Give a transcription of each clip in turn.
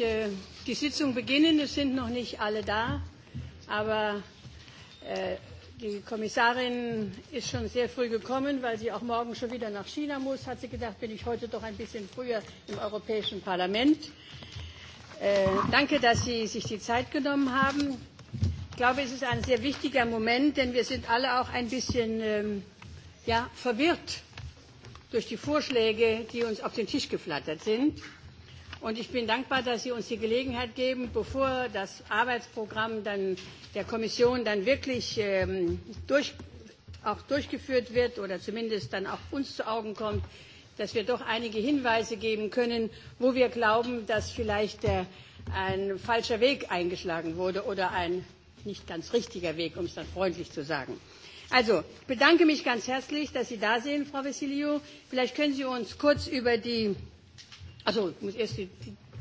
Äh, die Sitzung beginnen. Es sind noch nicht alle da, aber äh, die Kommissarin ist schon sehr früh gekommen, weil sie auch morgen schon wieder nach China muss. Hat sie gedacht, bin ich heute doch ein bisschen früher im Europäischen Parlament. Äh, danke, dass Sie sich die Zeit genommen haben. Ich glaube, es ist ein sehr wichtiger Moment, denn wir sind alle auch ein bisschen ähm, ja, verwirrt durch die Vorschläge, die uns auf den Tisch geflattert sind. Und ich bin dankbar, dass Sie uns die Gelegenheit geben, bevor das Arbeitsprogramm dann der Kommission dann wirklich ähm, durch, auch durchgeführt wird oder zumindest dann auch uns zu Augen kommt, dass wir doch einige Hinweise geben können, wo wir glauben, dass vielleicht äh, ein falscher Weg eingeschlagen wurde oder ein nicht ganz richtiger Weg, um es dann freundlich zu sagen. Also, ich bedanke mich ganz herzlich, dass Sie da sind, Frau Vessilio. Vielleicht können Sie uns kurz über die Also ich muss erst die,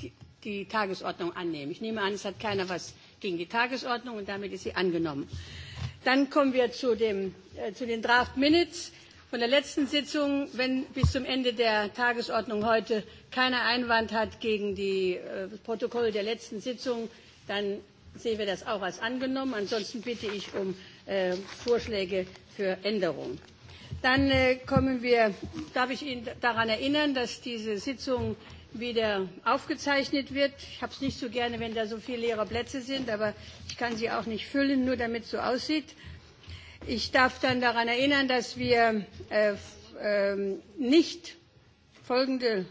die, die Tagesordnung annehmen. Ich nehme an, es hat keiner was gegen die Tagesordnung und damit ist sie angenommen. Dann kommen wir zu, dem, äh, zu den Draft Minutes von der letzten Sitzung. Wenn bis zum Ende der Tagesordnung heute keiner Einwand hat gegen die äh, Protokoll der letzten Sitzung, dann sehen wir das auch als angenommen. Ansonsten bitte ich um äh, Vorschläge für Änderungen. Dann äh, kommen wir, darf ich Ihnen daran erinnern, dass diese Sitzung wieder aufgezeichnet wird. Ich habe es nicht so gerne, wenn da so viele leere Plätze sind, aber ich kann sie auch nicht füllen, nur damit es so aussieht. Ich darf dann daran erinnern, dass wir äh, äh, nicht folgende,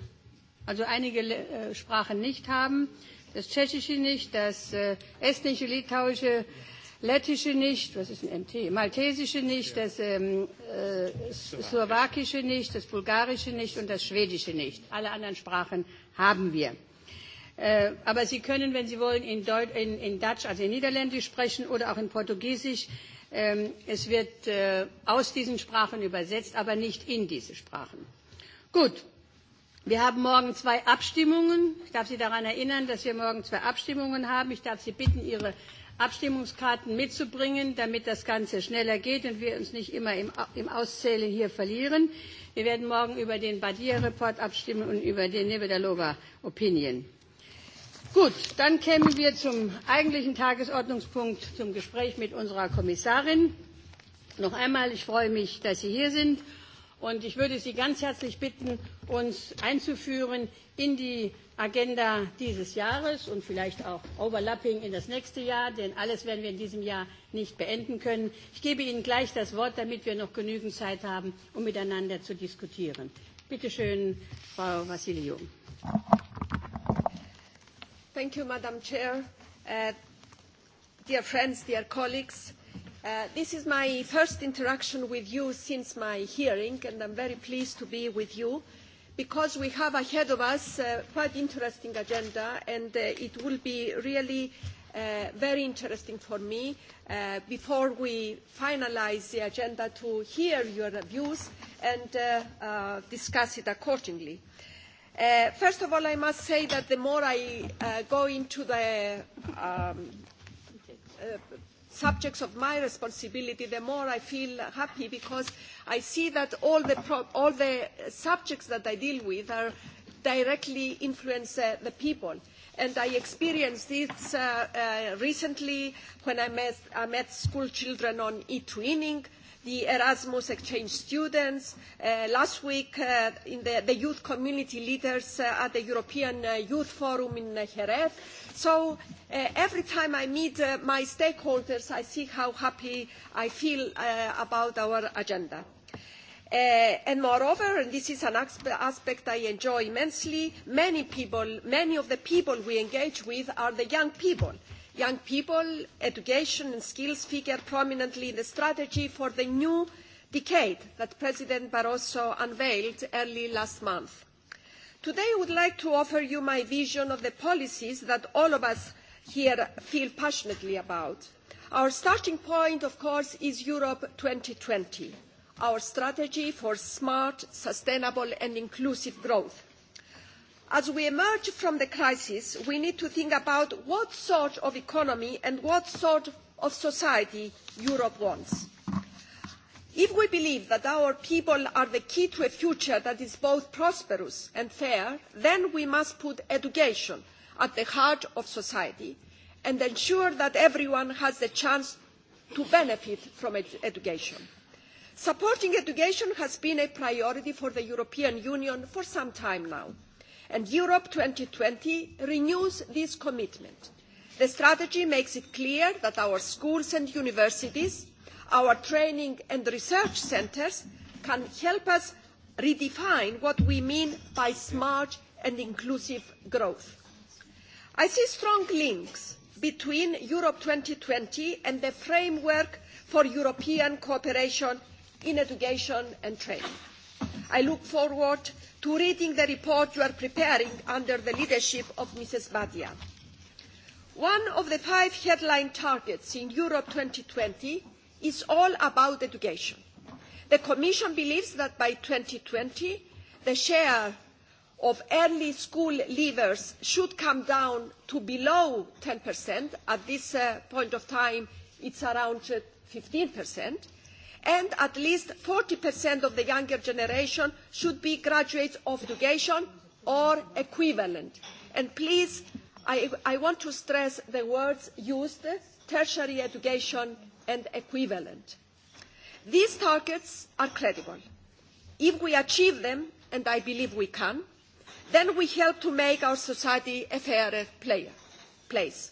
also einige äh, Sprachen nicht haben, das Tschechische nicht, das äh, Estnische, Litauische, äh, lettische nicht, was ist ein MT, maltesische nicht, das ähm, äh, slowakische nicht, das bulgarische nicht und das schwedische nicht. Alle anderen Sprachen haben wir. Äh, aber Sie können, wenn Sie wollen, in, Deut in, in Dutch, also in Niederländisch sprechen oder auch in Portugiesisch. Ähm, es wird äh, aus diesen Sprachen übersetzt, aber nicht in diese Sprachen. Gut, Wir haben morgen zwei Abstimmungen. Ich darf Sie daran erinnern, dass wir morgen zwei Abstimmungen haben. Ich darf Sie bitten, Ihre Abstimmungskarten mitzubringen, damit das Ganze schneller geht und wir uns nicht immer im, Auszählen hier verlieren. Wir werden morgen über den Badier-Report abstimmen und über den Nevedalova-Opinion. Gut, dann kämen wir zum eigentlichen Tagesordnungspunkt, zum Gespräch mit unserer Kommissarin. Noch einmal, ich freue mich, dass Sie hier sind. Und ich würde Sie ganz herzlich bitten, uns einzuführen in die Agenda dieses Jahres und vielleicht auch Overlapping in das nächste Jahr, denn alles werden wir in diesem Jahr nicht beenden können. Ich gebe Ihnen gleich das Wort, damit wir noch genügend Zeit haben, um miteinander zu diskutieren. Bitte schön, Frau Vassiliou. Thank you, Madam Chair. Uh, dear friends, dear colleagues, uh, this is my first interaction with you since my hearing, and I'm very pleased to be with you because we have ahead of us a uh, quite interesting agenda and uh, it will be really uh, very interesting for me uh, before we finalize the agenda to hear your views and uh, uh, discuss it accordingly. Uh, first of all, I must say that the more I uh, go into the um, uh, subjects of my responsibility, the more I feel happy because I see that all the, pro all the subjects that I deal with are directly influence uh, the people. And I experienced this uh, uh, recently when I met, I met school children on e-twinning, the Erasmus exchange students, uh, last week uh, in the, the, youth community leaders uh, at the European uh, Youth Forum in uh, Jerez. So uh, every time I meet my stakeholders, I see how happy I feel about our agenda. Uh, and moreover, and this is an aspect I enjoy immensely, many people, many of the people we engage with are the young people. Young people, education and skills figure prominently in the strategy for the new decade that President Barroso unveiled early last month. Today I would like to offer you my vision of the policies that all of us here feel passionately about. Our starting point, of course, is Europe 2020, our strategy for smart, sustainable and inclusive growth As we emerge from the crisis, we need to think about what sort of economy and what sort of society Europe wants. If we believe that our people are the key to a future that is both prosperous and fair, then we must put education at the heart of society and ensure that everyone has the chance to benefit from ed education. Supporting education has been a priority for the European Union for some time now and Europe 2020 renews this commitment. The strategy makes it clear that our schools and universities, our training and research centres can help us redefine what we mean by smart and inclusive growth. I see strong links between Europe 2020 and the framework for European cooperation in education and training. I look forward to reading the report you are preparing under the leadership of Mrs. Badia. One of the five headline targets in Europe 2020 is all about education. The Commission believes that by 2020, the share of early school leavers should come down to below 10%. At this uh, point of time, it's around 15%. Uh, and at least 40% of the younger generation should be graduates of education or equivalent. And please, I, I want to stress the words used, tertiary education and equivalent. These targets are credible. If we achieve them, and I believe we can, then we help to make our society a fairer player, place.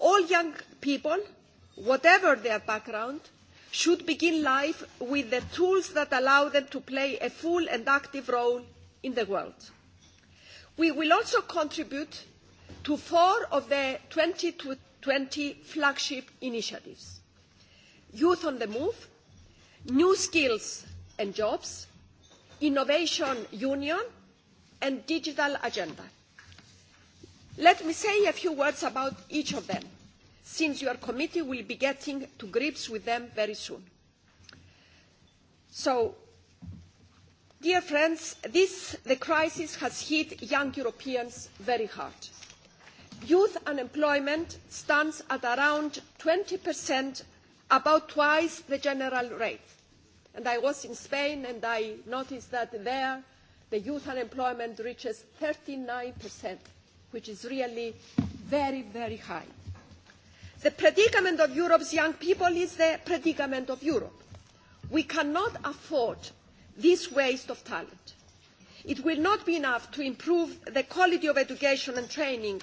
All young people, whatever their background, should begin life with the tools that allow them to play a full and active role in the world. We will also contribute to four of the 2020 flagship initiatives. Youth on the Move, New Skills and Jobs, Innovation Union and Digital Agenda. Let me say a few words about each of them since your committee will be getting to grips with them very soon. So, dear friends, this, the crisis has hit young Europeans very hard. Youth unemployment stands at around 20%, about twice the general rate. And I was in Spain and I noticed that there the youth unemployment reaches 39%, which is really very, very high. The predicament of Europe's young people is the predicament of Europe. We cannot afford this waste of talent. It will not be enough to improve the quality of education and training,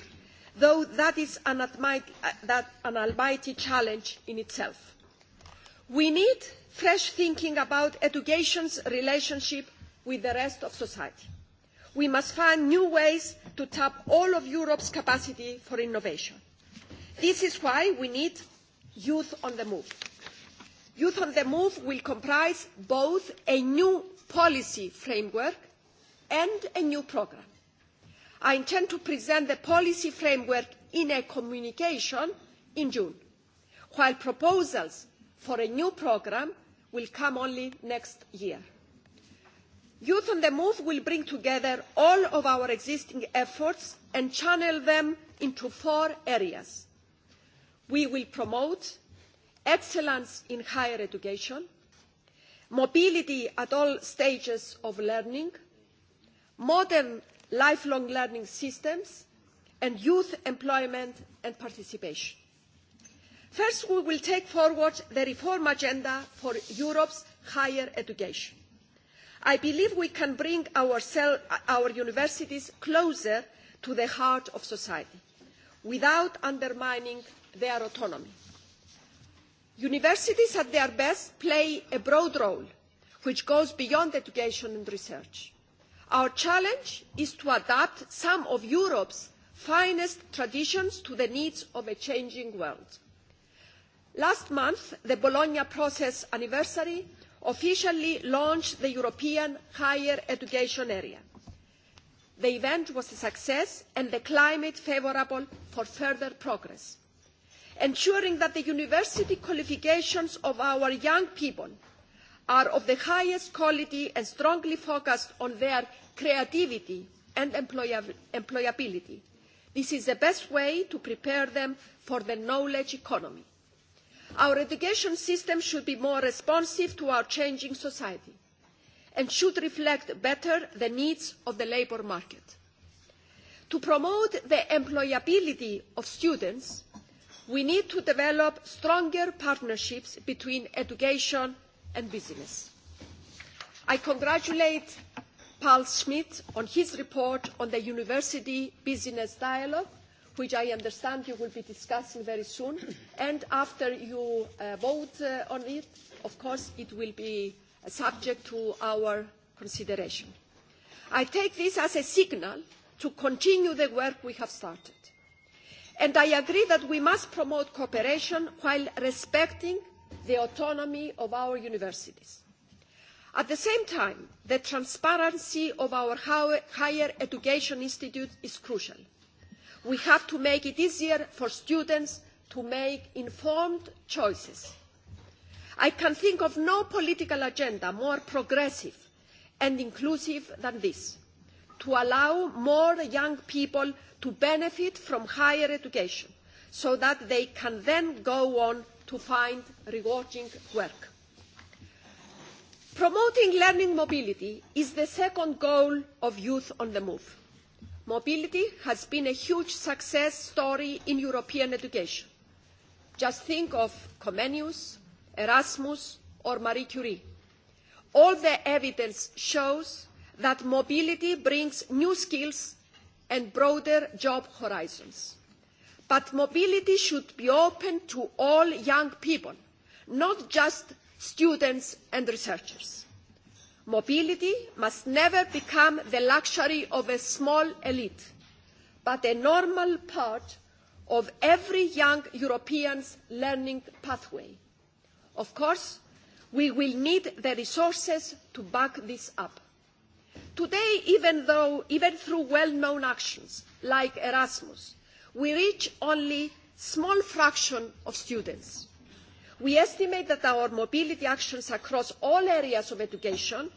though that is an, almighty, uh, that an almighty challenge in itself. We need fresh thinking about education's relationship with the rest of society. We must find new ways to tap all of Europe's capacity for innovation This is why we need youth on the move. Youth on the move will comprise both a new policy framework and a new programme. I intend to present the policy framework in a communication in June, while proposals for a new programme will come only next year. Youth on the Move will bring together all of our existing efforts and channel them into four areas we will promote excellence in higher education, mobility at all stages of learning, modern lifelong learning systems, and youth employment and participation. First, we will take forward the reform agenda for Europe's higher education. I believe we can bring our, our universities closer to the heart of society without undermining their autonomy. Universities at their best play a broad role which goes beyond education and research. Our challenge is to adapt some of Europe's finest traditions to the needs of a changing world. Last month, the Bologna process anniversary officially launched the European higher education area. The event was a success and the climate favourable for further progress ensuring that the university qualifications of our young people are of the highest quality and strongly focused on their creativity and employability. This is the best way to prepare them for the knowledge economy. Our education system should be more responsive to our changing society and should reflect better the needs of the labour market. To promote the employability of students, we need to develop stronger partnerships between education and business. I congratulate Paul Schmidt on his report on the University Business Dialogue, which I understand you will be discussing very soon. And after you uh, vote uh, on it, of course, it will be uh, subject to our consideration. I take this as a signal to continue the work we have started and i agree that we must promote cooperation while respecting the autonomy of our universities. at the same time the transparency of our higher education institutes is crucial. we have to make it easier for students to make informed choices. i can think of no political agenda more progressive and inclusive than this to allow more young people to benefit from higher education so that they can then go on to find rewarding work. Promoting learning mobility is the second goal of Youth on the Move. Mobility has been a huge success story in European education. Just think of Comenius, Erasmus or Marie Curie. All the evidence shows that mobility brings new skills and broader job horizons. But mobility should be open to all young people, not just students and researchers. Mobility must never become the luxury of a small elite, but a normal part of every young European's learning pathway. Of course, we will need the resources to back this up. Today, even, though, even through well-known actions like Erasmus, we reach only a small fraction of students. We estimate that our mobility actions across all areas of education,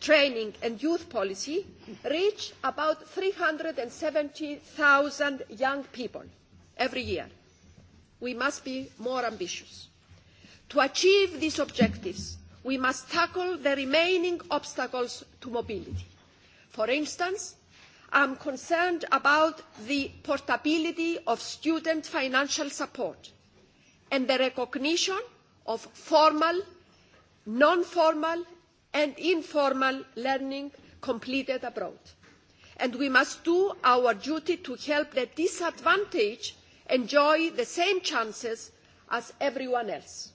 training and youth policy reach about 370,000 young people every year. We must be more ambitious. To achieve these objectives, we must tackle the remaining obstacles to mobility. For instance, I am concerned about the portability of student financial support and the recognition of formal, non-formal and informal learning completed abroad. And we must do our duty to help the disadvantaged enjoy the same chances as everyone else.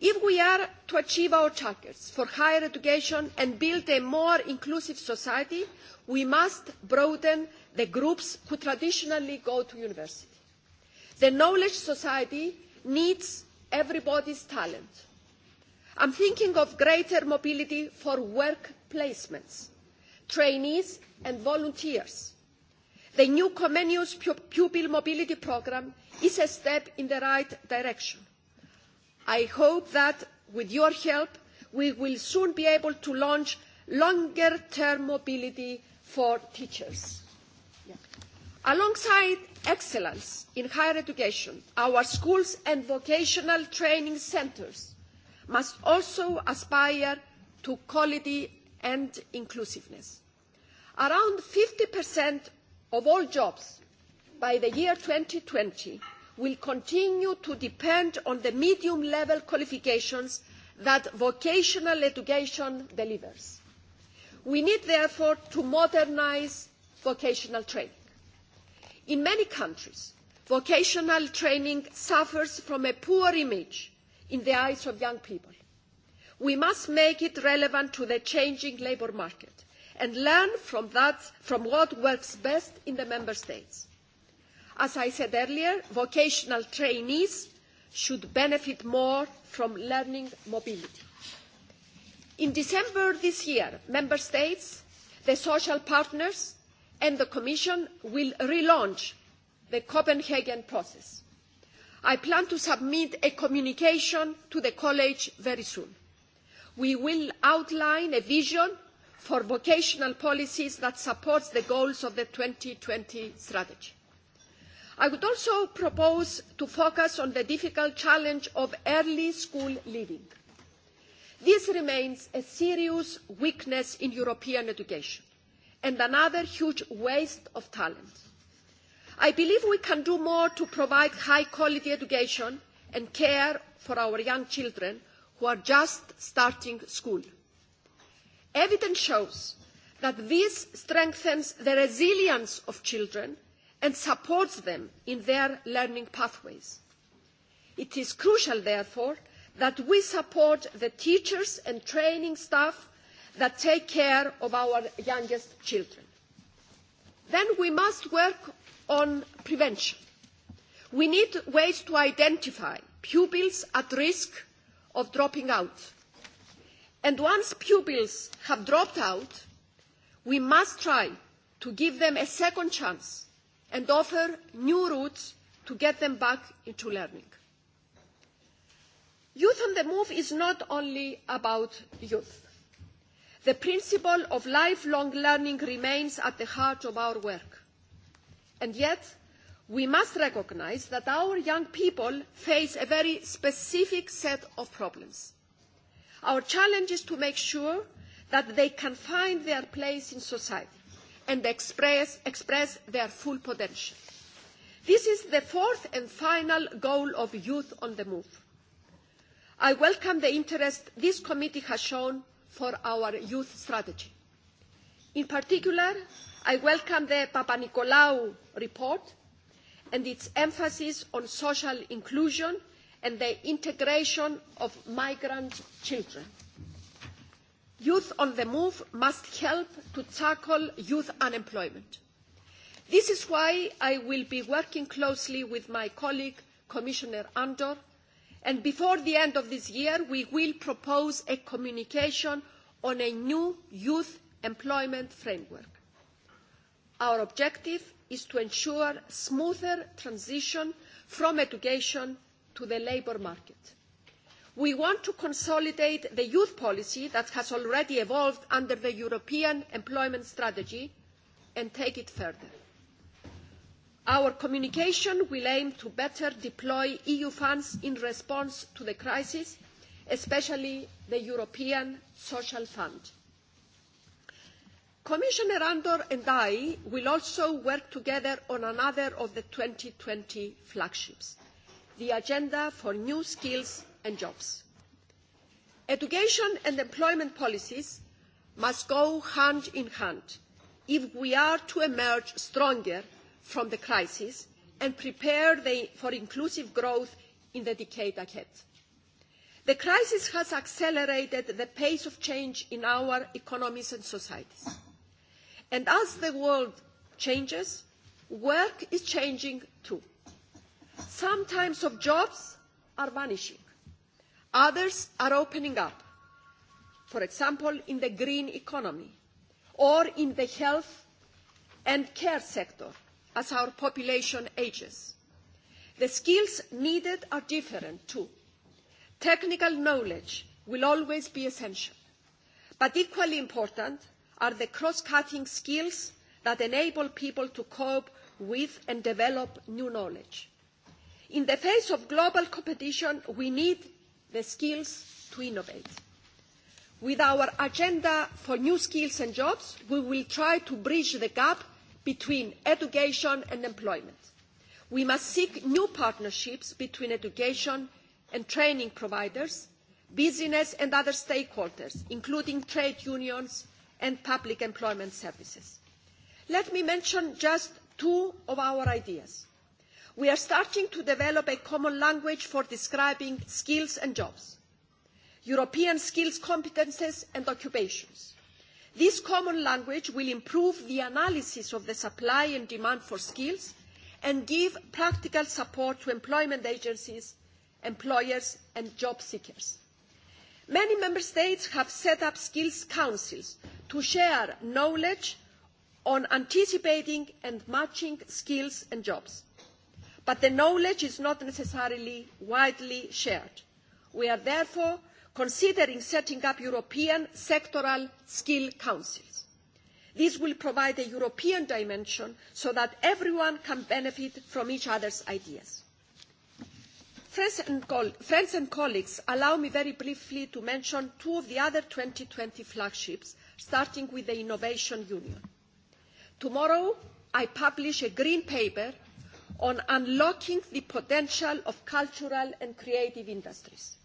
If we are to achieve our targets for higher education and build a more inclusive society, we must broaden the groups who traditionally go to university. The knowledge society needs everybody's talent. I'm thinking of greater mobility for work placements, trainees and volunteers. The new Comenius pupil mobility programme is a step in the right direction I hope that with your help, we will soon be able to launch longer-term mobility for teachers. Yeah. Alongside excellence in higher education, our schools and vocational training centres must also aspire to quality and inclusiveness. Around 50% of all jobs by the year 2020 will continue to depend on the medium level qualifications that vocational education delivers. We need therefore to modernise vocational training. In many countries, vocational training suffers from a poor image in the eyes of young people. We must make it relevant to the changing labour market and learn from, that, from what works best in the member states. As I said earlier, vocational trainees should benefit more from learning mobility. In December this year, Member States, the social partners and the Commission will relaunch the Copenhagen process. I plan to submit a communication to the College very soon. We will outline a vision for vocational policies that supports the goals of the 2020 strategy. I would also propose to focus on the difficult challenge of early school leaving. This remains a serious weakness in European education and another huge waste of talent. I believe we can do more to provide high quality education and care for our young children who are just starting school. Evidence shows that this strengthens the resilience of children and supports them in their learning pathways. It is crucial, therefore, that we support the teachers and training staff that take care of our youngest children. Then we must work on prevention. We need ways to identify pupils at risk of dropping out. And once pupils have dropped out, we must try to give them a second chance and offer new routes to get them back into learning. Youth on the Move is not only about youth. The principle of lifelong learning remains at the heart of our work. And yet, we must recognise that our young people face a very specific set of problems. Our challenge is to make sure that they can find their place in society and express, express their full potential. This is the fourth and final goal of Youth on the Move. I welcome the interest this committee has shown for our youth strategy. In particular, I welcome the Papanikolaou report and its emphasis on social inclusion and the integration of migrant children. Youth on the Move must help to tackle youth unemployment. This is why I will be working closely with my colleague, Commissioner Andor, and before the end of this year, we will propose a communication on a new youth employment framework. Our objective is to ensure smoother transition from education to the labour market. We want to consolidate the youth policy that has already evolved under the European Employment Strategy and take it further. Our communication will aim to better deploy EU funds in response to the crisis, especially the European Social Fund. Commissioner Andor and I will also work together on another of the 2020 flagships, the Agenda for New Skills and jobs. Education and employment policies must go hand in hand if we are to emerge stronger from the crisis and prepare the, for inclusive growth in the decade ahead. The crisis has accelerated the pace of change in our economies and societies. And as the world changes, work is changing too. Some types of jobs are vanishing. Others are opening up, for example, in the green economy or in the health and care sector as our population ages. The skills needed are different too. Technical knowledge will always be essential. But equally important are the cross-cutting skills that enable people to cope with and develop new knowledge. In the face of global competition, we need the skills to innovate. With our agenda for new skills and jobs, we will try to bridge the gap between education and employment. We must seek new partnerships between education and training providers, business and other stakeholders, including trade unions and public employment services. Let me mention just two of our ideas we are starting to develop a common language for describing skills and jobs, European skills competences and occupations. This common language will improve the analysis of the supply and demand for skills and give practical support to employment agencies, employers and job seekers. Many member states have set up skills councils to share knowledge on anticipating and matching skills and jobs but the knowledge is not necessarily widely shared. We are therefore considering setting up European sectoral skill councils. This will provide a European dimension so that everyone can benefit from each other's ideas. Friends and, friends and colleagues, allow me very briefly to mention two of the other 2020 flagships, starting with the Innovation Union. Tomorrow, I publish a green paper on unlocking the potential of cultural and creative industries.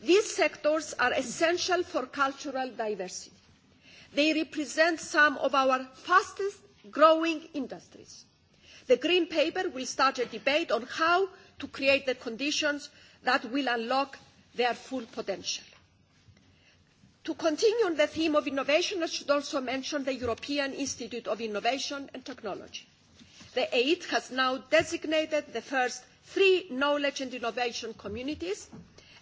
These sectors are essential for cultural diversity. They represent some of our fastest growing industries. The Green Paper will start a debate on how to create the conditions that will unlock their full potential. To continue on the theme of innovation, I should also mention the European Institute of Innovation and Technology the AID has now designated the first three knowledge and innovation communities,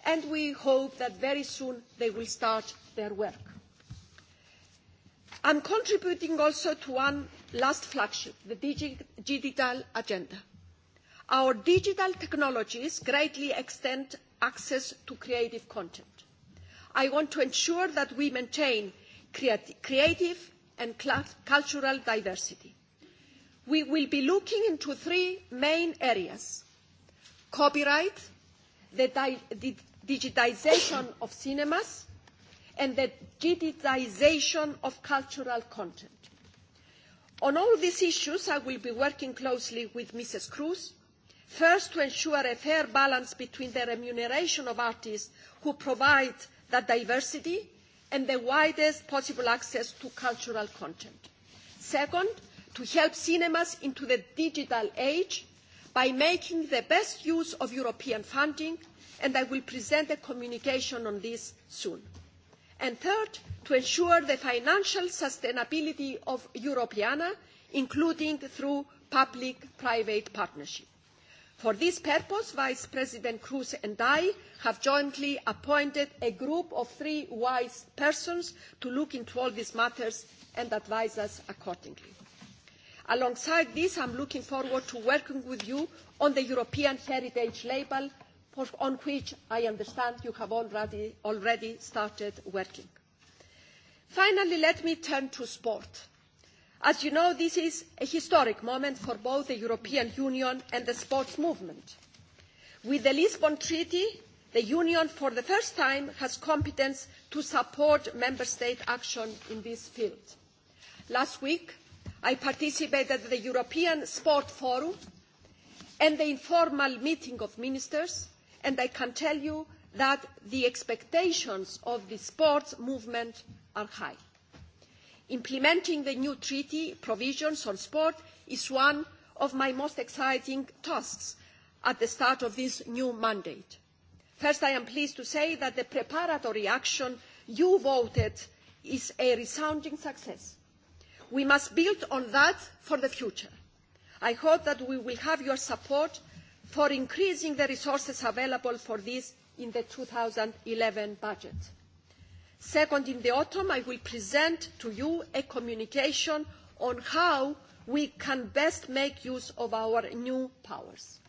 and we hope that very soon they will start their work. I'm contributing also to one last flagship, the digital agenda. Our digital technologies greatly extend access to creative content. I want to ensure that we maintain creative and cultural diversity we will be looking into three main areas. Copyright, the, di digitization of cinemas, and the digitization of cultural content. On all these issues, I will be working closely with Mrs. Cruz, first to ensure a fair balance between the remuneration of artists who provide that diversity and the widest possible access to cultural content. Second, to help cinemas into the digital age by making the best use of European funding, and I will present a communication on this soon. And third, to ensure the financial sustainability of Europeana, including through public-private partnership. For this purpose, Vice President Cruz and I have jointly appointed a group of three wise persons to look into all these matters and advise us accordingly. Alongside this, I'm looking forward to working with you on the European Heritage Label, for, on which I understand you have already, already started working. Finally, let me turn to sport. As you know, this is a historic moment for both the European Union and the sports movement. With the Lisbon Treaty, the Union for the first time has competence to support member state action in this field. Last week, I participated at the European Sport Forum and the informal meeting of ministers, and I can tell you that the expectations of the sports movement are high. Implementing the new treaty provisions on sport is one of my most exciting tasks at the start of this new mandate. First, I am pleased to say that the preparatory action you voted is a resounding success. We must build on that for the future. I hope that we will have your support for increasing the resources available for this in the 2011 budget. Second, in the autumn, I will present to you a communication on how we can best make use of our new powers.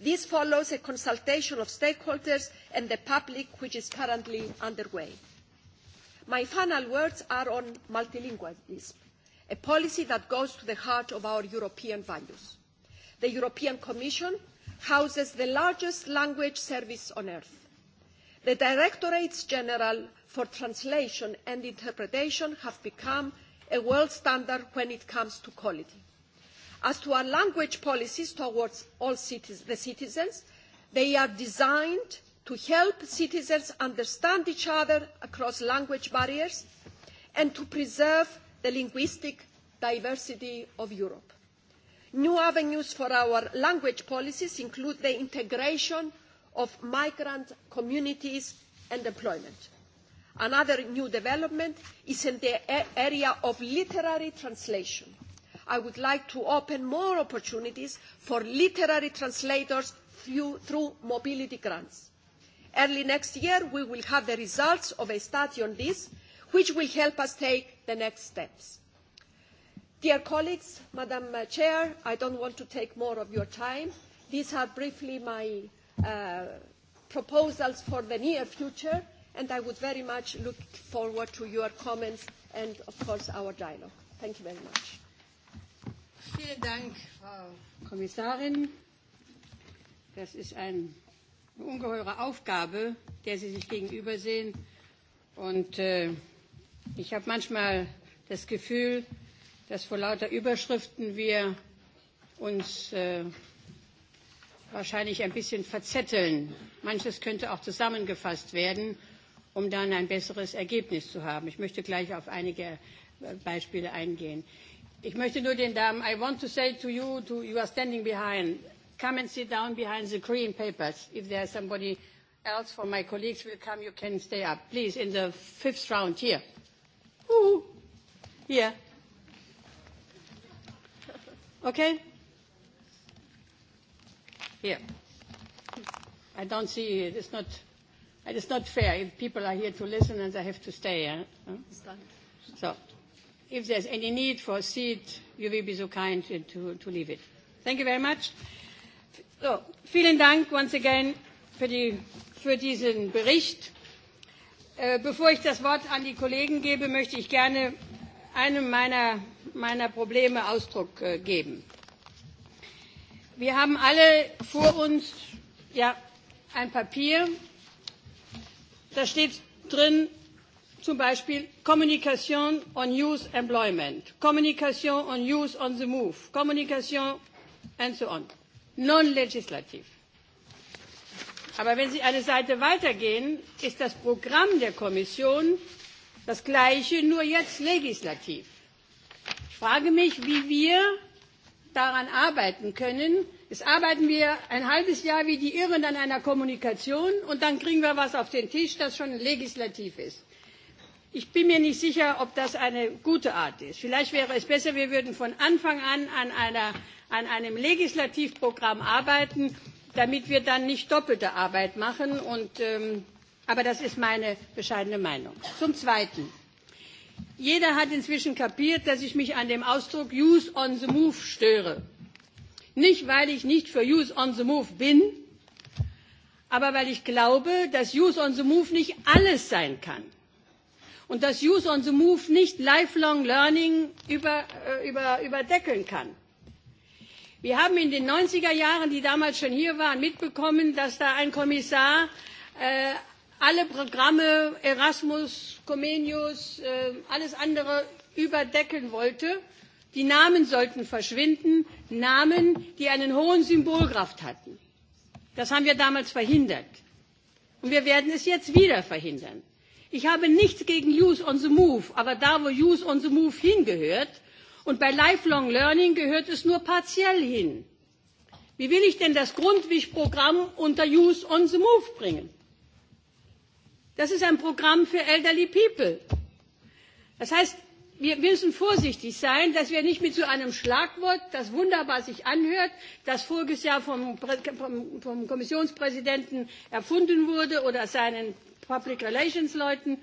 This follows a consultation of stakeholders and the public, which is currently underway. My final words are on multilingualism a policy that goes to the heart of our European values. The European Commission houses the largest language service on earth. The Directorates General for Translation and Interpretation have become a world standard when it comes to quality. As to our language policies towards all cities, the citizens, they are designed to help citizens understand each other across language barriers and to preserve the linguistic diversity of Europe. New avenues for our language policies include the integration of migrant communities and employment. Another new development is in the area of literary translation. I would like to open more opportunities for literary translators through, mobility grants. Early next year, we will have the results of a study on this, which will help us take the next steps. Dear colleagues, Madam Chair, I don't want to take more of your time. These are briefly my uh, proposals for the near future, and I would very much look forward to your comments and, of course, our dialogue. Thank you very much. Vielen Dank, Frau Kommissarin. Das ist eine ungeheure Aufgabe, der Sie sich gegenübersehen. Und äh, Ich habe manchmal das Gefühl, dass vor lauter Überschriften wir uns äh, wahrscheinlich ein bisschen verzetteln. Manches könnte auch zusammengefasst werden, um dann ein besseres Ergebnis zu haben. Ich möchte gleich auf einige äh, Beispiele eingehen. Ich möchte nur den Damen, I want to say to you, to, you are standing behind, come and sit down behind the green papers. If there is somebody else from my colleagues will come, you can stay up. Please, in the fifth round here. Ooh. Yeah. Okay? Here. I don't see it. It's not, it is not fair if people are here to listen and they have to stay. Eh? So, if there's any need for a seat, you will be so kind to, to leave it. Thank you very much. So, vielen Dank once again für, die, für diesen Bericht Äh, bevor ich das Wort an die Kollegen gebe, möchte ich gerne einem meiner, meiner Probleme Ausdruck äh, geben. Wir haben alle vor uns ja, ein Papier, da steht drin zum Beispiel Communication on Youth Employment, Communication on Youth on the Move, Communication and so on, non legislativ. Aber wenn Sie eine Seite weitergehen, ist das Programm der Kommission das gleiche, nur jetzt legislativ. Ich frage mich, wie wir daran arbeiten können. Jetzt arbeiten wir ein halbes Jahr wie die Irren an einer Kommunikation und dann kriegen wir was auf den Tisch, das schon legislativ ist. Ich bin mir nicht sicher, ob das eine gute Art ist. Vielleicht wäre es besser, wir würden von Anfang an an, einer, an einem Legislativprogramm arbeiten, damit wir dann nicht doppelte Arbeit machen. Ähm, aber das ist meine bescheidene Meinung. Zum Zweiten. Jeder hat inzwischen kapiert, dass ich mich an dem Ausdruck Use on the Move störe. Nicht, weil ich nicht für Use on the Move bin, aber weil ich glaube, dass Use on the Move nicht alles sein kann und dass Use on the Move nicht Lifelong Learning äh, überdeckeln kann wir haben in den 90er Jahren, die damals schon hier waren, mitbekommen, dass da ein Kommissar äh, alle Programme Erasmus, Comenius, äh, alles andere überdecken wollte. Die Namen sollten verschwinden, Namen, die einen hohen Symbolkraft hatten. Das haben wir damals verhindert. Und wir werden es jetzt wieder verhindern. Ich habe nichts gegen Use on the Move, aber da, wo Use on the Move hingehört, Und bei Lifelong Learning gehört es nur partiell hin. Wie will ich denn das Grundwig-Programm unter Use on the Move bringen? Das ist ein Programm für elderly people. Das heißt, wir müssen vorsichtig sein, dass wir nicht mit so einem Schlagwort, das wunderbar sich anhört, das voriges Jahr vom, vom, vom Kommissionspräsidenten erfunden wurde oder seinen Public Relations Leuten,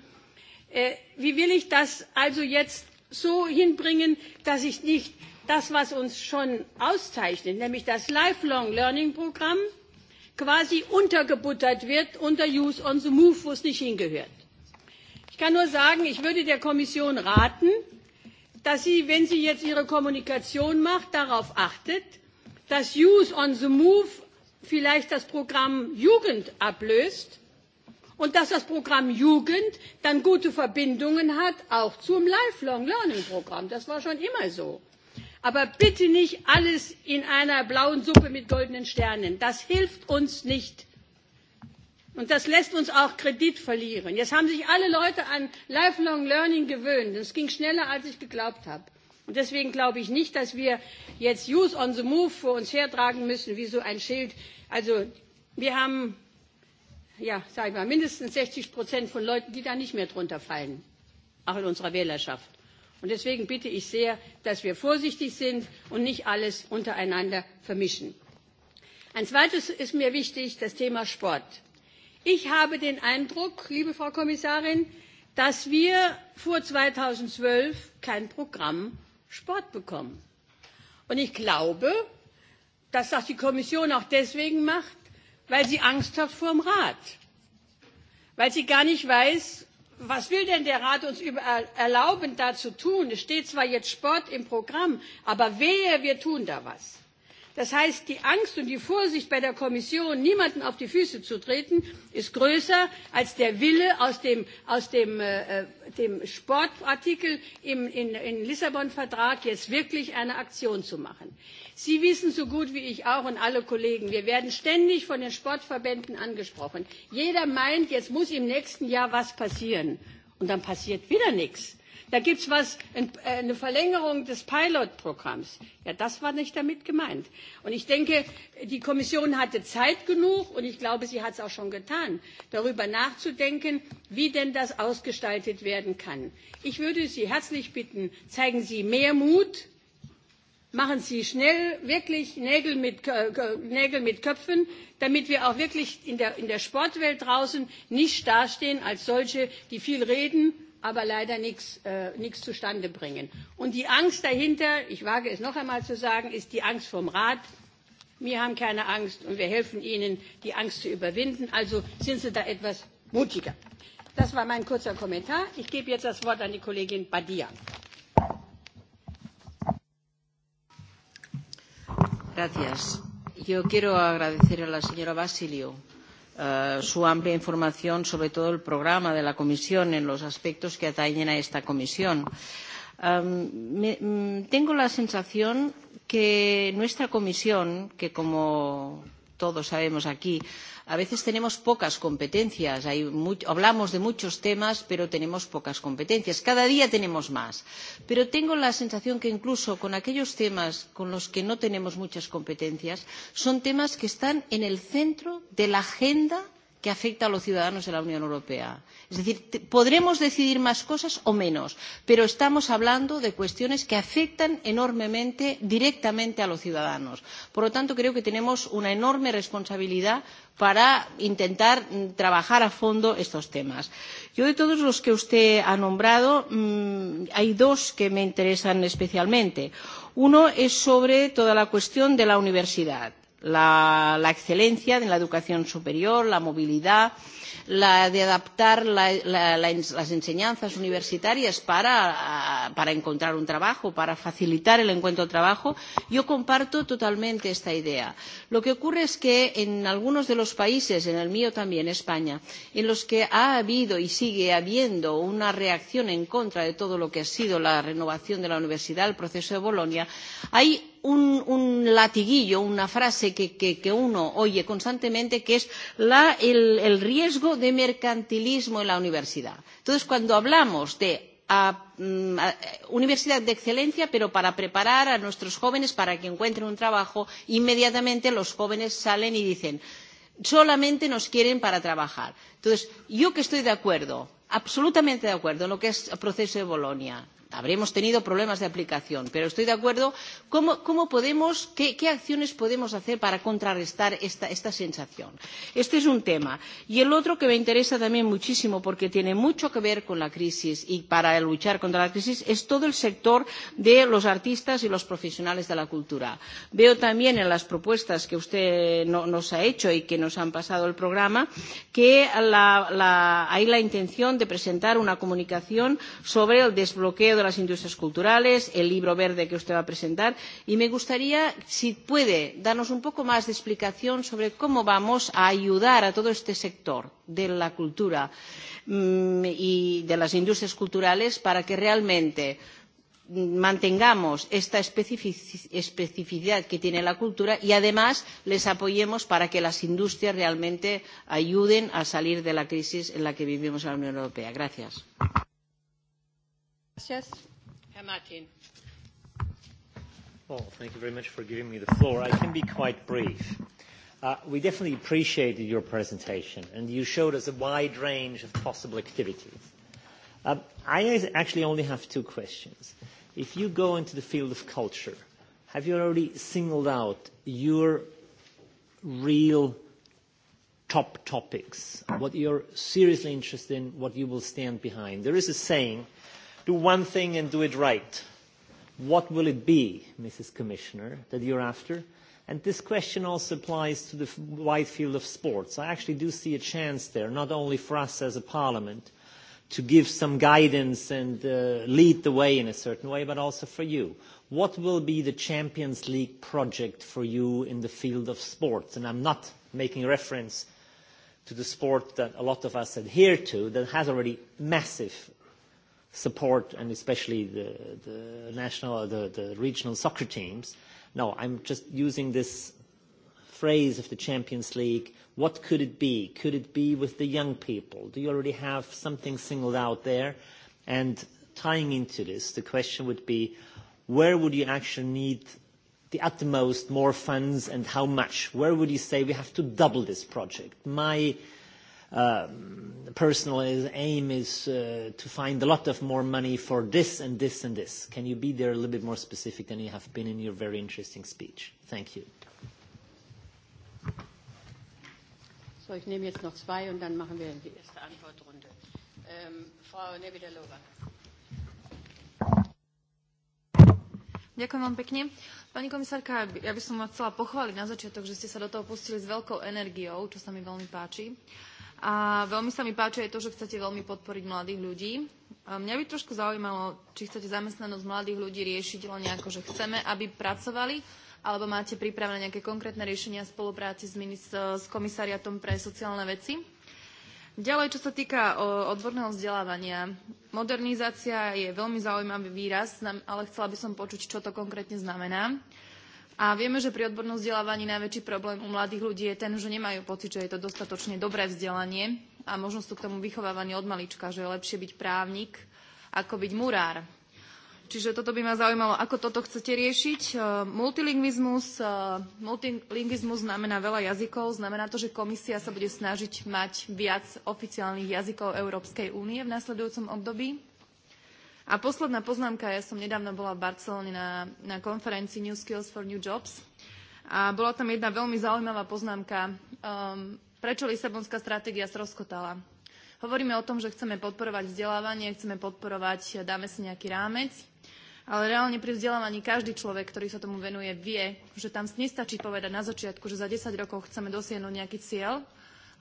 äh, wie will ich das also jetzt so hinbringen dass ich nicht das was uns schon auszeichnet nämlich das lifelong learning programm quasi untergebuttert wird unter youth on the move wo es nicht hingehört. ich kann nur sagen ich würde der kommission raten dass sie wenn sie jetzt ihre kommunikation macht darauf achtet dass youth on the move vielleicht das programm jugend ablöst und dass das Programm Jugend dann gute Verbindungen hat, auch zum Lifelong Learning Programm. Das war schon immer so. Aber bitte nicht alles in einer blauen Suppe mit goldenen Sternen. Das hilft uns nicht. Und das lässt uns auch Kredit verlieren. Jetzt haben sich alle Leute an Lifelong Learning gewöhnt. Es ging schneller, als ich geglaubt habe. Und deswegen glaube ich nicht, dass wir jetzt Youth on the Move vor uns hertragen müssen wie so ein Schild. Also wir haben ja, sag ich mal, mindestens 60 Prozent von Leuten, die da nicht mehr drunter fallen, auch in unserer Wählerschaft. Und deswegen bitte ich sehr, dass wir vorsichtig sind und nicht alles untereinander vermischen. Ein zweites ist mir wichtig, das Thema Sport. Ich habe den Eindruck, liebe Frau Kommissarin, dass wir vor 2012 kein Programm Sport bekommen. Und ich glaube, dass das die Kommission auch deswegen macht, weil sie Angst hat vor dem Rat, weil sie gar nicht weiß, was will denn der Rat uns er, erlauben, da zu tun? Es steht zwar jetzt Sport im Programm, aber wehe, wir tun da was. Das heißt, die Angst und die Vorsicht bei der Kommission, niemanden auf die Füße zu treten, ist größer als der Wille aus dem, aus dem, äh, äh, dem Sportartikel im in, in Lissabon-Vertrag jetzt wirklich eine Aktion zu machen. Sie wissen so gut wie ich auch und alle Kollegen, wir werden ständig von den Sportverbänden angesprochen. Jeder meint, jetzt muss im nächsten Jahr was passieren. Und dann passiert wieder nichts da gibt es was, eine Verlängerung des Pilotprogramms. Ja, das war nicht damit gemeint. Und ich denke, die Kommission hatte Zeit genug, und ich glaube, sie hat es auch schon getan, darüber nachzudenken, wie denn das ausgestaltet werden kann. Ich würde Sie herzlich bitten, zeigen Sie mehr Mut, machen Sie schnell wirklich Nägel mit, Nägel mit Köpfen, damit wir auch wirklich in der, in der Sportwelt draußen nicht dastehen als solche, die viel reden, aber leider nichts äh, zustande bringen. Und die Angst dahinter, ich wage es noch einmal zu sagen, ist die Angst vom Rat. Wir haben keine Angst und wir helfen Ihnen, die Angst zu überwinden. Also sind Sie da etwas mutiger. Das war mein kurzer Kommentar. Ich gebe jetzt das Wort an die Kollegin Badia. Gracias. Yo quiero agradecer a la señora Basilio Eh, su amplia información sobre todo el programa de la Comisión en los aspectos que atañen a esta Comisión. Um, me, mm, tengo la sensación que nuestra Comisión, que como todos sabemos aquí, uh, a veces tenemos pocas competencias. Hay much, hablamos de muchos temas, pero tenemos pocas competencias. Cada día tenemos más. Pero tengo la sensación que incluso con aquellos temas con los que no tenemos muchas competencias, son temas que están en el centro de la agenda que afecta a los ciudadanos de la Unión Europea. Es decir, podremos decidir más cosas o menos, pero estamos hablando de cuestiones que afectan enormemente, directamente a los ciudadanos. Por lo tanto, creo que tenemos una enorme responsabilidad para intentar trabajar a fondo estos temas. Yo de todos los que usted ha nombrado, mmm, hay dos que me interesan especialmente. Uno es sobre toda la cuestión de la universidad la, la excelencia en la educación superior, la movilidad, la de adaptar la, la, la, las enseñanzas universitarias para, para encontrar un trabajo, para facilitar el encuentro de trabajo, yo comparto totalmente esta idea. Lo que ocurre es que en algunos de los países, en el mío también, España, en los que ha habido y sigue habiendo una reacción en contra de todo lo que ha sido la renovación de la universidad, el proceso de Bolonia, hay un, un latiguillo, una frase que, que, que uno oye constantemente, que es la, el, el riesgo de mercantilismo en la universidad. Entonces, cuando hablamos de a, mm, a universidad de excelencia, pero para preparar a nuestros jóvenes para que encuentren un trabajo, inmediatamente los jóvenes salen y dicen solamente nos quieren para trabajar. Entonces, yo que estoy de acuerdo, absolutamente de acuerdo en lo que es el proceso de Bolonia, habremos tenido problemas de aplicación pero estoy de acuerdo cómo, cómo podemos qué, qué acciones podemos hacer para contrarrestar esta, esta sensación. este es un tema y el otro que me interesa también muchísimo porque tiene mucho que ver con la crisis y para luchar contra la crisis es todo el sector de los artistas y los profesionales de la cultura. veo también en las propuestas que usted no, nos ha hecho y que nos han pasado el programa que la, la, hay la intención de presentar una comunicación sobre el desbloqueo de a las industrias culturales, el libro verde que usted va a presentar. Y me gustaría, si puede, darnos un poco más de explicación sobre cómo vamos a ayudar a todo este sector de la cultura mmm, y de las industrias culturales para que realmente mantengamos esta especificidad que tiene la cultura y además les apoyemos para que las industrias realmente ayuden a salir de la crisis en la que vivimos en la Unión Europea. Gracias. Yes, Herr Martin. Well, thank you very much for giving me the floor. I can be quite brief. Uh, we definitely appreciated your presentation, and you showed us a wide range of possible activities. Um, I actually only have two questions. If you go into the field of culture, have you already singled out your real top topics, what you're seriously interested in, what you will stand behind? There is a saying – do one thing and do it right. What will it be, Mrs. Commissioner, that you're after? And this question also applies to the wide field of sports. I actually do see a chance there, not only for us as a parliament, to give some guidance and uh, lead the way in a certain way, but also for you. What will be the Champions League project for you in the field of sports? And I'm not making reference to the sport that a lot of us adhere to that has already massive support and especially the, the national, uh, the, the regional soccer teams. No, I'm just using this phrase of the Champions League. What could it be? Could it be with the young people? Do you already have something singled out there? And tying into this, the question would be, where would you actually need the utmost more funds and how much? Where would you say we have to double this project? My Um, personal aim is uh, to find a lot of more money for this and this and this. Can you be there a little bit more specific than you have been in your very interesting speech? Thank you. So, ich nehme jetzt noch zwei und dann machen wir die erste Antwortrunde. Ähm, Frau Nevidelova. Ďakujem vám pekne. Pani komisárka, ja by som vás chcela pochváliť na začiatok, že ste sa do toho pustili s veľkou energiou, čo sa mi veľmi páči. Uh, a veľmi sa mi páči aj to, že chcete veľmi podporiť mladých ľudí. A mňa by trošku zaujímalo, či chcete zamestnanosť mladých ľudí riešiť len nejako, že chceme, aby pracovali, alebo máte pripravené nejaké konkrétne riešenia v spolupráci s, s komisariatom pre sociálne veci. Ďalej, čo sa týka odborného vzdelávania. Modernizácia je veľmi zaujímavý výraz, ale chcela by som počuť, čo to konkrétne znamená. A vieme, že pri odbornom vzdelávaní najväčší problém u mladých ľudí je ten, že nemajú pocit, že je to dostatočne dobré vzdelanie a možno sú k tomu vychovávaní od malička, že je lepšie byť právnik ako byť murár. Čiže toto by ma zaujímalo, ako toto chcete riešiť. Multilingvizmus, multilingvizmus znamená veľa jazykov, znamená to, že komisia sa bude snažiť mať viac oficiálnych jazykov Európskej únie v nasledujúcom období. A posledná poznámka, ja som nedávno bola v Barcelone na, na konferencii New Skills for New Jobs a bola tam jedna veľmi zaujímavá poznámka, um, prečo Lisabonská stratégia stroskotala. Hovoríme o tom, že chceme podporovať vzdelávanie, chceme podporovať, dáme si nejaký rámec, ale reálne pri vzdelávaní každý človek, ktorý sa tomu venuje, vie, že tam nestačí povedať na začiatku, že za 10 rokov chceme dosiahnuť nejaký cieľ,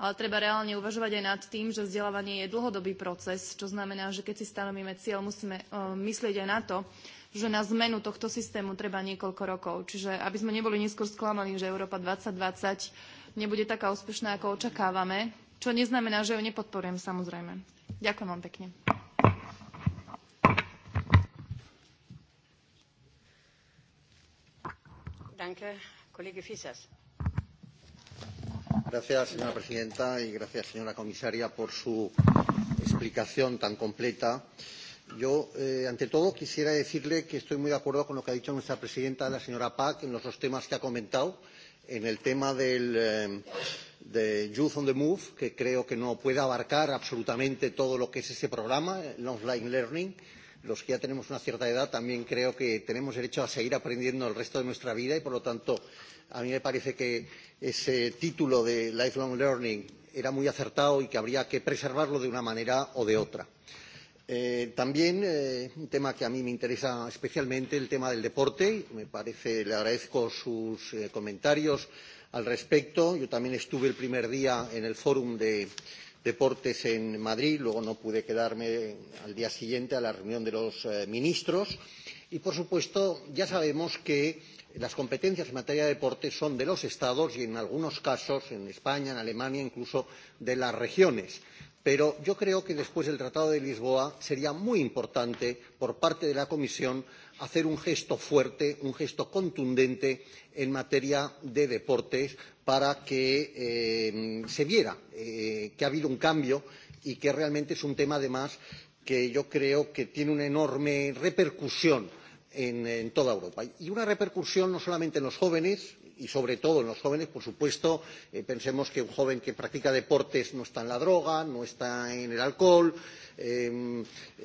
ale treba reálne uvažovať aj nad tým, že vzdelávanie je dlhodobý proces, čo znamená, že keď si stanovíme cieľ, musíme myslieť aj na to, že na zmenu tohto systému treba niekoľko rokov. Čiže aby sme neboli neskôr sklamaní, že Európa 2020 nebude taká úspešná, ako očakávame, čo neznamená, že ju nepodporujem samozrejme. Ďakujem vám pekne. Danke, Kollege Fissers. Gracias, señora presidenta, y gracias, señora comisaria, por su explicación tan completa. Yo, eh, ante todo, quisiera decirle que estoy muy de acuerdo con lo que ha dicho nuestra presidenta, la señora Pack, en los dos temas que ha comentado. En el tema del, eh, de Youth on the Move, que creo que no puede abarcar absolutamente todo lo que es ese programa, el eh, Online Learning, los que ya tenemos una cierta edad también creo que tenemos derecho a seguir aprendiendo el resto de nuestra vida y por lo tanto a mí me parece que ese título de Lifelong Learning era muy acertado y que habría que preservarlo de una manera o de otra. Eh, también eh, un tema que a mí me interesa especialmente, el tema del deporte. Me parece, le agradezco sus eh, comentarios al respecto. Yo también estuve el primer día en el Fórum de Deportes en Madrid, luego no pude quedarme al día siguiente a la reunión de los eh, ministros. Y, por supuesto, ya sabemos que las competencias en materia de deporte son de los Estados y, en algunos casos, en España, en Alemania, incluso de las regiones. Pero yo creo que después del Tratado de Lisboa sería muy importante, por parte de la Comisión, hacer un gesto fuerte, un gesto contundente en materia de deportes para que eh, se viera eh, que ha habido un cambio y que realmente es un tema, además, que yo creo que tiene una enorme repercusión en, toda Europa. Y una repercusión no solamente en los jóvenes, y sobre todo en los jóvenes, por supuesto, eh, pensemos que un joven que practica deportes no está en la droga, no está en el alcohol,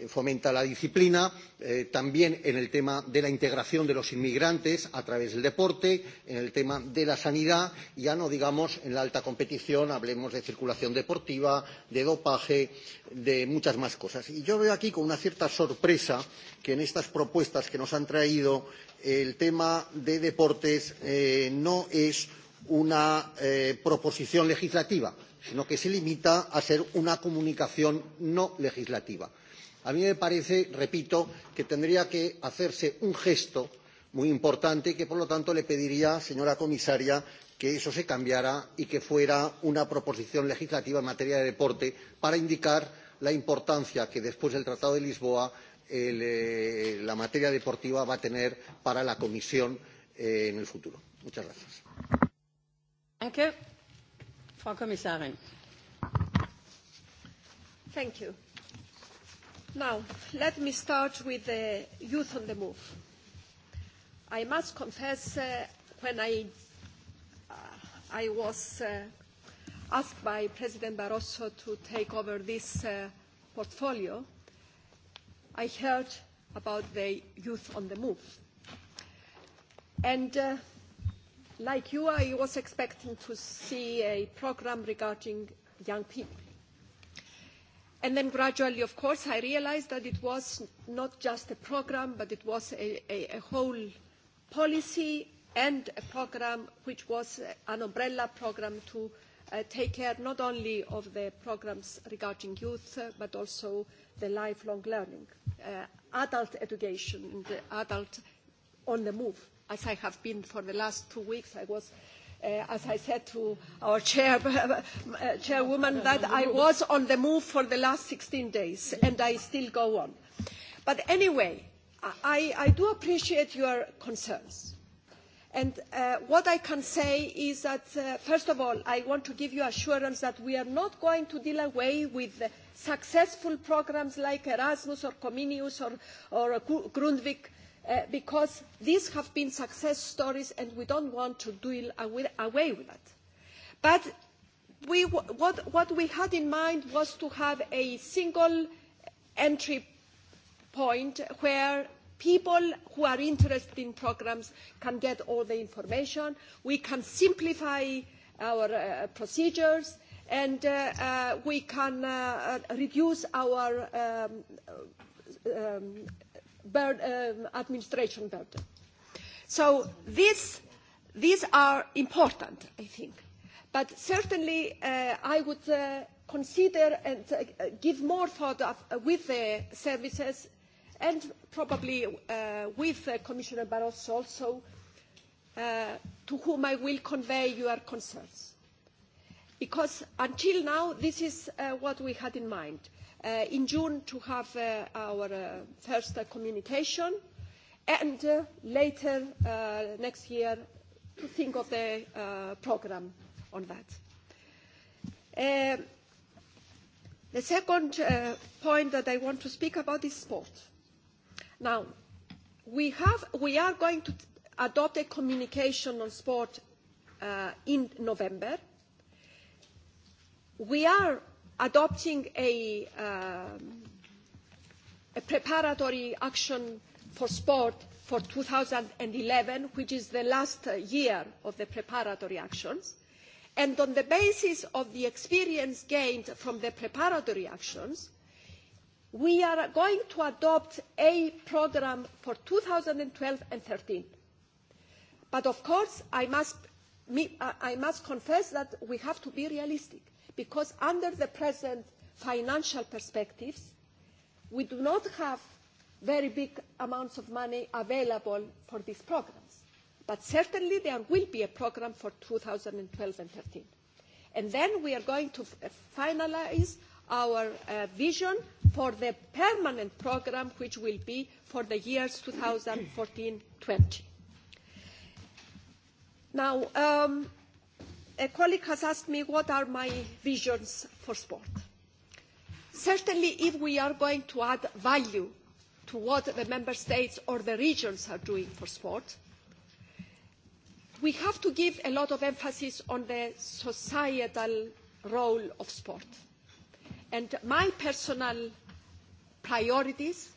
fomenta la disciplina, eh, también en el tema de la integración de los inmigrantes a través del deporte, en el tema de la sanidad, ya no digamos en la alta competición, hablemos de circulación deportiva, de dopaje, de muchas más cosas. Y yo veo aquí con una cierta sorpresa que en estas propuestas que nos han traído el tema de deportes eh, no es una eh, proposición legislativa, sino que se limita a ser una comunicación no legislativa. A mí me parece, repito, que tendría que hacerse un gesto muy importante y que, por lo tanto, le pediría, señora comisaria, que eso se cambiara y que fuera una proposición legislativa en materia de deporte para indicar la importancia que después del Tratado de Lisboa el, eh, la materia deportiva va a tener para la Comisión eh, en el futuro. Muchas gracias. Danke, Frau Kommissarin. Thank you. Now, let me start with the youth on the move. I must confess, uh, when I, uh, I was uh, asked by President Barroso to take over this uh, portfolio, I heard about the youth on the move. And uh, like you, I was expecting to see a program regarding young people. And then gradually, of course, I realized that it was not just a program, but it was a, a, a whole policy and a program which was uh, an umbrella program to uh, take care not only of the programs regarding youth, uh, but also the lifelong learning, uh, adult education, and adult on the move, as I have been for the last two weeks. I was uh, as I said to our chair, uh, chairwoman, that I was on the move for the last 16 days, and I still go on. But anyway, I, I do appreciate your concerns. And uh, what I can say is that, uh, first of all, I want to give you assurance that we are not going to deal away with successful programs like Erasmus or Comenius or, or uh, Grundvik, uh, because these have been success stories and we don't want to deal away with that. But we, what, what we had in mind was to have a single entry point where people who are interested in programs can get all the information. We can simplify our uh, procedures and uh, uh, we can uh, uh, reduce our um, um, um, administration burden. So this, these are important, I think. But certainly uh, I would consider and give more thought of, with the services and probably uh, with uh, Commissioner Barroso also, uh, to whom I will convey your concerns. Because until now, this is uh, what we had in mind. Uh, in June, to have uh, our first communication, and later next year, to think of the programme on that. the second point that I want to speak about is sport Now, we, have, we are going to adopt a communication on sport uh, in November. We are adopting a, um, a preparatory action for sport for 2011, which is the last year of the preparatory actions. And on the basis of the experience gained from the preparatory actions, we are going to adopt a programme for 2012 and 13. But of course, I must, confess that we have to be realistic, because under the present financial perspectives, we do not have very big amounts of money available for these programmes. But certainly there will be a programme for 2012 and 13. And then we are going to finalise our uh, vision for the permanent programme, which will be for the years 2014-20. Now, um, a colleague has asked me what are my visions for sport. Certainly, if we are going to add value to what the member states or the regions are doing for sport, we have to give a lot of emphasis on the societal role of sport And my personal priorities,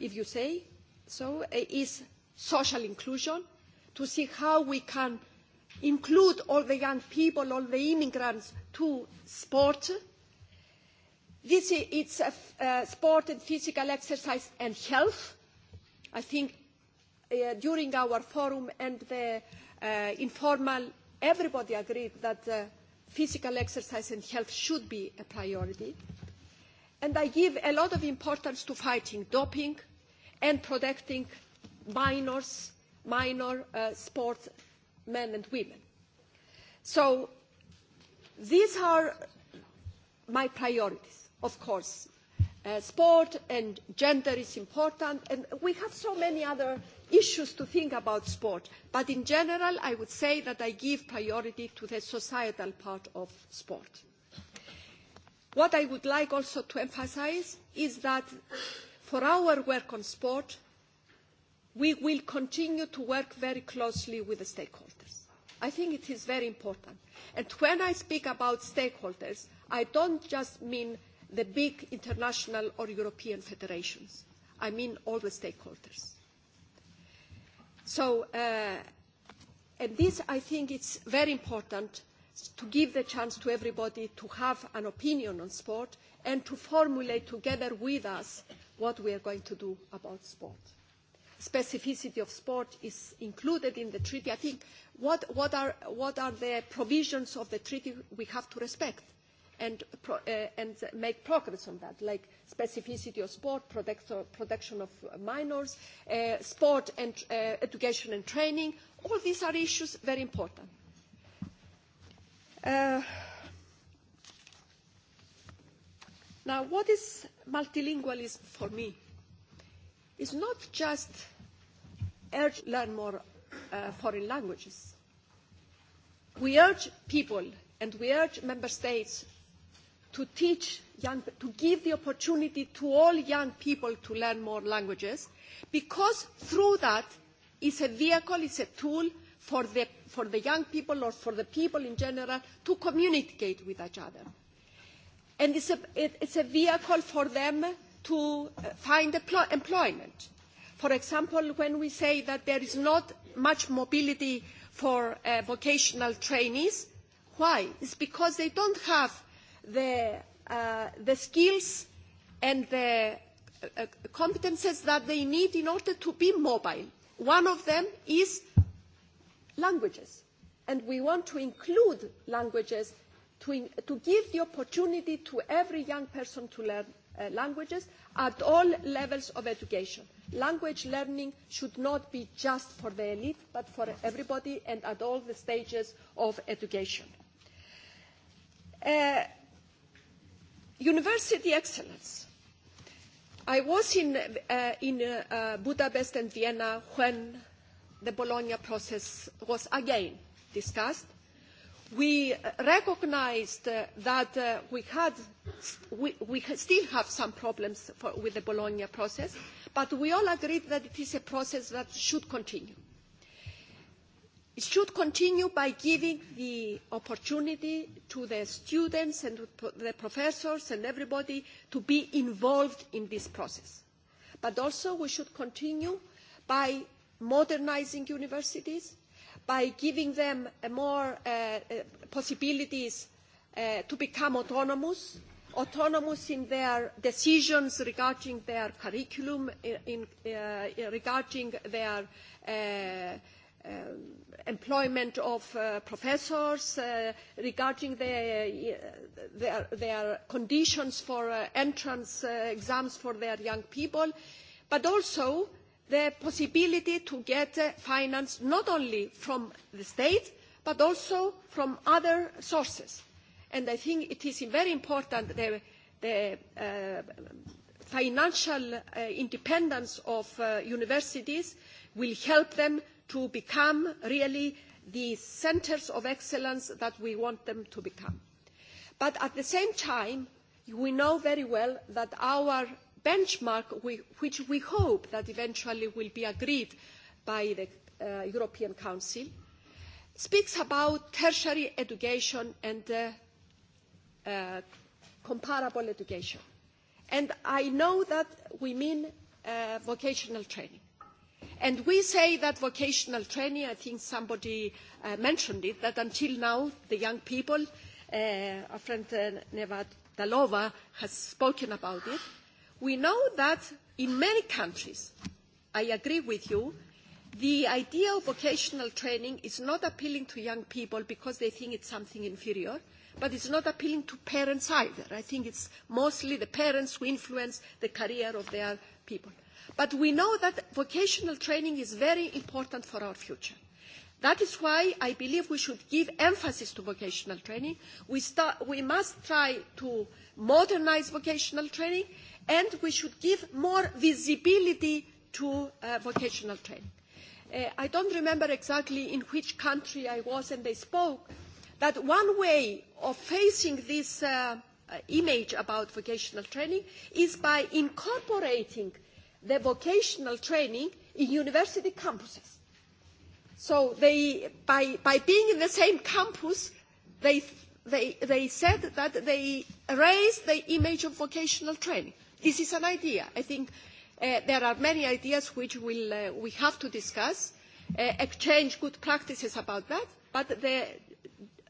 if you say so, eh, is social inclusion, to see how we can include all the young people, all the immigrants to sport. This is eh, sport and physical exercise and health. I think uh, during our forum and the uh, informal, everybody agreed that physical exercise and health should be a priority. And I give a lot of importance to fighting doping and protecting minors, minor uh, sports men and women. So these are my priorities, of course. Uh, sport and gender is important, and we have so many other issues to think about sport. But in general, I would say that I give priority to the societal part of sport. What I would like also to emphasise is that for our work on sport, we will continue to work very closely with the stakeholders. I think it is very important. And when I speak about stakeholders, I don't just mean the big international or European federations. I mean all the stakeholders. So, uh, and this, I think, it's very important to give the chance to everybody to have an opinion on sport and to formulate together with us what we are going to do about sport. Specificity of sport is included in the treaty. I think what, what, are, what are the provisions of the treaty we have to respect? Uh, and, make progress on that, like specificity of sport, protection of minors, uh, sport and uh, education and training. All these are issues very important. Uh, now, what is multilingualism for me? It's not just urge learn more uh, foreign languages. We urge people and we urge member states to teach young, to give the opportunity to all young people to learn more languages, because through that is a vehicle, is a tool for the, for the young people or for the people in general to communicate with each other. And it's a, it, it's a vehicle for them to uh, find employment. For example, when we say that there is not much mobility for uh, vocational trainees, why? It's because they don't have the, uh, the skills and the uh, competences that they need in order to be mobile. One of them is languages. And we want to include languages to, in, to give the opportunity to every young person to learn uh, languages at all levels of education. Language learning should not be just for the elite, but for everybody and at all the stages of education. Uh, University excellence. I was in, uh, in uh, Budapest and Vienna when the Bologna process was again discussed. We uh, recognized uh, that uh, we, had, we, we still have some problems for, with the Bologna process, but we all agreed that it is a process that should continue It should continue by giving the opportunity to the students and the professors and everybody to be involved in this process. But also we should continue by modernizing universities, by giving them more uh, uh, possibilities uh, to become autonomous, autonomous in their decisions regarding their curriculum, in, in, uh, regarding their uh, Uh, employment of uh, professors, uh, regarding their, uh, their, their, conditions for uh, entrance uh, exams for their young people, but also the possibility to get finance not only from the state, but also from other sources. And I think it is very important the, the financial independence of universities will help them to become really the centres of excellence that we want them to become. But at the same time, we know very well that our benchmark, which we hope that eventually will be agreed by the uh, European Council, speaks about tertiary education and uh, uh, comparable education. And I know that we mean uh, vocational training. And we say that vocational training, I think somebody uh, mentioned it, that until now the young people, uh, our friend uh, Neva Dalova has spoken about it. We know that in many countries, I agree with you, the idea of vocational training is not appealing to young people because they think it's something inferior, but it's not appealing to parents either. I think it's mostly the parents who influence the career of their people. But we know that vocational training is very important for our future. That is why I believe we should give emphasis to vocational training. We, start, we must try to modernise vocational training and we should give more visibility to uh, vocational training. Uh, I don't remember exactly in which country I was and they spoke that one way of facing this uh, image about vocational training is by incorporating the vocational training in university campuses. So they, by, by being in the same campus, they, they, they said that they raised the image of vocational training. This is an idea. I think uh, there are many ideas which we'll, uh, we have to discuss, uh, exchange good practices about that, but the,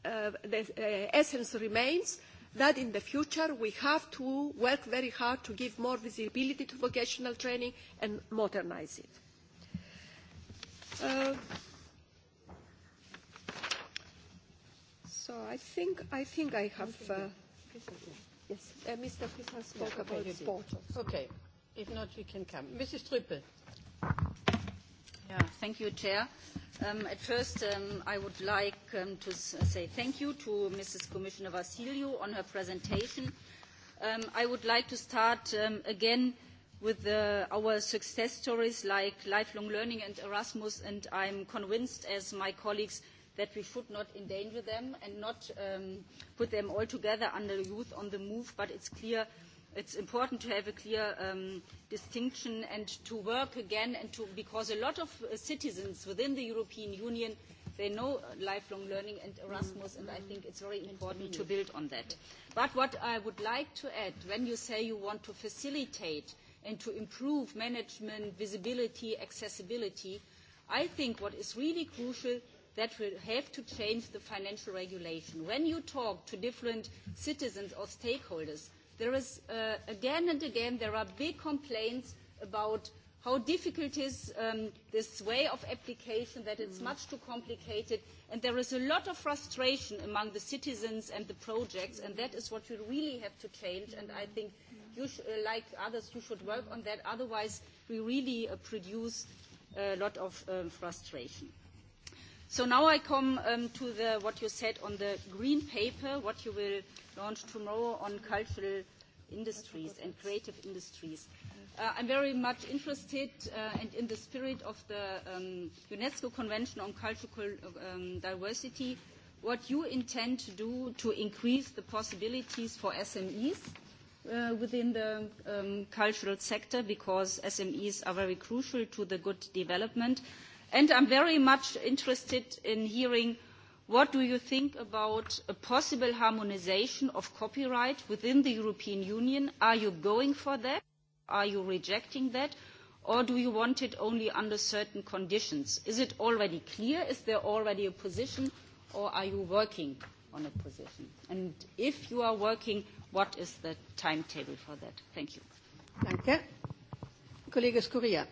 uh, the uh, essence remains that in the future we have to work very hard to give more visibility to vocational training and modernise it. Uh, so I think I think I have. Uh, yes, uh, Mr. Fischer spoke yeah, about sports. Okay, if not, we can come. Mrs. Trüppel. Yeah, thank you, Chair. Uh, Um, at first, um, I would like um, to uh, say thank you to Mrs. Commissioner Vassiliou on her presentation. Um, I would like to start um, again with uh, our success stories like lifelong learning and Erasmus, and I'm convinced, as my colleagues, that we should not endanger them and not um, put them all together under youth on the move, but it's clear it's important to have a clear um, distinction and to work again and to, because a lot of uh, citizens within the European Union they know uh, lifelong learning and Erasmus, and I think it's very important to build on that. But what I would like to add, when you say you want to facilitate and to improve management, visibility, accessibility, I think what is really crucial that we have to change the financial regulation. When you talk to different citizens or stakeholders, There is, uh, again and again, there are big complaints about how difficult is um, this way of application, that it's mm. much too complicated, and there is a lot of frustration among the citizens and the projects, and that is what you really have to change, and I think you sh uh, like others, you should work on that, otherwise we really uh, produce a lot of um, frustration. So now I come um, to the, what you said on the green paper, what you will launch tomorrow on cultural industries and creative industries. Uh, I'm very much interested uh, and in the spirit of the um, UNESCO Convention on Cultural um, Diversity, what you intend to do to increase the possibilities for SMEs uh, within the um, cultural sector because SMEs are very crucial to the good development And I'm very much interested in hearing what do you think about a possible harmonisation of copyright within the European Union? Are you going for that? Are you rejecting that? Or do you want it only under certain conditions? Is it already clear? Is there already a position? Or are you working on a position? And if you are working, what is the timetable for that? Thank you. Danke. Kollege Scuria.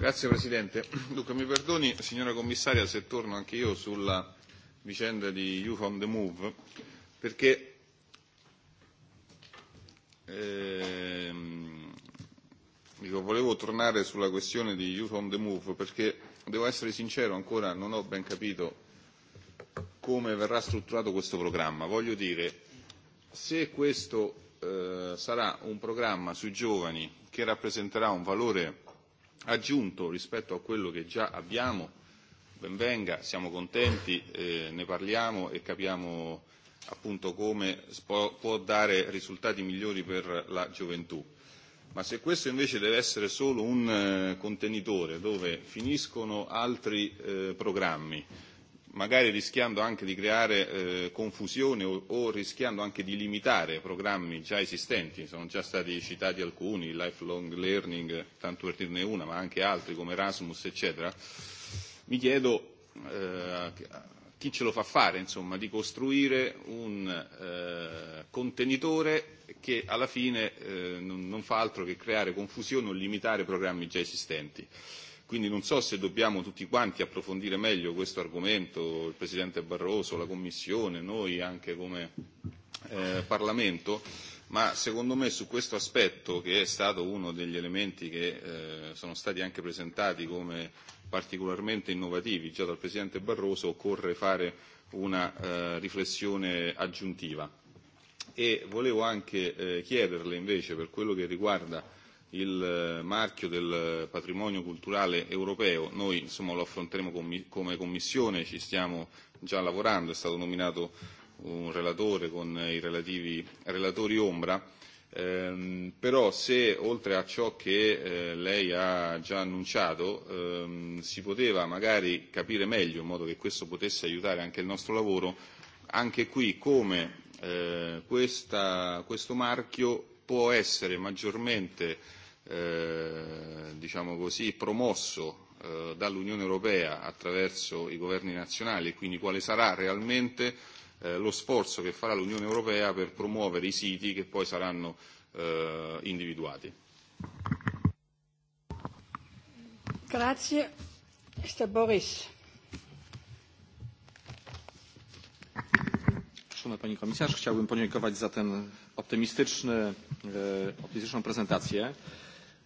Grazie Presidente. Dunque, mi perdoni, signora Commissaria, se torno anche io sulla vicenda di Youth on the Move, perché ehm, dico, volevo tornare sulla questione di Youth on the Move, perché devo essere sincero, ancora non ho ben capito come verrà strutturato questo programma. Voglio dire, se questo eh, sarà un programma sui giovani che rappresenterà un valore aggiunto rispetto a quello che già abbiamo. Ben venga, siamo contenti, eh, ne parliamo e capiamo appunto come può, può dare risultati migliori per la gioventù. Ma se questo invece deve essere solo un eh, contenitore dove finiscono altri eh, programmi, magari rischiando anche di creare eh, confusione o, o rischiando anche di limitare programmi già esistenti. Sono già stati citati alcuni, lifelong learning, tanto per dirne una, ma anche altri come Erasmus, eccetera. Mi chiedo eh, chi ce lo fa fare, insomma, di costruire un eh, contenitore che alla fine eh, non, non fa altro che creare confusione o limitare programmi già esistenti. Eh, Quindi non so se dobbiamo tutti quanti approfondire meglio questo argomento, il Presidente Barroso, la Commissione, noi anche come eh, Parlamento, ma secondo me su questo aspetto, che è stato uno degli elementi che eh, sono stati anche presentati come particolarmente innovativi già dal Presidente Barroso, occorre fare una eh, riflessione aggiuntiva. E volevo anche eh, chiederle invece per quello che riguarda il eh, marchio del patrimonio culturale europeo. Noi insomma, lo affronteremo come Commissione, ci stiamo già lavorando, è stato nominato un relatore con i relativi relatori ombra, ehm, però se oltre a ciò che eh, lei ha già annunciato ehm, si poteva magari capire meglio in modo che questo potesse aiutare anche il nostro lavoro, anche qui come eh, questa, questo marchio può essere maggiormente Eh, diciamo così, promosso eh, dall'Unione Europea attraverso i governi nazionali e quindi quale sarà realmente eh, lo sforzo che farà l'Unione Europea per promuovere i siti che poi saranno individuati. Grazie. Boris. Szanowna Pani Komisarz, chciałbym podziękować za ten optymistyczny, optymistyczną prezentację.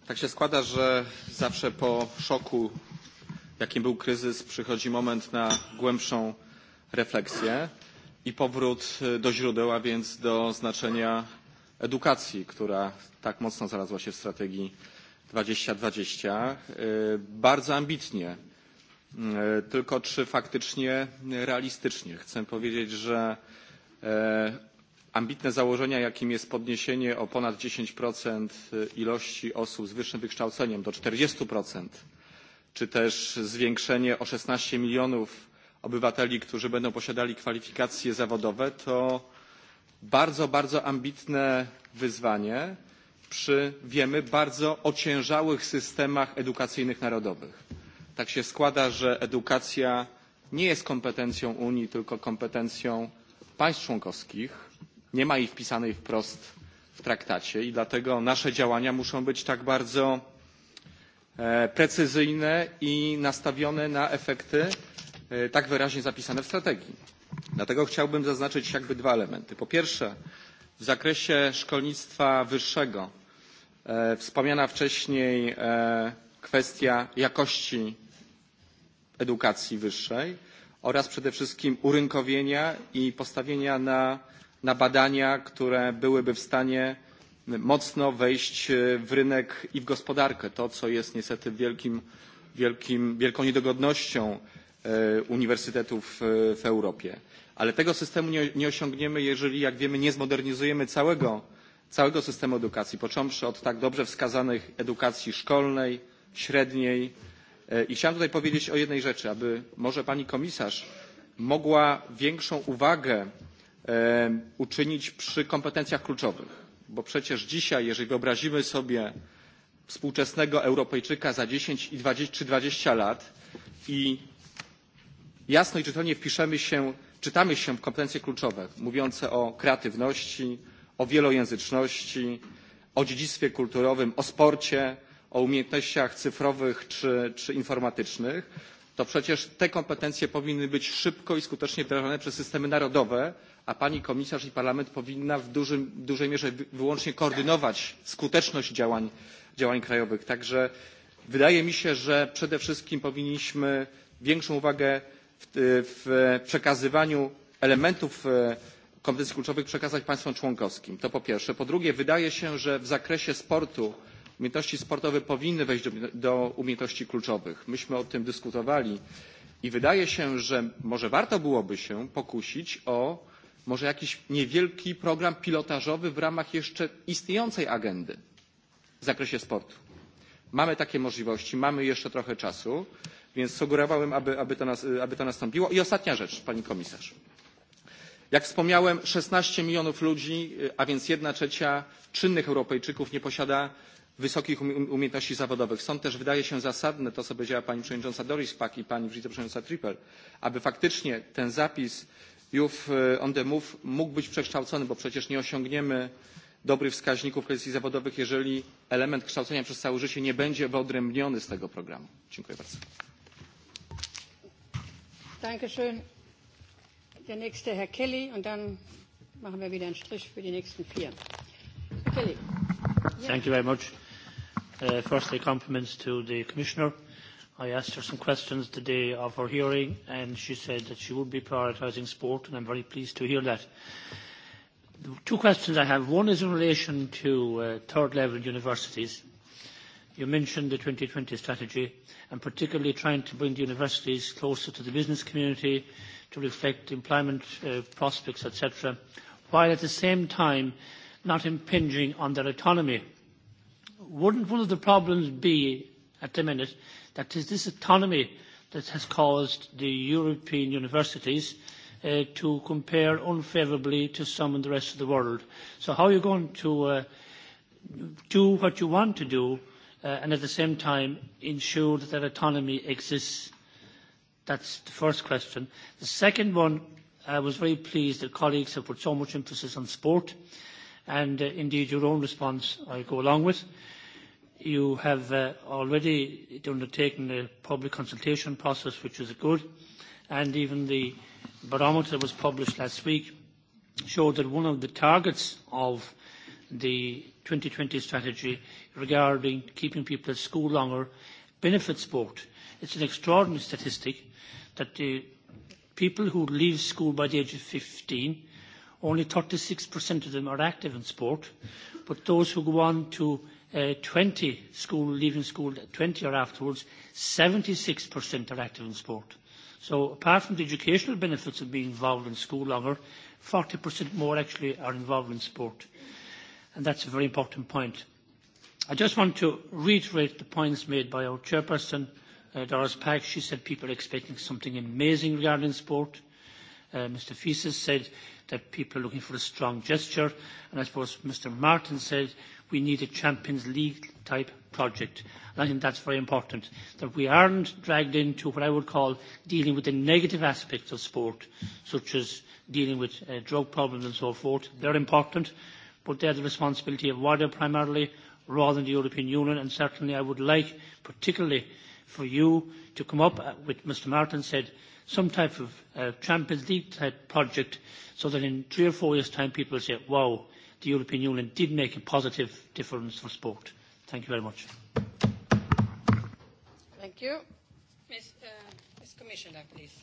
Tak się składa, że zawsze po szoku, jakim był kryzys, przychodzi moment na głębszą refleksję i powrót do źródeł, a więc do znaczenia edukacji, która tak mocno znalazła się w strategii 2020. Bardzo ambitnie, tylko czy faktycznie realistycznie? Chcę powiedzieć, że ambitne założenia jakim jest podniesienie o ponad dziesięć ilości osób z wyższym wykształceniem do czterdzieści czy też zwiększenie o szesnaście milionów obywateli którzy będą posiadali kwalifikacje zawodowe to bardzo bardzo ambitne wyzwanie przy wiemy bardzo ociężałych systemach edukacyjnych narodowych. tak się składa że edukacja nie jest kompetencją unii tylko kompetencją państw członkowskich nie ma jej wpisanej wprost w traktacie i dlatego nasze działania muszą być tak bardzo precyzyjne i nastawione na efekty tak wyraźnie zapisane w strategii. Dlatego chciałbym zaznaczyć jakby dwa elementy. Po pierwsze, w zakresie szkolnictwa wyższego wspomniana wcześniej kwestia jakości edukacji wyższej oraz przede wszystkim urynkowienia i postawienia na na badania, które byłyby w stanie mocno wejść w rynek i w gospodarkę. To, co jest niestety wielką niedogodnością uniwersytetów w Europie. Ale tego systemu nie, osiągniemy, jeżeli, jak wiemy, nie zmodernizujemy całego, systemu edukacji, począwszy od tak dobrze wskazanej edukacji szkolnej, średniej. I chciałem tutaj powiedzieć o jednej rzeczy, aby może pani komisarz mogła większą uwagę uczynić przy kompetencjach kluczowych bo przecież dzisiaj jeżeli wyobrazimy sobie współczesnego europejczyka za dziesięć czy dwadzieścia lat i jasno i czytelnie wpiszemy się wczytamy się w kompetencje kluczowe mówiące o kreatywności o wielojęzyczności o dziedzictwie kulturowym o sporcie o umiejętnościach cyfrowych czy, czy informatycznych to przecież te kompetencje powinny być szybko i skutecznie wdrażane przez systemy narodowe a pani komisarz i parlament powinna w, dużym, w dużej mierze wyłącznie koordynować skuteczność działań, działań krajowych. Także wydaje mi się, że przede wszystkim powinniśmy większą uwagę w, w przekazywaniu elementów kompetencji kluczowych przekazać państwom członkowskim. To po pierwsze. Po drugie, wydaje się, że w zakresie sportu umiejętności sportowe powinny wejść do, do umiejętności kluczowych. Myśmy o tym dyskutowali i wydaje się, że może warto byłoby się pokusić o może jakiś niewielki program pilotażowy w ramach jeszcze istniejącej agendy w zakresie sportu. Mamy takie możliwości, mamy jeszcze trochę czasu, więc sugerowałem, aby, aby, to, nas, aby to nastąpiło. I ostatnia rzecz, pani komisarz. Jak wspomniałem, 16 milionów ludzi, a więc jedna trzecia czynnych Europejczyków nie posiada wysokich um, um, umiejętności zawodowych. Stąd też wydaje się zasadne to, co powiedziała pani przewodnicząca Doris Pack i pani wiceprzewodnicząca Trippel, aby faktycznie ten zapis youth on the move mógł być przekształcony bo przecież nie osiągniemy dobrych wskaźników kwestii zawodowych jeżeli element kształcenia przez całe życie nie będzie wyodrębniony z tego programu. dziękuję bardzo. Danke Der nächste Herr Kelly und dann machen wir wieder einen Strich für die nächsten vier. Herr Kelly. Thank you very much. Uh, firstly, compliments to the Commissioner. I asked her some questions the day of her hearing and she said that she would be prioritising sport and I'm very pleased to hear that. The two questions I have. One is in relation to uh, third level universities. You mentioned the 2020 strategy and particularly trying to bring the universities closer to the business community to reflect employment uh, prospects, etc., while at the same time not impinging on their autonomy. Wouldn't one of the problems be at the minute that it is this autonomy that has caused the European universities uh, to compare unfavourably to some in the rest of the world. So how are you going to uh, do what you want to do uh, and at the same time ensure that that autonomy exists? That's the first question. The second one, I was very pleased that colleagues have put so much emphasis on sport and uh, indeed your own response I go along with. You have uh, already undertaken a public consultation process, which is good, and even the barometer that was published last week showed that one of the targets of the 2020 strategy regarding keeping people at school longer benefits sport. It's an extraordinary statistic that the people who leave school by the age of 15, only 36% of them are active in sport, but those who go on to 20 uh, school leaving school 20 or afterwards 76% are active in sport so apart from the educational benefits of being involved in school longer 40% more actually are involved in sport and that's a very important point i just want to reiterate the points made by our chairperson uh, doris pack she said people are expecting something amazing regarding sport Uh, mr Fieses said that people are looking for a strong gesture, and I suppose Mr Martin said we need a Champions League type project. And I think that's very important, that we aren't dragged into what I would call dealing with the negative aspects of sport, such as dealing with uh, drug problems and so forth. They're important, but they're the responsibility of WADA primarily, rather than the European Union. And certainly I would like, particularly for you, to come up uh, with, Mr Martin said, some type of uh, Champions League type project so that in three or four years' time people will say, wow, the European Union did make a positive difference for sport. Thank you very much. Thank you. Ms. Uh, Ms. Commissioner, please.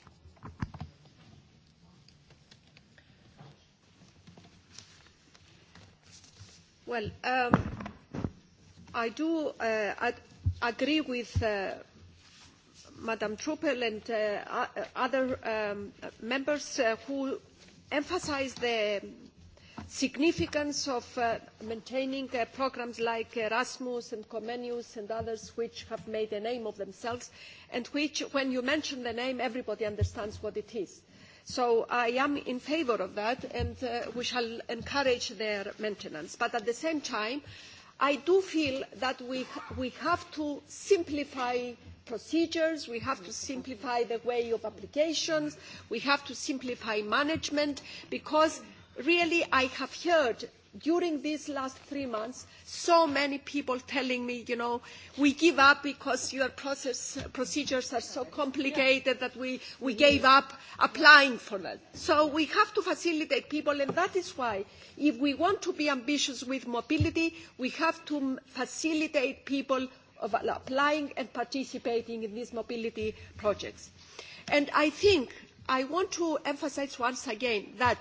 Well, um, I do uh, ag agree with uh, Madam Truppel and uh, other um, members uh, who emphasize the significance of uh, maintaining uh, programmes like Erasmus and Comenius and others which have made a name of themselves and which, when you mention the name, everybody understands what it is. So I am in favour of that and uh, we shall encourage their maintenance. But at the same time, I do feel that we, we have to simplify procedures, we have to simplify the way of applications, we have to simplify management because really I have heard during these last three months, so many people telling me, you know, we give up because your process, procedures are so complicated that we, we gave up applying for them. So we have to facilitate people, and that is why if we want to be ambitious with mobility, we have to facilitate people of uh, applying and participating in these mobility projects. And I think I want to emphasize once again that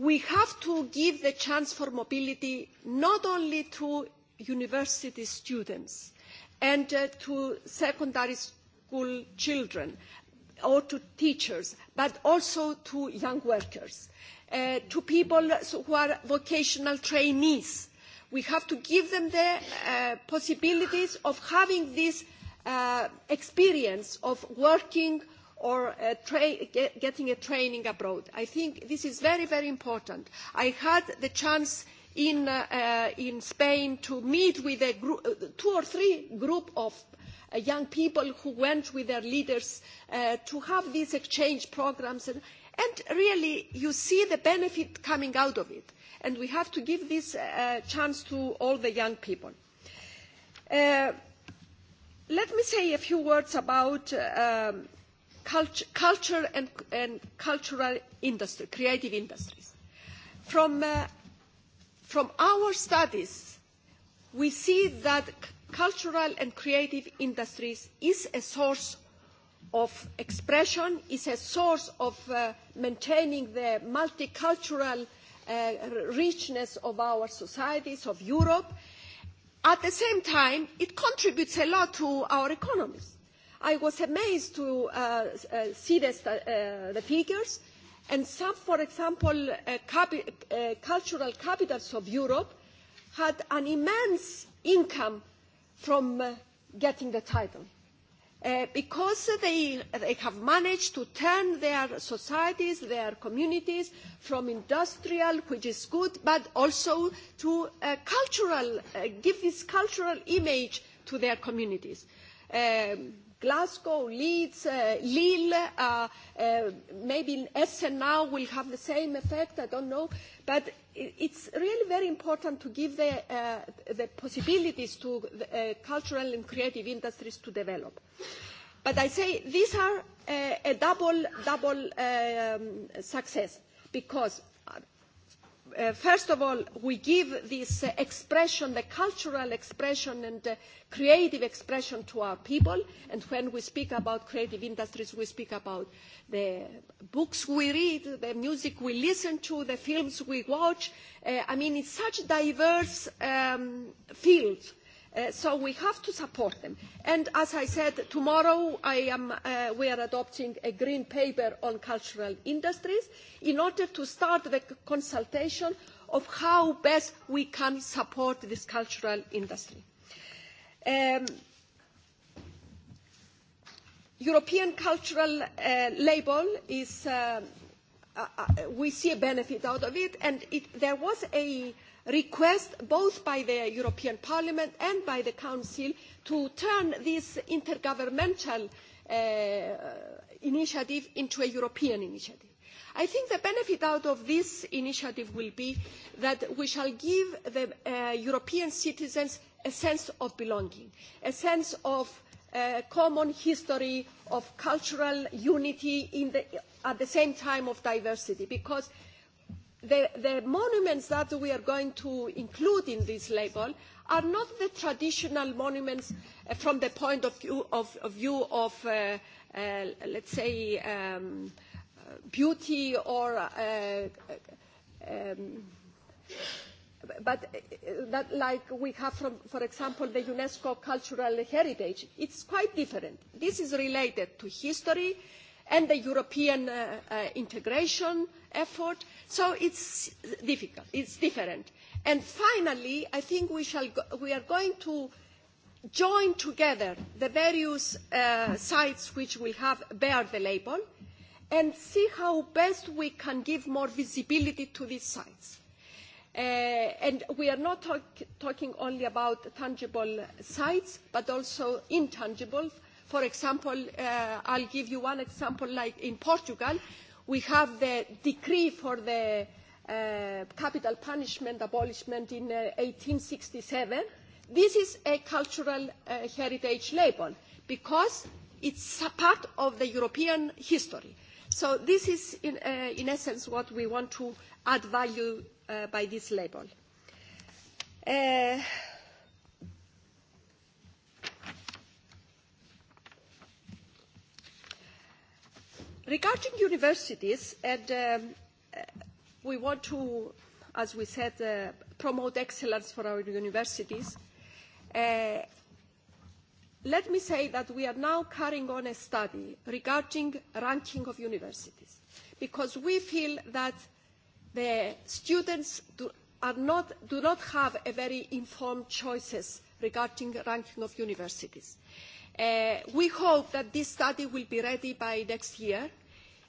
we have to give the chance for mobility not only to university students and uh, to secondary school children or to teachers, but also to young workers, uh, to people who are vocational trainees. We have to give them the uh, possibilities of having this uh, experience of working or a get, getting a training abroad. I think this is very, very important. I had the chance in, uh, uh in Spain to meet with a uh, two or three group of uh, young people who went with their leaders uh, to have these exchange programs. And, and really, you see the benefit coming out of it. And we have to give this uh, chance to all the young people. Uh, let me say a few words about um, cult culture and, and, cultural industry, creative industries. From, uh, from our studies, we see that cultural and creative industries is a source of expression, is a source of uh, maintaining the multicultural uh, richness of our societies, of Europe. At the same time, it contributes a lot to our economies. I was amazed to uh, uh, see the, uh, the, figures, and some, for example, uh, capi uh, cultural capitals of Europe had an immense income from uh, getting the title. because they, they have managed to turn their societies, their communities from industrial, which is good, but also to cultural, give this cultural image to their communities. Um, Glasgow, Leeds, uh, Lille, uh, uh, maybe Essen now will have the same effect, I don't know. But it's really very important to give the, uh, the possibilities to the, uh, cultural and creative industries to develop. But I say these are uh, a double, double um, success because Uh, first of all, we give this uh, expression, the cultural expression and uh, creative expression to our people. And when we speak about creative industries, we speak about the books we read, the music we listen to, the films we watch. I mean, it's such diverse um, fields Uh, so we have to support them. And as I said, tomorrow I am, uh, we are adopting a green paper on cultural industries in order to start the consultation of how best we can support this cultural industry. Um, European cultural uh, label is, uh, uh, we see a benefit out of it, and it, there was a request both by the European Parliament and by the Council to turn this intergovernmental uh, initiative into a European initiative. I think the benefit out of this initiative will be that we shall give the uh, European citizens a sense of belonging, a sense of uh, common history, of cultural unity the, at the same time of diversity, because The, the, monuments that we are going to include in this label are not the traditional monuments uh, from the point of view of, of, view of uh, uh, let's say, um, uh, beauty or uh, um, but that like we have from, for example, the UNESCO cultural heritage. It's quite different. This is related to history and the European integration effort So it's difficult, it's different. And finally, I think we, shall go, we are going to join together the various uh, sites which will have bear the label and see how best we can give more visibility to these sites. Uh, and we are not talk, talking only about tangible sites, but also intangible. For example, uh, I'll give you one example, like in Portugal, We have the decree for the uh, capital punishment abolishment in uh, 1867. This is a cultural uh, heritage label because it's a part of the European history. So this is, in, uh, in essence, what we want to add value uh, by this label. Uh, Regarding universities, and um, uh, we want to, as we said, uh, promote excellence for our universities. Uh, let me say that we are now carrying on a study regarding ranking of universities, because we feel that the students do, are not, do not have a very informed choices regarding ranking of universities. Uh, we hope that this study will be ready by next year,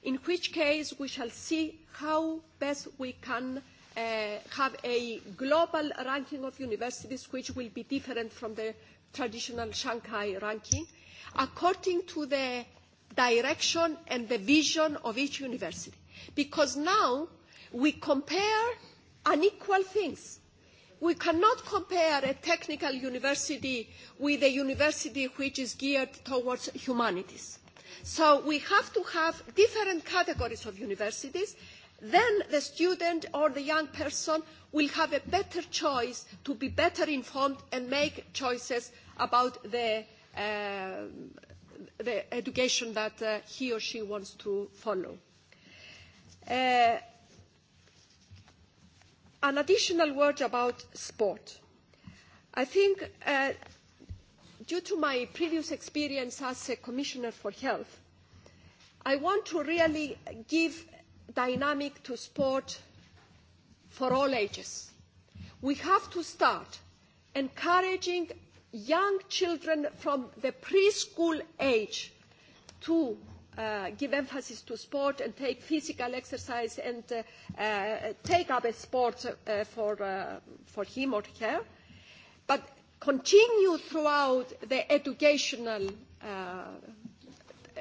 in which case we shall see how best we can uh, have a global ranking of universities which will be different from the traditional Shanghai ranking, according to the direction and the vision of each university. Because now we compare unequal things. We cannot compare a technical university with a university which is geared towards humanities. So we have to have different categories of universities. Then the student or the young person will have a better choice to be better informed and make choices about the, uh, the education that uh, he or she wants to follow. Uh, an additional word about sport. I think uh, due to my previous experience as a Commissioner for Health, I want to really give dynamic to sport for all ages. We have to start encouraging young children from the preschool age to uh, give emphasis to sport and take physical exercise and uh, uh, take up a sport uh, for, uh, for him or her. But continue throughout the educational uh,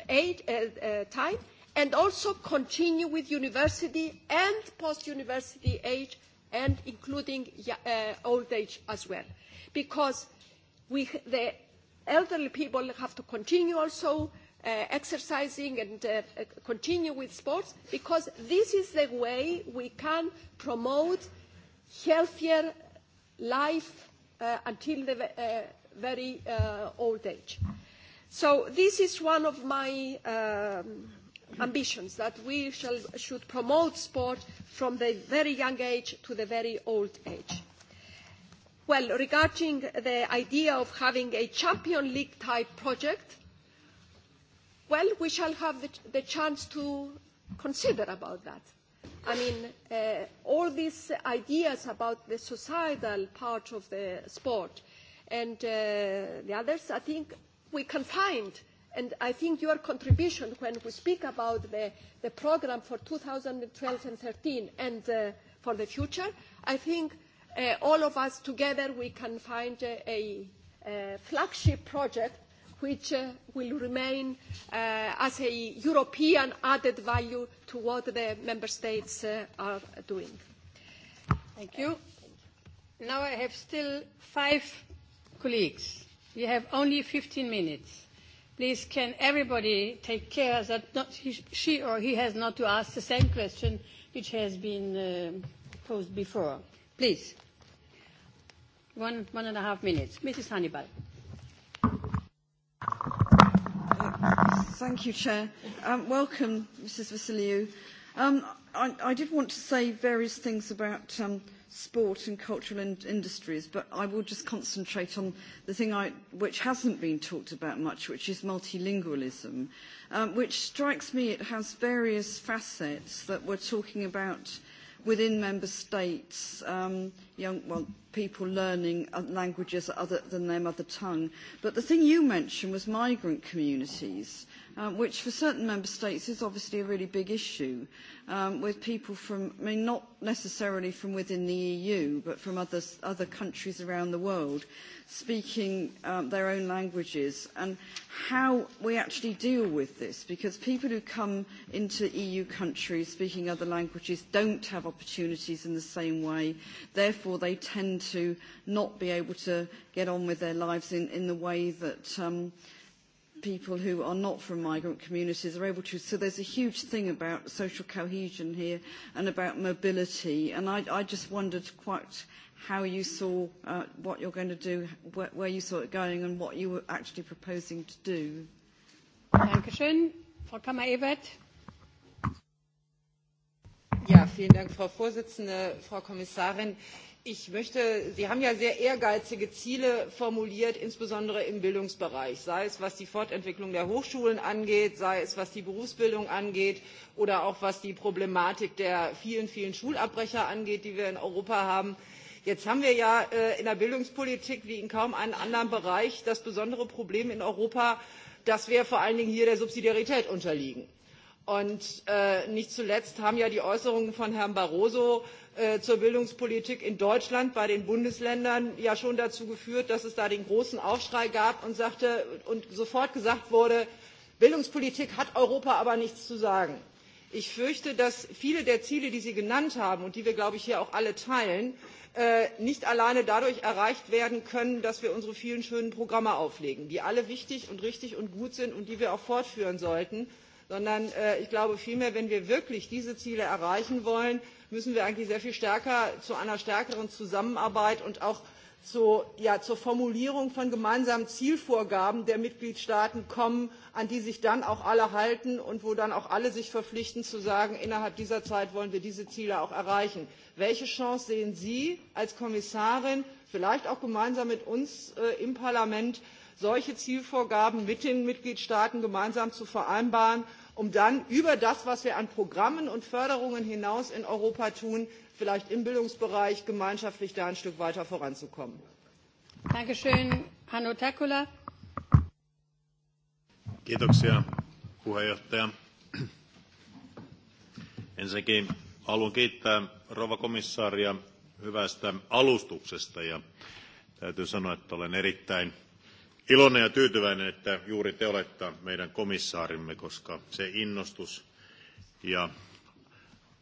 aid, uh, uh, time and also continue with university and post-university age and including uh, old age as well. Because we, the elderly people have to continue also uh, exercising and uh, continue with sports because this is the way we can promote healthier life uh, until the uh, very uh, old age. So this is one of my um, ambitions, that we shall, should promote sport from the very young age to the very old age. Well, regarding the idea of having a Champion League type project, well, we shall have the, the chance to consider about that I mean, uh, all these ideas about the societal part of the sport and uh, the others, I think we can find. And I think your contribution when we speak about the, the program for 2012 and 13 and uh, for the future, I think uh, all of us together we can find a, a, a flagship project which uh, will remain uh, as a European added value to what the Member States uh, are doing. Thank you. Now I have still five colleagues. We have only 15 minutes. Please, can everybody take care that not he, she or he has not to ask the same question which has been uh, posed before? Please. One, one and a half minutes. Mrs. Hannibal. Thank you, Chair. Um, welcome, Mrs. Vassiliou. Um, I, I did want to say various things about um, sport and cultural in industries, but I will just concentrate on the thing I, which hasn't been talked about much, which is multilingualism, um, which strikes me it has various facets that we're talking about within member states, um, young well, people learning uh, languages other than their mother tongue. But the thing you mentioned was migrant communities um, which for certain member states is obviously a really big issue um, with people from, I mean, not necessarily from within the EU, but from other, other countries around the world speaking um, their own languages and how we actually deal with this because people who come into EU countries speaking other languages don't have opportunities in the same way. Therefore, they tend to not be able to get on with their lives in, in the way that um, people who are not from migrant communities are able to. So there's a huge thing about social cohesion here and about mobility. And I, I just wondered quite how you saw uh, what you're going to do, where, where you saw it going and what you were actually proposing to do. Dankeschön. Frau Kammer-Ebert. Ja, vielen Dank, Frau Vorsitzende, Frau Kommissarin ich möchte sie haben ja sehr ehrgeizige ziele formuliert insbesondere im bildungsbereich sei es was die fortentwicklung der hochschulen angeht sei es was die berufsbildung angeht oder auch was die problematik der vielen vielen schulabbrecher angeht die wir in europa haben. jetzt haben wir ja äh, in der bildungspolitik wie in kaum einem anderen bereich das besondere problem in europa dass wir vor allen dingen hier der subsidiarität unterliegen. Und äh, nicht zuletzt haben ja die Äußerungen von Herrn Barroso äh, zur Bildungspolitik in Deutschland bei den Bundesländern ja schon dazu geführt, dass es da den großen Aufschrei gab und, sagte, und sofort gesagt wurde, Bildungspolitik hat Europa aber nichts zu sagen. Ich fürchte, dass viele der Ziele, die Sie genannt haben und die wir, glaube ich, hier auch alle teilen, äh, nicht alleine dadurch erreicht werden können, dass wir unsere vielen schönen Programme auflegen, die alle wichtig und richtig und gut sind und die wir auch fortführen sollten sondern äh, ich glaube vielmehr, wenn wir wirklich diese Ziele erreichen wollen, müssen wir eigentlich sehr viel stärker zu einer stärkeren Zusammenarbeit und auch zu, ja, zur Formulierung von gemeinsamen Zielvorgaben der Mitgliedstaaten kommen, an die sich dann auch alle halten und wo dann auch alle sich verpflichten zu sagen, innerhalb dieser Zeit wollen wir diese Ziele auch erreichen. Welche Chance sehen Sie als Kommissarin, vielleicht auch gemeinsam mit uns äh, im Parlament, solche Zielvorgaben mit den Mitgliedstaaten gemeinsam zu vereinbaren um dann über das, was wir an Programmen und Förderungen hinaus in Europa tun, vielleicht im Bildungsbereich gemeinschaftlich da ein Stück weiter voranzukommen. Dankeschön, Hanno Takula. Kiitoksia, puheenjohtaja. Ensinnäkin haluan kiittää rouva komissaaria hyvästä alustuksesta ja täytyy sanoa, että olen erittäin iloinen ja tyytyväinen, että juuri te olette meidän komissaarimme, koska se innostus ja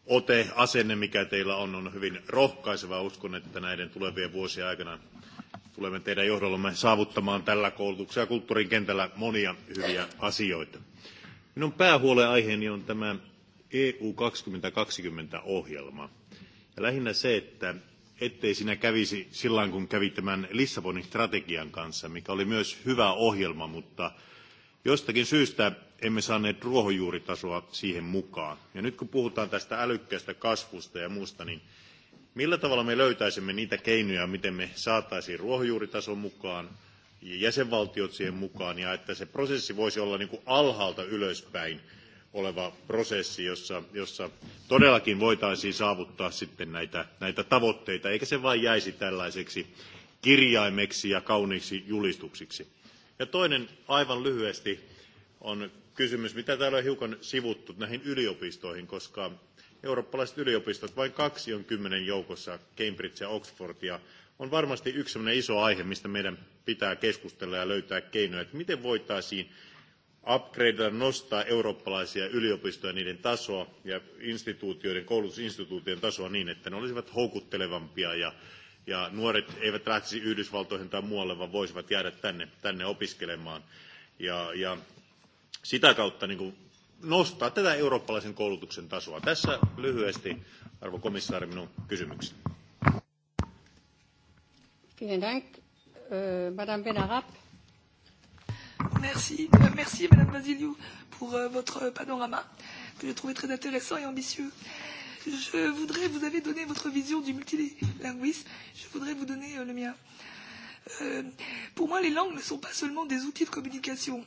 ote, asenne, mikä teillä on, on hyvin rohkaiseva. Uskon, että näiden tulevien vuosien aikana tulemme teidän johdollamme saavuttamaan tällä koulutuksen ja kulttuurin kentällä monia hyviä asioita. Minun päähuolen on tämä EU 2020-ohjelma. Ja lähinnä se, että ettei siinä kävisi silloin, kun kävi tämän Lissabonin strategian kanssa, mikä oli myös hyvä ohjelma, mutta jostakin syystä emme saaneet ruohonjuuritasoa siihen mukaan. Ja nyt kun puhutaan tästä älykkäästä kasvusta ja muusta, niin millä tavalla me löytäisimme niitä keinoja, miten me saataisiin ruohonjuuritason mukaan ja jäsenvaltiot siihen mukaan, ja että se prosessi voisi olla niin kuin alhaalta ylöspäin, oleva prosessi, jossa, jossa todellakin voitaisiin saavuttaa sitten näitä, näitä tavoitteita, eikä se vain jäisi tällaiseksi kirjaimeksi ja kauniiksi julistuksiksi. Ja toinen aivan lyhyesti on kysymys, mitä täällä on hiukan sivuttu näihin yliopistoihin, koska eurooppalaiset yliopistot, vain kaksi on kymmenen joukossa, Cambridge ja Oxford, ja on varmasti yksi sellainen iso aihe, mistä meidän pitää keskustella ja löytää keinoja, että miten voitaisiin upgradeilla nostaa eurooppalaisia yliopistoja, niiden tasoa ja instituutioiden, koulutusinstituutioiden tasoa niin, että ne olisivat houkuttelevampia ja, ja nuoret eivät lähtisi Yhdysvaltoihin tai muualle, vaan voisivat jäädä tänne, tänne opiskelemaan. Ja, ja sitä kautta niin kuin nostaa tätä eurooppalaisen koulutuksen tasoa. Tässä lyhyesti, arvo komissaari, minun kysymykseni. Vielen Dank. Äh, Madame Benarab. Merci, euh, merci Madame Vasiliou pour euh, votre panorama que j'ai trouvé très intéressant et ambitieux. Je voudrais, vous avez donné votre vision du multilinguisme, je voudrais vous donner euh, le mien. Euh, pour moi, les langues ne sont pas seulement des outils de communication.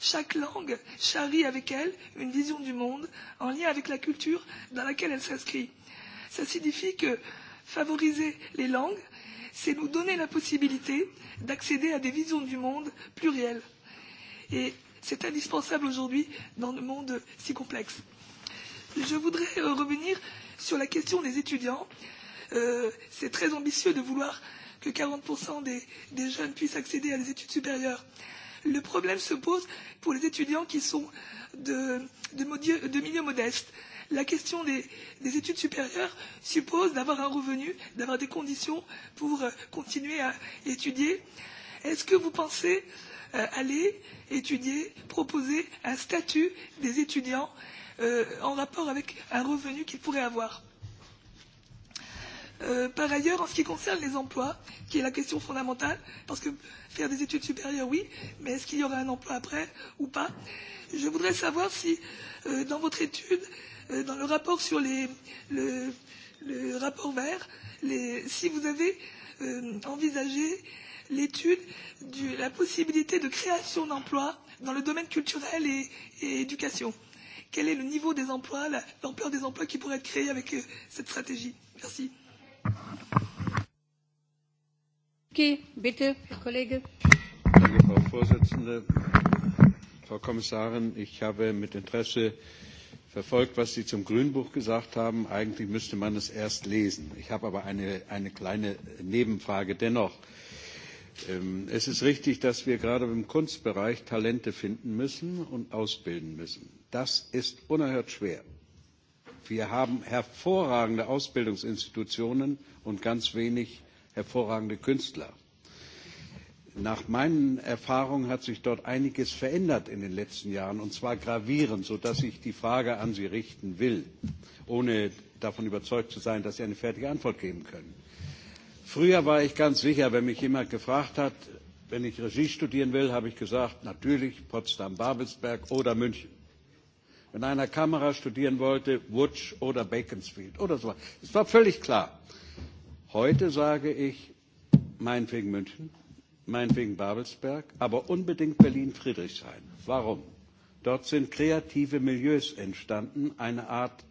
Chaque langue charrie avec elle une vision du monde en lien avec la culture dans laquelle elle s'inscrit. Ça signifie que favoriser les langues, c'est nous donner la possibilité d'accéder à des visions du monde plurielles et c'est indispensable aujourd'hui dans le monde si complexe. Je voudrais euh, revenir sur la question des étudiants. Euh, c'est très ambitieux de vouloir que 40% des, des jeunes puissent accéder à des études supérieures. Le problème se pose pour les étudiants qui sont de, de, modieux, de milieux modestes. La question des, des études supérieures suppose d'avoir un revenu, d'avoir des conditions pour euh, continuer à étudier. Est-ce que vous pensez euh, euh, aller étudier, proposer un statut des étudiants euh, en rapport avec un revenu qu'ils pourraient avoir. Euh, par ailleurs, en ce qui concerne les emplois, qui est la question fondamentale, parce que faire des études supérieures, oui, mais est-ce qu'il y aura un emploi après ou pas Je voudrais savoir si, euh, dans votre étude, euh, dans le rapport sur les, le, le rapport vert, les, si vous avez euh, envisagé euh, l'étude de la possibilité de création d'emplois dans le domaine culturel et, et éducation. Quel est le niveau des emplois, l'ampleur des emplois qui pourraient être créés avec euh, cette stratégie Merci. Okay, bitte, Herr Kollege. Danke, Frau Vorsitzende. Frau Kommissarin, ich habe mit Interesse verfolgt, was Sie zum Grünbuch gesagt haben. Eigentlich müsste man es erst lesen. Ich habe aber eine, eine kleine Nebenfrage dennoch. Äh, Ähm, es ist richtig, dass wir gerade im Kunstbereich Talente finden müssen und ausbilden müssen. Das ist unerhört schwer. Wir haben hervorragende Ausbildungsinstitutionen und ganz wenig hervorragende Künstler. Nach meinen Erfahrungen hat sich dort einiges verändert in den letzten Jahren, und zwar gravierend, sodass ich die Frage an Sie richten will, ohne davon überzeugt zu sein, dass Sie eine fertige Antwort geben können. Früher war ich ganz sicher, wenn mich jemand gefragt hat, wenn ich Regie studieren will, habe ich gesagt, natürlich Potsdam, Babelsberg oder München. Wenn einer Kamera studieren wollte, Wutsch oder Beaconsfield oder so. Es war völlig klar. Heute sage ich, meinetwegen München, meinetwegen Babelsberg, aber unbedingt Berlin-Friedrichshain. Warum? Dort sind kreative Milieus entstanden, eine Art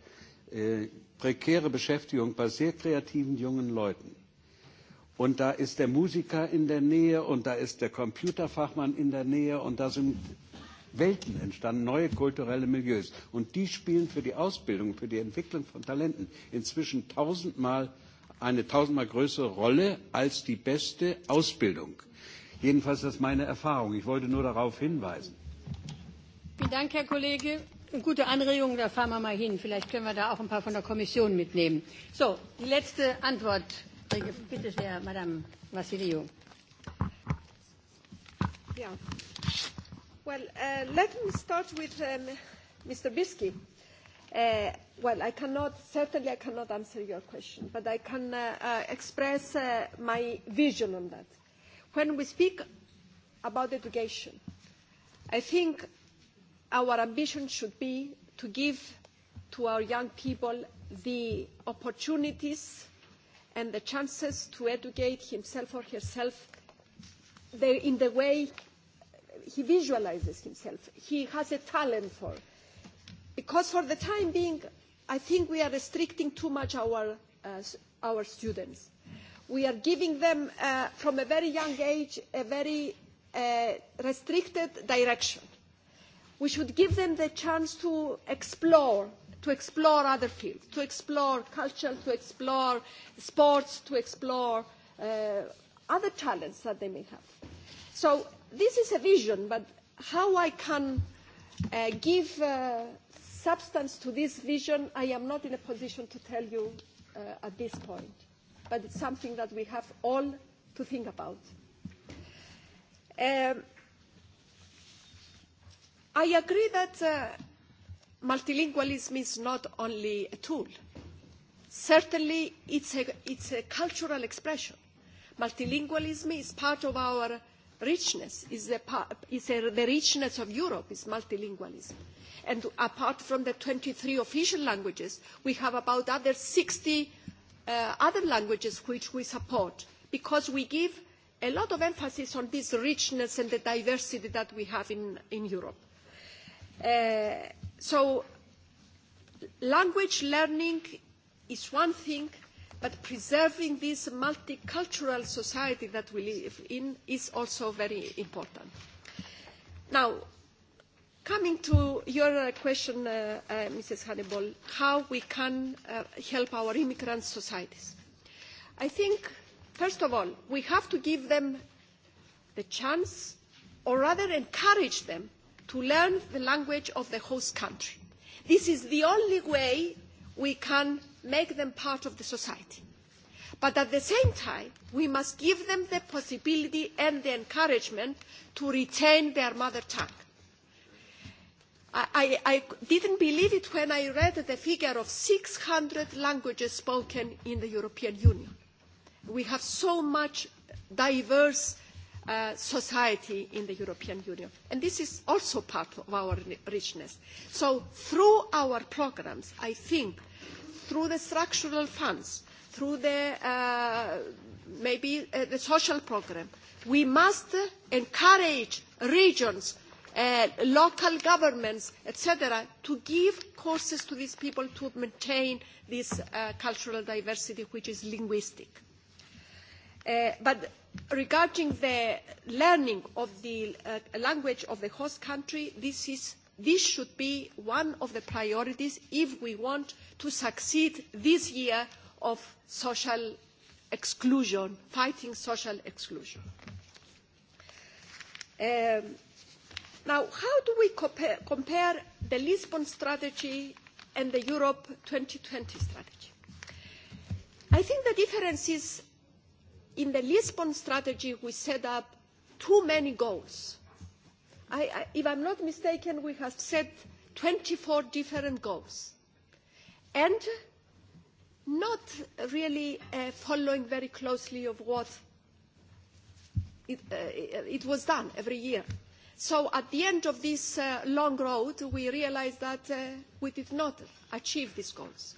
äh, prekäre Beschäftigung bei sehr kreativen jungen Leuten. Und da ist der Musiker in der Nähe und da ist der Computerfachmann in der Nähe und da sind Welten entstanden, neue kulturelle Milieus. Und die spielen für die Ausbildung, für die Entwicklung von Talenten inzwischen tausendmal eine tausendmal größere Rolle als die beste Ausbildung. Jedenfalls das ist meine Erfahrung. Ich wollte nur darauf hinweisen. Vielen Dank, Herr Kollege. Eine Gute Anregung, da fahren wir mal hin. Vielleicht können wir da auch ein paar von der Kommission mitnehmen. So, die letzte Antwort Bitte păi, sehr, Madame Vassiliou. Yeah. Well, uh, let me start with um, Mr. Biski. Uh, well, I cannot, certainly I cannot answer your question, but I can uh, uh, express uh, my vision on that. When we speak about education, I think our ambition should be to give to our young people the opportunities and the chances to educate himself or herself in the way he visualizes himself, he has a talent for. Because for the time being, I think we are restricting too much our, uh, our students. We are giving them, uh, from a very young age, a very uh, restricted direction. We should give them the chance to explore to explore other fields, to explore culture, to explore sports, to explore uh, other talents that they may have. So this is a vision, but how I can uh, give uh, substance to this vision, I am not in a position to tell you uh, at this point. But it's something that we have all to think about. Um, I agree that uh, multilingualism is not only a tool. Certainly, it's a, it's a cultural expression. Multilingualism is part of our richness, is, a, is a, the richness of Europe, is multilingualism. And apart from the 23 official languages, we have about other 60 uh, other languages which we support because we give a lot of emphasis on this richness and the diversity that we have in, in Europe. Uh, So language learning is one thing, but preserving this multicultural society that we live in is also very important. Now, coming to your uh, question, uh, uh, Mrs. Hannibal, how we can uh, help our immigrant societies. I think, first of all, we have to give them the chance, or rather encourage them, to learn the language of the host country. This is the only way we can make them part of the society. But at the same time, we must give them the possibility and the encouragement to retain their mother tongue. I, I didn't believe it when I read the figure of 600 languages spoken in the European Union. We have so much diverse Uh, society in the European Union. And this is also part of our richness. So through our programs, I think, through the structural funds, through the, uh, maybe uh, the social program, we must encourage regions Uh, local governments, etc., to give courses to these people to maintain this uh, cultural diversity, which is linguistic. Uh, but regarding the learning of the uh, language of the host country, this, is, this should be one of the priorities if we want to succeed this year of social exclusion, fighting social exclusion. Um, now, how do we compare, compare the Lisbon strategy and the Europe 2020 strategy? I think the difference is in the Lisbon strategy, we set up too many goals. I, I, if I'm not mistaken, we have set 24 different goals. And not really uh, following very closely of what it, uh, it, was done every year. So at the end of this uh, long road, we realized that uh, we did not achieve these goals.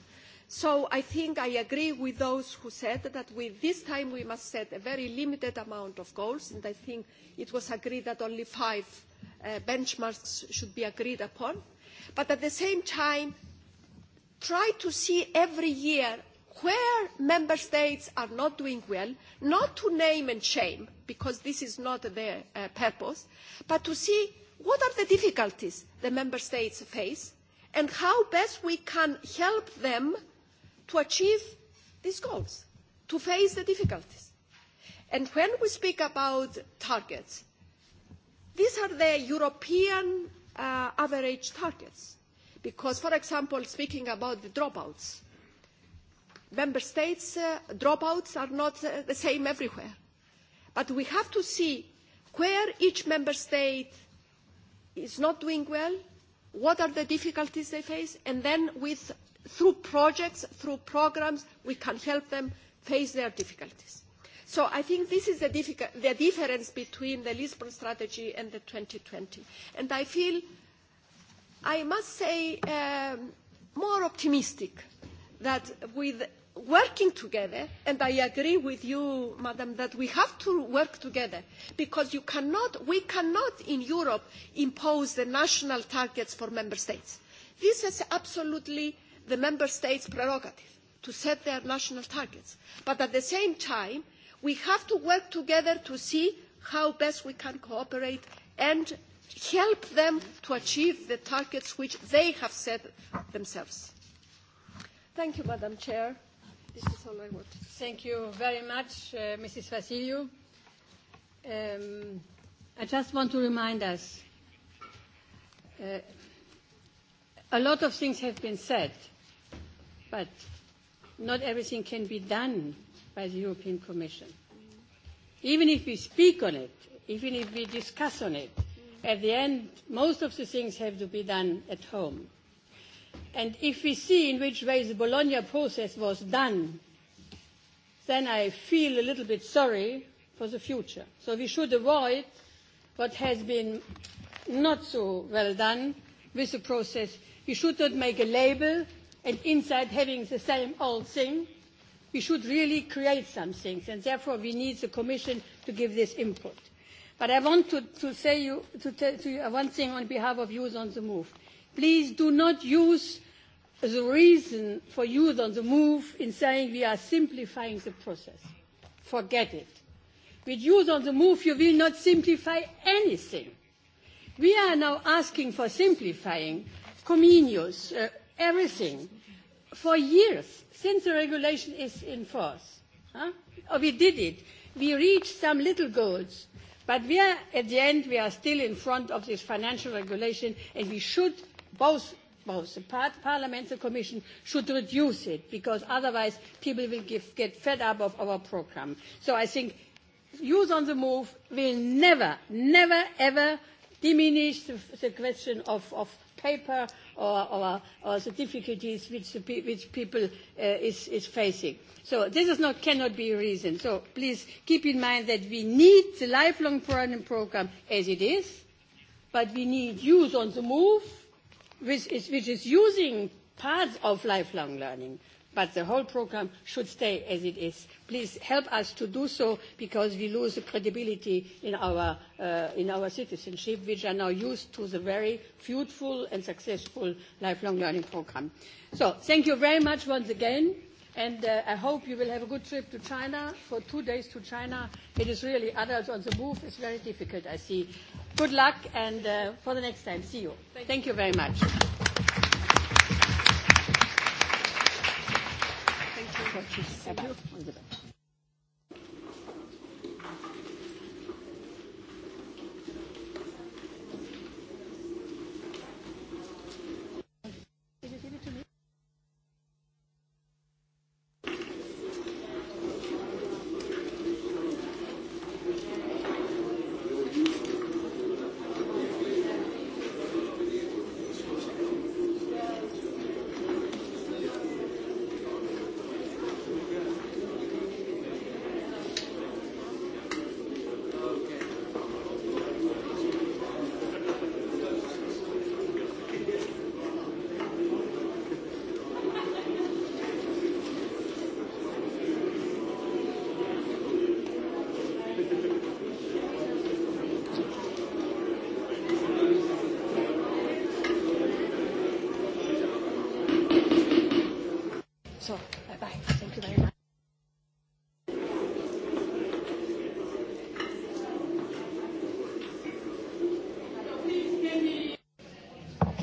So I think I agree with those who said that we, this time we must set a very limited amount of goals, and I think it was agreed that only five uh, benchmarks should be agreed upon. But at the same time, try to see every year where member states are not doing well, not to name and shame, because this is not their uh, purpose, but to see what are the difficulties the member states face and how best we can help them to achieve these goals, to face the difficulties. And when we speak about targets, these are the European uh, average targets. Because, for example, speaking about the dropouts, member states' uh, dropouts are not uh, the same everywhere. But we have to see where each member state is not doing well, what are the difficulties they face, and then with through projects, through programs, we can help them face their difficulties. So I think this is the, the difference between the Lisbon strategy and the 2020. And I feel, I must say, um, more optimistic that with working together, and I agree with you, Madam, that we have to work together because you cannot, we cannot in Europe impose the national targets for member states. This is absolutely the member states' prerogative to set their national targets. But at the same time, we have to work together to see how best we can cooperate and help them to achieve the targets which they have set themselves. Thank you, Madam Chair. This is all I want. Thank you very much, uh, Mrs. Vassiliou. Um, I just want to remind us, uh, a lot of things have been said But not everything can be done by the European Commission. Even if we speak on it, even if we discuss on it, at the end, most of the things have to be done at home. And if we see in which way the Bologna process was done, then I feel a little bit sorry for the future. So we should avoid what has been not so well done with the process. We should not make a label and inside having the same old thing, we should really create some things, and therefore we need the Commission to give this input. But I want to, to say you, to tell to you one thing on behalf of Youth on the Move. Please do not use the reason for Youth on the Move in saying we are simplifying the process. Forget it. With Youth on the Move, you will not simplify anything. We are now asking for simplifying. Comenius, uh, everything for years since the regulation is in force. Huh? Or oh, we did it. We reached some little goals, but we are, at the end, we are still in front of this financial regulation, and we should both both the Parliament and the Commission should reduce it because otherwise people will give, get fed up of our programme. So I think youth on the move will never, never, ever diminish the, the question of, of paper or, or, or the difficulties which, the which people uh, is, is facing. So this is not, cannot be a reason. So please keep in mind that we need the lifelong learning program as it is, but we need youth on the move, which is, which is using parts of lifelong learning but the whole programme should stay as it is. Please help us to do so because we lose credibility in our, uh, in our citizenship, which are now used to the very fruitful and successful lifelong learning programme. So thank you very much once again. And uh, I hope you will have a good trip to China. For two days to China, it is really adults on the move. It's very difficult, I see. Good luck, and uh, for the next time, see you. Thank, Thank you very much. Merci.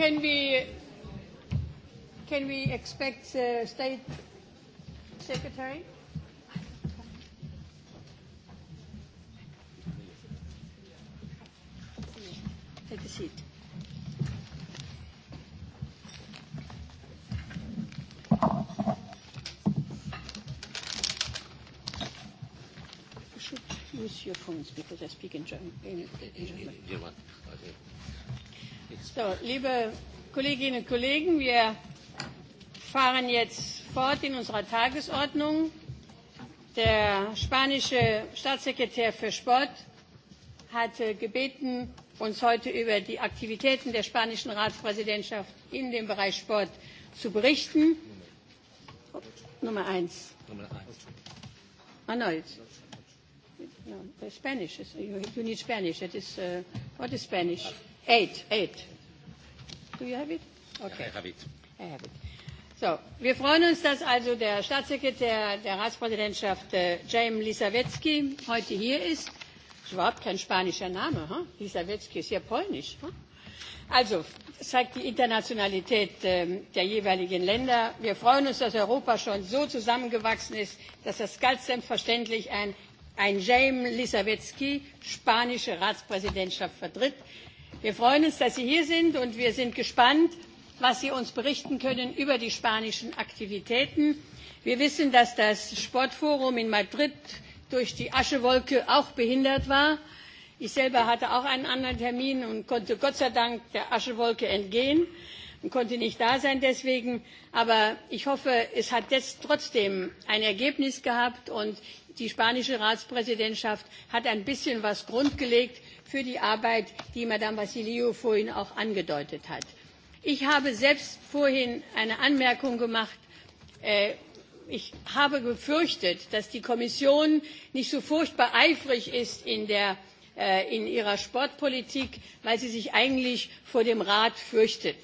can we can we expect uh, state secretary? Take a seat. You should use your phones because I speak in German. In, in German. So, liebe Kolleginnen und Kollegen, wir fahren jetzt fort in unserer Tagesordnung. Der spanische Staatssekretär für Sport hat gebeten, uns heute über die Aktivitäten der spanischen Ratspräsidentschaft in dem Bereich Sport zu berichten. Nummer eins. Nummer eins. Arnold. No, Spanish. You, you need Spanish. It is, uh, what is Spanish? Eight. Eight. Do you have it? Okay. Yeah, I have it. I have it. So, wir freuen uns, dass also der Staatssekretär der Ratspräsidentschaft äh, James Lisawetski heute hier ist. Das ist überhaupt kein spanischer Name. Huh? Lisawetski ist ja polnisch. Huh? Also, das zeigt die Internationalität äh, der jeweiligen Länder. Wir freuen uns, dass Europa schon so zusammengewachsen ist, dass das ganz selbstverständlich ein, ein James Lisawetski spanische Ratspräsidentschaft vertritt Wir freuen uns, dass Sie hier sind und wir sind gespannt, was Sie uns berichten können über die spanischen Aktivitäten. Wir wissen, dass das Sportforum in Madrid durch die Aschewolke auch behindert war. Ich selber hatte auch einen anderen Termin und konnte Gott sei Dank der Aschewolke entgehen und konnte nicht da sein deswegen. Aber ich hoffe, es hat jetzt trotzdem ein Ergebnis gehabt und die spanische Ratspräsidentschaft hat ein bisschen was grundgelegt für die Arbeit, die Madame Vassiliou vorhin auch angedeutet hat. Ich habe selbst vorhin eine Anmerkung gemacht. Äh, ich habe befürchtet dass die Kommission nicht so furchtbar eifrig ist äh, in ihrer Sportpolitik, weil sie sich eigentlich vor dem Rat fürchtet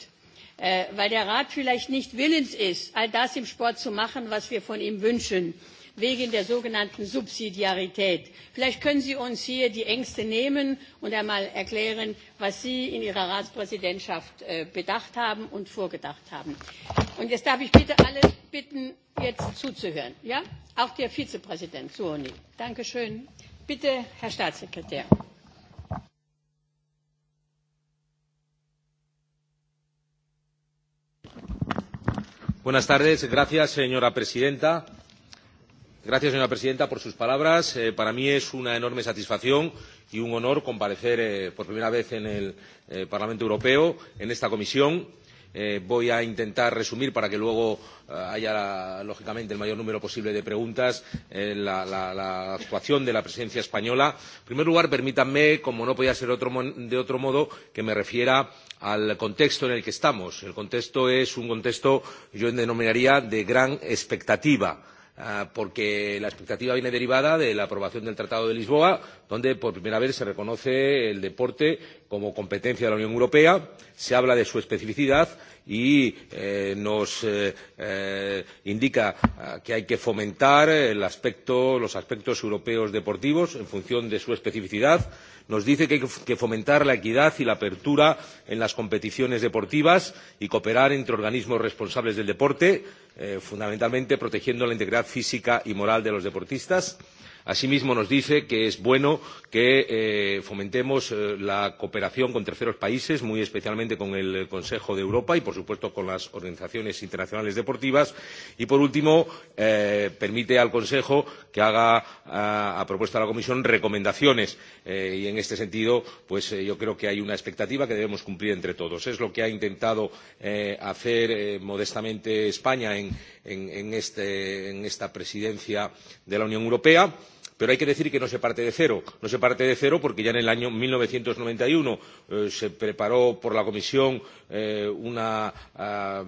äh, weil der rat vielleicht nicht willens ist all das im sport zu machen was wir von ihm wünschen wegen der sogenannten Subsidiarität. Vielleicht können Sie uns hier die Ängste nehmen und einmal erklären, was Sie in Ihrer Ratspräsidentschaft äh, bedacht haben und vorgedacht haben. Und jetzt darf ich bitte alle bitten, jetzt zuzuhören. Ja? Auch der Vizepräsident danke schön. Bitte, Herr Staatssekretär. señora presidenta. Gracias, señora presidenta, por sus palabras. Eh, para mí es una enorme satisfacción y un honor comparecer eh, por primera vez en el eh, Parlamento Europeo, en esta comisión. Eh, voy a intentar resumir para que luego eh, haya, lógicamente, el mayor número posible de preguntas eh, la, la, la actuación de la presidencia española. En primer lugar, permítanme, como no podía ser otro, de otro modo, que me refiera al contexto en el que estamos. El contexto es un contexto, yo denominaría, de gran expectativa Ah, porque la expectativa viene derivada de la aprobación del Tratado de Lisboa, donde por primera vez se reconoce el deporte como competencia de la Unión Europea, se habla de su especificidad y eh, nos eh, eh, indica ah, que hay que fomentar el aspecto, los aspectos europeos deportivos en función de su especificidad. Nos dice que hay que fomentar la equidad y la apertura en las competiciones deportivas y cooperar entre organismos responsables del deporte, eh, fundamentalmente protegiendo la integridad física y moral de los deportistas. Eh, Asimismo, nos dice que es bueno que eh, fomentemos eh, la cooperación con terceros países, muy especialmente con el Consejo de Europa y, por supuesto, con las organizaciones internacionales deportivas. Y, por último, eh, permite al Consejo que haga, a, a propuesta de la Comisión, recomendaciones. Eh, y, en este sentido, pues eh, yo creo que hay una expectativa que debemos cumplir entre todos. Es lo que ha intentado eh, hacer eh, modestamente España en, en, en, este, en esta presidencia de la Unión Europea. Pero hay que decir que no se parte de cero. No se parte de cero porque ya en el año 1991 eh, se preparó por la Comisión eh, una eh,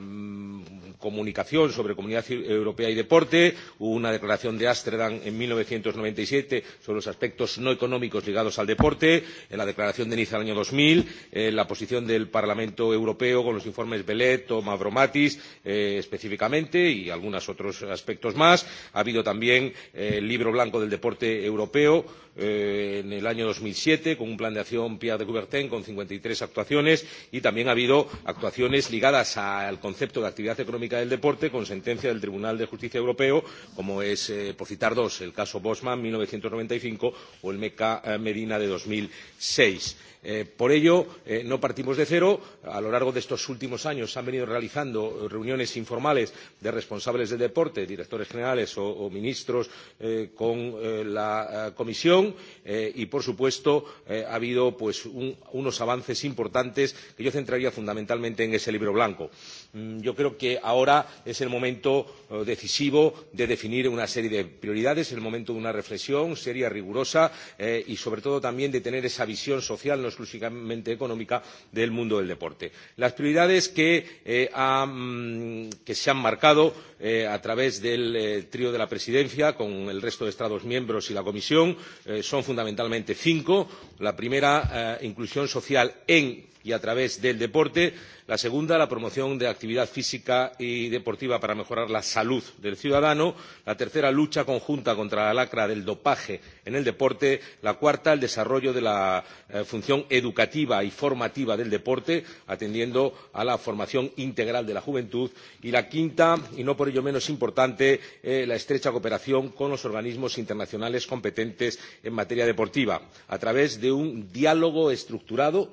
comunicación sobre Comunidad Europea y Deporte, hubo una declaración de Ámsterdam en 1997 sobre los aspectos no económicos ligados al deporte, en la declaración de Niza del año 2000, eh, la posición del Parlamento Europeo con los informes Belet o Mavromatis eh, específicamente y algunos otros aspectos más. Ha habido también eh, el libro blanco del deporte Norte Europeo eh, en el año 2007 con un plan de acción Pierre de Coubertin con 53 actuaciones y también ha habido actuaciones ligadas al concepto de actividad económica del deporte con sentencia del Tribunal de Justicia Europeo como es, eh, por citar dos, el caso Bosman 1995 o el Meca eh, Medina de 2006. Eh, por ello, eh, no partimos de cero. A lo largo de estos últimos años se han venido realizando reuniones informales de responsables de deporte, directores generales o, o ministros eh, con eh, la eh, comisión eh, y, por supuesto, eh, ha habido pues, un, unos avances importantes que yo centraría fundamentalmente en ese libro blanco. Mm, yo creo que ahora es el momento eh, decisivo de definir una serie de prioridades, el momento de una reflexión seria, rigurosa eh, y, sobre todo, también de tener esa visión social, no exclusivamente económica del mundo del deporte. Las prioridades que, eh, ha, mm, que se han marcado eh, a través del eh, trío de la presidencia con el resto de Estados miembros y la Comisión eh, son fundamentalmente cinco. La primera, eh, inclusión social en y a través del deporte; la segunda, la promoción de la actividad física y deportiva para mejorar la salud del ciudadano; la tercera, lucha conjunta contra la lacra del dopaje en el deporte; la cuarta, el desarrollo de la eh, función educativa y formativa del deporte, atendiendo a la formación integral de la juventud; y la quinta, y no por ello menos importante, eh, la estrecha cooperación con los organismos internacionales competentes en materia deportiva, a través de un diálogo estructurado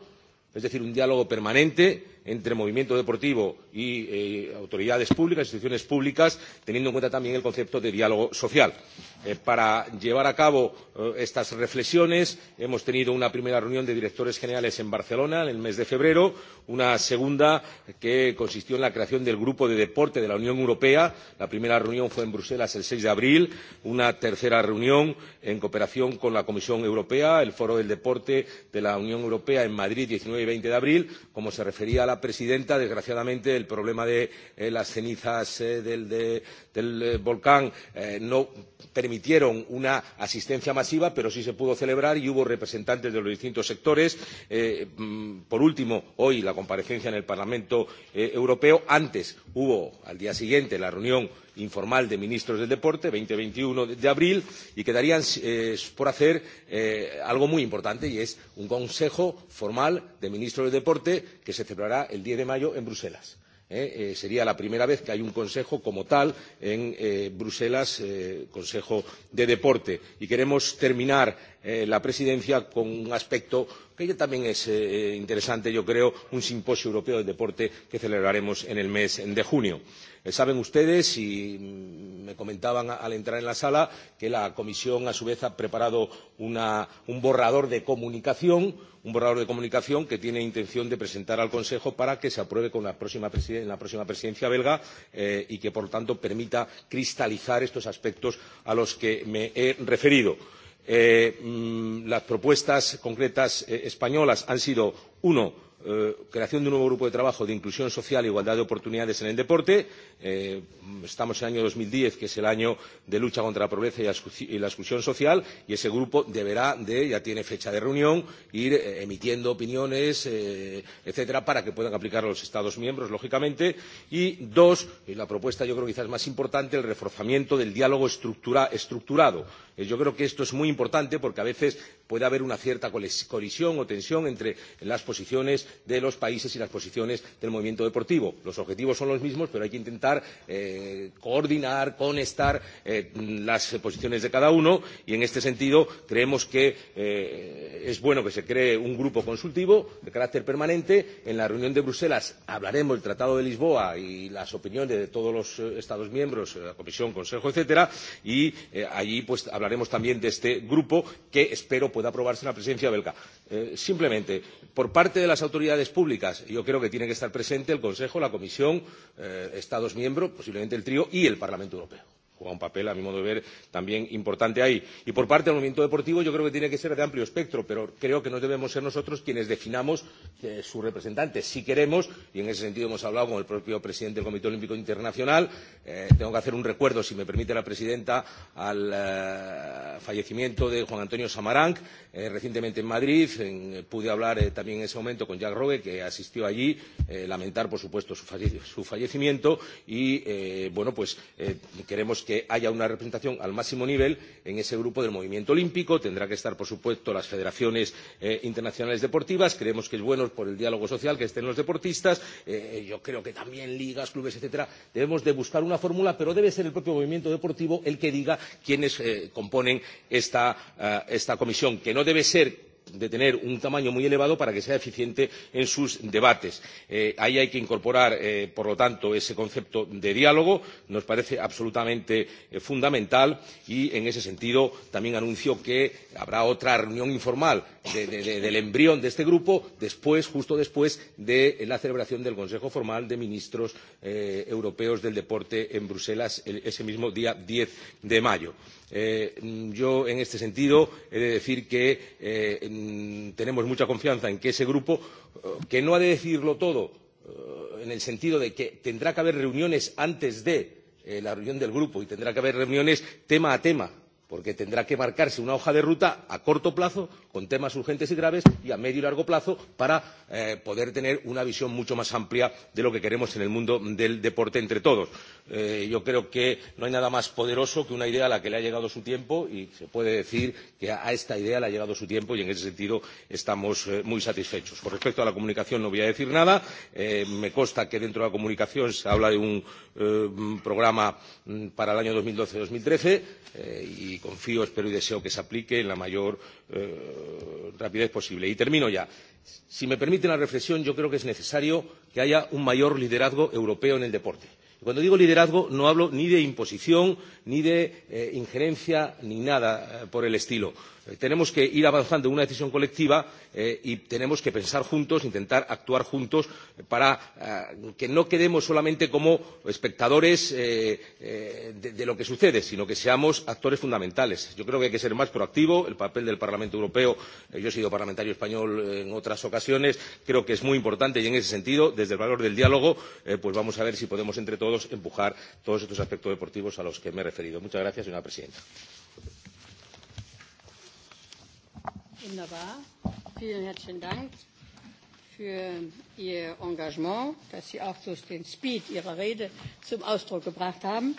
es decir, un diálogo permanente entre movimiento deportivo y eh, autoridades públicas, instituciones públicas, teniendo en cuenta también el concepto de diálogo social. Eh, para llevar a cabo eh, estas reflexiones hemos tenido una primera reunión de directores generales en Barcelona en el mes de febrero, una segunda que consistió en la creación del Grupo de Deporte de la Unión Europea. La primera reunión fue en Bruselas el 6 de abril, una tercera reunión en cooperación con la Comisión Europea, el Foro del Deporte de la Unión Europea en Madrid 19 y 20 de abril, como se refería a la presidenta desgraciadamente el problema de eh, las cenizas eh, del, de, del eh, volcán eh, no permitieron una asistencia masiva pero sí se pudo celebrar y hubo representantes de los distintos sectores. Eh, mm, por último hoy la comparecencia en el parlamento europeo antes hubo al día siguiente la reunión informal de ministros del deporte, 20-21 de abril, y quedarían eh, por hacer eh, algo muy importante, y es un consejo formal de ministros del deporte que se celebrará el 10 de mayo en Bruselas. Eh, eh, sería la primera vez que hay un consejo como tal en eh, Bruselas, eh, Consejo de Deporte. Y queremos terminar eh, la presidencia con un aspecto que también es eh, interesante, yo creo, un simposio europeo de deporte que celebraremos en el mes de junio. Eh, saben ustedes, y me comentaban al entrar en la sala, que la Comisión, a su vez, ha preparado una, un borrador de comunicación, un borrador de comunicación que tiene intención de presentar al Consejo para que se apruebe con la próxima en la próxima presidencia belga eh, y que, por lo tanto, permita cristalizar estos aspectos a los que me he referido. Eh, mm, las propuestas concretas eh, españolas han sido, uno, Eh, creación de un nuevo grupo de trabajo de inclusión social e igualdad de oportunidades en el deporte. Eh, estamos en el año 2010, que es el año de lucha contra la pobreza y la exclusión social, y ese grupo deberá, de, ya tiene fecha de reunión, ir eh, emitiendo opiniones, eh, etcétera, para que puedan aplicar los Estados miembros, lógicamente. Y dos, y la propuesta yo creo quizás más importante, el reforzamiento del diálogo estructura, estructurado Eh, yo creo que esto es muy importante porque a veces puede haber una cierta colisión o tensión entre las posiciones de los países y las posiciones del movimiento deportivo. Los objetivos son los mismos, pero hay que intentar eh, coordinar, conectar eh, las posiciones de cada uno y en este sentido creemos que eh, es bueno que se cree un grupo consultivo de carácter permanente. En la reunión de Bruselas hablaremos del Tratado de Lisboa y las opiniones de todos los eh, Estados miembros, la Comisión, Consejo, etcétera, y eh, allí pues hablaremos hablaremos también de este grupo que espero pueda aprobarse en la presidencia belga. Eh, simplemente, por parte de las autoridades públicas, yo creo que tiene que estar presente el Consejo, la Comisión, eh, Estados miembros, posiblemente el trío y el Parlamento Europeo juega un papel, a mi modo de ver, también importante ahí. Y por parte del movimiento deportivo, yo creo que tiene que ser de amplio espectro, pero creo que no debemos ser nosotros quienes definamos eh, su representante. Si queremos, y en ese sentido hemos hablado con el propio presidente del Comité Olímpico Internacional, eh, tengo que hacer un recuerdo, si me permite la presidenta, al eh, fallecimiento de Juan Antonio Samaranc, eh, recientemente en Madrid. En, eh, pude hablar eh, también en ese momento con Jack Rogue, que asistió allí, eh, lamentar, por supuesto, su, falle su fallecimiento y, eh, bueno, pues eh, queremos que haya una representación al máximo nivel en ese grupo del movimiento olímpico. Tendrá que estar, por supuesto, las federaciones eh, internacionales deportivas. Creemos que es bueno por el diálogo social que estén los deportistas. Eh, yo creo que también ligas, clubes, etcétera. Debemos de buscar una fórmula, pero debe ser el propio movimiento deportivo el que diga quiénes eh, componen esta, uh, esta comisión, que no debe ser de tener un tamaño muy elevado para que sea eficiente en sus debates. Eh, ahí hay que incorporar, eh, por lo tanto, ese concepto de diálogo. Nos parece absolutamente eh, fundamental y, en ese sentido, también anuncio que habrá otra reunión informal de, de, de, del embrión de este grupo después, justo después de la celebración del Consejo Formal de Ministros eh, Europeos del Deporte en Bruselas el, ese mismo día 10 de mayo. Eh, yo, en este sentido, he de decir que eh, mm, tenemos mucha confianza en que ese grupo, eh, que no ha de decidirlo todo, en el sentido de que tendrá que haber reuniones antes de la reunión del grupo y tendrá que haber reuniones tema a tema porque tendrá que marcarse una hoja de ruta a corto plazo con temas urgentes y graves y a medio y largo plazo para eh, poder tener una visión mucho más amplia de lo que queremos en el mundo del deporte entre todos. Eh, yo creo que no hay nada más poderoso que una idea a la que le ha llegado su tiempo y se puede decir que a esta idea le ha llegado su tiempo y en ese sentido estamos eh, muy satisfechos. Con respecto a la comunicación no voy a decir nada. Eh, me consta que dentro de la comunicación se habla de un Eh, programa mm, para el año 2012-2013 eh, y confío, espero y deseo que se aplique en la mayor eh, rapidez posible. Y termino ya. Si me permiten la reflexión, yo creo que es necesario que haya un mayor liderazgo europeo en el deporte. Y cuando digo liderazgo no hablo ni de imposición, ni de eh, injerencia, ni nada eh, por el estilo. Eh, tenemos que ir avanzando en una decisión colectiva eh, y tenemos que pensar juntos, intentar actuar juntos para eh, que no quedemos solamente como espectadores eh, eh, de, de lo que sucede, sino que seamos actores fundamentales. Yo creo que hay que ser más proactivo. El papel del Parlamento Europeo, eh, yo he sido parlamentario español eh, en otras ocasiones, creo que es muy importante y en ese sentido, desde el valor del diálogo, eh, pues vamos a ver si podemos entre todos empujar todos estos aspectos deportivos a los que me he referido. Muchas gracias, señora presidenta. Wunderbar. Vielen herzlichen Dank für Ihr Engagement, dass Sie auch so den Speed Ihrer Rede zum Ausdruck gebracht haben.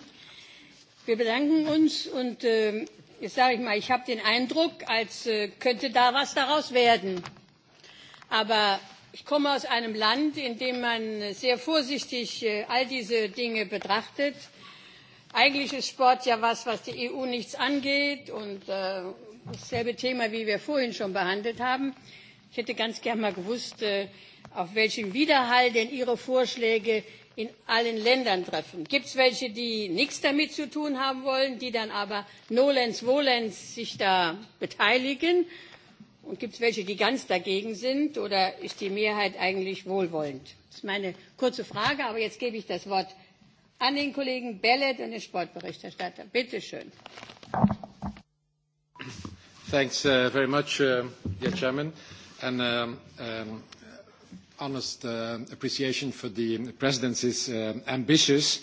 Wir bedanken uns und äh, jetzt sage ich mal, ich habe den Eindruck, als äh, könnte da was daraus werden. Aber ich komme aus einem Land, in dem man sehr vorsichtig äh, all diese Dinge betrachtet. Eigentlich ist Sport ja was, was die EU nichts angeht und äh, dasselbe Thema, wie wir vorhin schon behandelt haben. Ich hätte ganz gerne mal gewusst, äh, auf welchen Widerhall denn Ihre Vorschläge in allen Ländern treffen. Gibt es welche, die nichts damit zu tun haben wollen, die dann aber nolens volens sich da beteiligen? Und gibt es welche, die ganz dagegen sind? Oder ist die Mehrheit eigentlich wohlwollend? Das ist meine kurze Frage, aber jetzt gebe ich das Wort an den Kollegen belet und den Sportberichterstatter. Bitte schön. Thanks uh, very much, uh, dear Chairman, and um, um, honest uh, appreciation for the presidency's ambitions.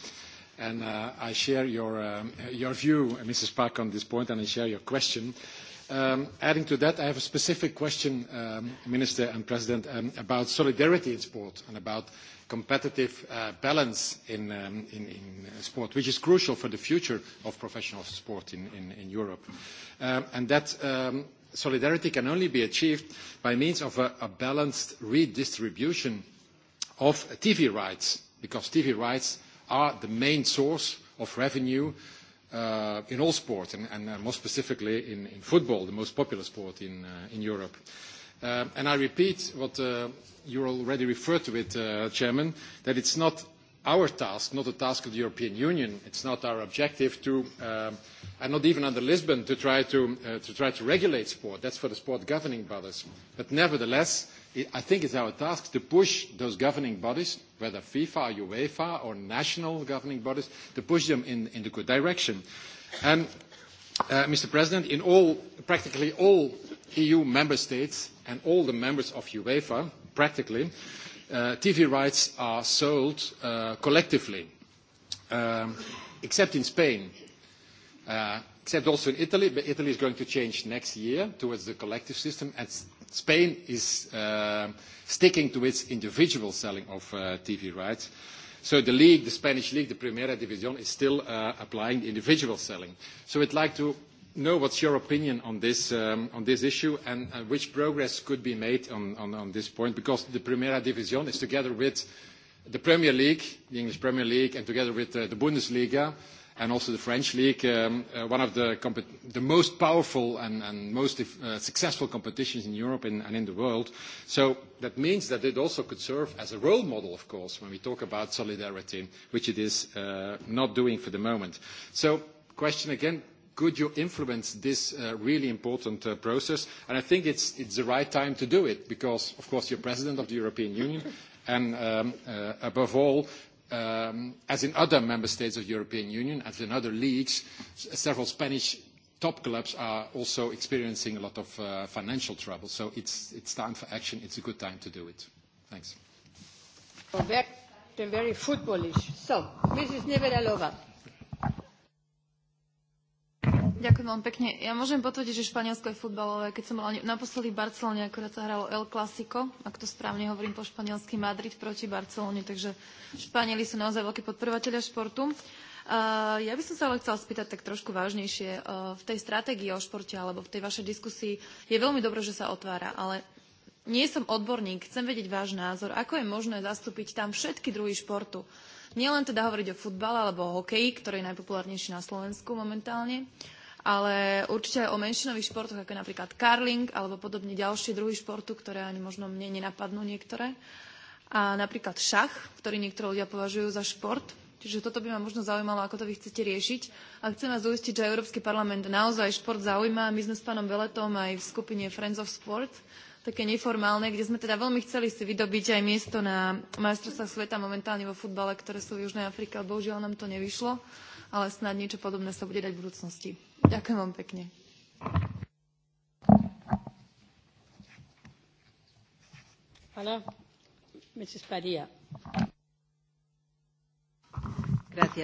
And I share your, um, your view, Mrs. Park, on this point, and I share your question. adding to that, I have a specific question, Minister and President, about solidarity in sport and about competitive uh, balance in, um, in, in, sport, which is crucial for the future of professional sport in, in Europe. Um, and that um, solidarity can only be achieved by means of a, a balanced redistribution of TV rights, because TV rights are the main source of revenue Uh, in all sports, and, and, uh, more specifically in, in, football, the most popular sport in, uh, in Europe. Uh, and I repeat what uh, you already referred to it, uh, Chairman, that it's not our task, not the task of the European Union. It's not our objective to, and not even under Lisbon, to try to, regulate sport. That's for the sport governing bodies. But nevertheless, I think it's our task to push those governing bodies, whether FIFA, or UEFA, or national governing bodies, to push them in, the good direction. And, Mr. President, in all, practically all EU member states, and all the members of UEFA, practically, uh, TV rights are sold uh, collectively, um, except in Spain, uh, except also in Italy, but Italy is going to change next year towards the collective system, and Spain is uh, sticking to its individual selling of uh, TV rights. So the league, the Spanish league, the Primera División, is still uh, applying the individual selling. So we'd like to know what's your opinion on this, um, on this issue and uh, which progress could be made on, on, on this point, because the Primera Division is together with the Premier League, the English Premier League, and together with uh, the Bundesliga and also the French League, um, uh, one of the, the, most powerful and, and most uh, successful competitions in Europe and, and, in the world. So that means that it also could serve as a role model, of course, when we talk about solidarity, which it is uh, not doing for the moment. So question again, could you influence this uh, really important uh, process? And I think it's, it's the right time to do it because, of course, you're president of the European Union and um, uh, above all, um, as in other member states of the European Union, as in other leagues, several Spanish top clubs are also experiencing a lot of uh, financial trouble. So it's, it's time for action. It's a good time to do it. Thanks. Well, back to very footballish. So, Mrs. Nevedalova. Ďakujem veľmi pekne. Ja môžem potvrdiť, že Španielsko je futbalové. Keď som bola naposledy v Barcelone, akurát sa hralo El Clasico, ak to správne hovorím po španielsky, Madrid proti Barcelone, takže Španieli sú naozaj veľkí podporovateľia športu. ja by som sa ale chcela spýtať tak trošku vážnejšie. v tej stratégii o športe alebo v tej vašej diskusii je veľmi dobré, že sa otvára, ale nie som odborník, chcem vedieť váš názor, ako je možné zastúpiť tam všetky druhy športu. Nielen teda hovoriť o futbale alebo o hokeji, ktorý je najpopulárnejší na Slovensku momentálne, ale určite aj o menšinových športoch, ako je napríklad curling alebo podobne ďalšie druhy športu, ktoré ani možno mne nenapadnú niektoré. A napríklad šach, ktorý niektorí ľudia považujú za šport. Čiže toto by ma možno zaujímalo, ako to vy chcete riešiť. A chcem vás uistiť, že Európsky parlament naozaj šport zaujíma. My sme s pánom Veletom aj v skupine Friends of Sport, také neformálne, kde sme teda veľmi chceli si vydobiť aj miesto na majstrovstvách sveta momentálne vo futbale, ktoré sú v Južnej Afrike, ale bohužiaľ nám to nevyšlo, ale snad niečo podobné sa bude dať v budúcnosti. Ďakujem vám pekne. Hvala. Mrs. Padilla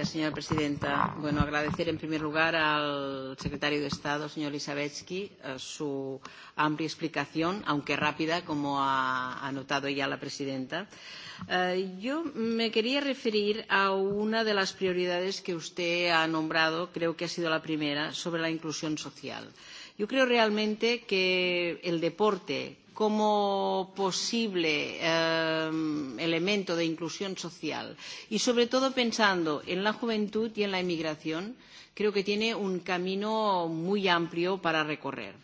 señora presidenta. Bueno, agradecer en primer lugar al secretario de Estado, señor Isabetsky, eh, su amplia explicación, aunque rápida, como ha anotado ya la presidenta. Eh, yo me quería referir a una de las prioridades que usted ha nombrado, creo que ha sido la primera, sobre la inclusión social. Yo creo realmente que el deporte como posible eh, elemento de inclusión social y sobre todo pensando en la juventud y en la inmigración, creo que tiene un camino muy amplio para recorrer.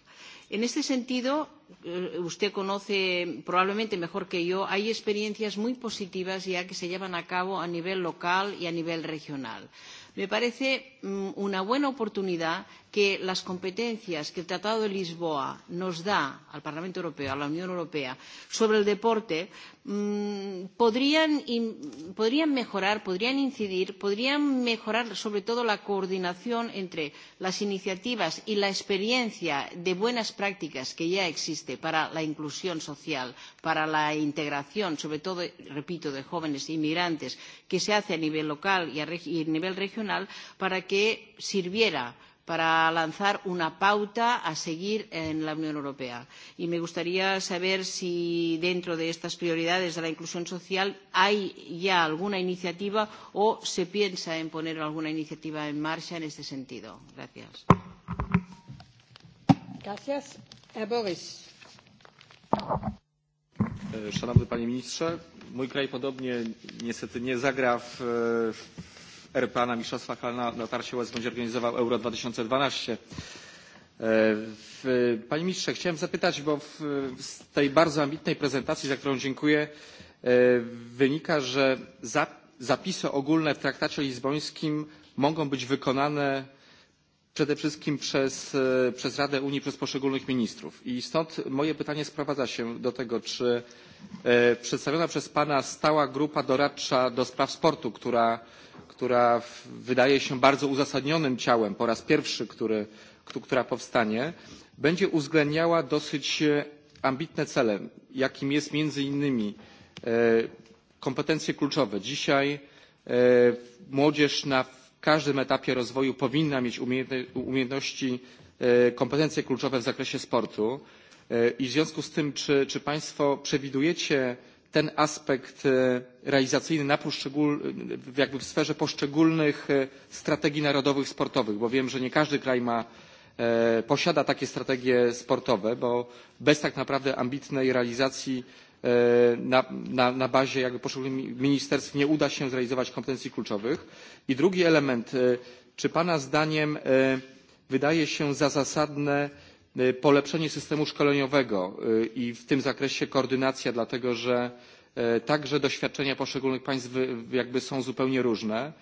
En este sentido, eh, usted conoce probablemente mejor que yo, hay experiencias muy positivas ya que se llevan a cabo a nivel local y a nivel regional. Me parece Mm, una buena oportunidad que las competencias que el Tratado de Lisboa nos da al Parlamento Europeo, a la Unión Europea, sobre el deporte, mmm, podrían, in, podrían mejorar, podrían incidir, podrían mejorar sobre todo la coordinación entre las iniciativas y la experiencia de buenas prácticas que ya existe para la inclusión social, para la integración, sobre todo, repito, de jóvenes inmigrantes, que se hace a nivel local y a, y a nivel regional, para que sirviera para lanzar una pauta a seguir en la Unión Europea. Y me gustaría saber si dentro de estas prioridades de la inclusión social hay ya alguna iniciativa o se piensa en poner alguna iniciativa en marcha en este sentido. Gracias. Gracias. Eh, Boris. Szanowny Panie Ministrze, mój kraj podobnie niestety nie zagra w, w RPA na Mistrzostwach na Natarsie Łez będzie organizował Euro 2012. Panie ministrze, chciałem zapytać, bo z tej bardzo ambitnej prezentacji, za którą dziękuję, wynika, że zapisy ogólne w traktacie lizbońskim mogą być wykonane przede wszystkim przez, przez Radę Unii, przez poszczególnych ministrów. I stąd moje pytanie sprowadza się do tego, czy przedstawiona przez Pana stała grupa doradcza do spraw sportu, która która wydaje się bardzo uzasadnionym ciałem po raz pierwszy który, która powstanie będzie uwzględniała dosyć ambitne cele jakim jest między innymi kompetencje kluczowe. dzisiaj młodzież na każdym etapie rozwoju powinna mieć umiejętności kompetencje kluczowe w zakresie sportu i w związku z tym czy, czy państwo przewidujecie ten aspekt realizacyjny na poszczegól, jakby w sferze poszczególnych strategii narodowych sportowych, bo wiem, że nie każdy kraj ma, posiada takie strategie sportowe, bo bez tak naprawdę ambitnej realizacji na, na, na bazie jakby poszczególnych ministerstw nie uda się zrealizować kompetencji kluczowych. I drugi element, czy Pana zdaniem wydaje się za zasadne polepszenie systemu szkoleniowego i w tym zakresie koordynacja dlatego że także doświadczenia poszczególnych państw jakby są zupełnie różne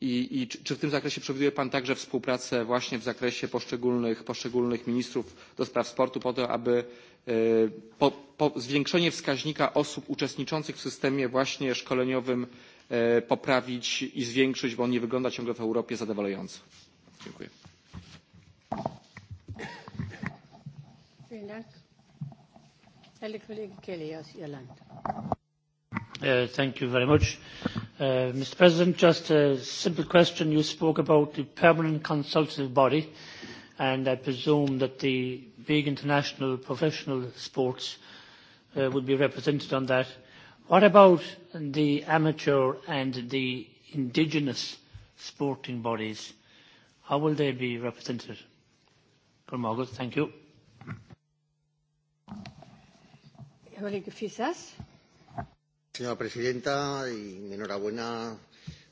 i, i czy w tym zakresie przewiduje pan także współpracę właśnie w zakresie poszczególnych, poszczególnych ministrów do spraw sportu po to aby po, po zwiększenie wskaźnika osób uczestniczących w systemie właśnie szkoleniowym poprawić i zwiększyć bo on nie wygląda ciągle w europie zadowalająco? dziękuję. Uh, uh, mr president just a simple question you spoke about the permanent consultative body and i presume that the big international professional sports uh, would be represented on that. what about the amateur and the indigenous sporting bodies? how will they be represented? Señora presidenta, y enhorabuena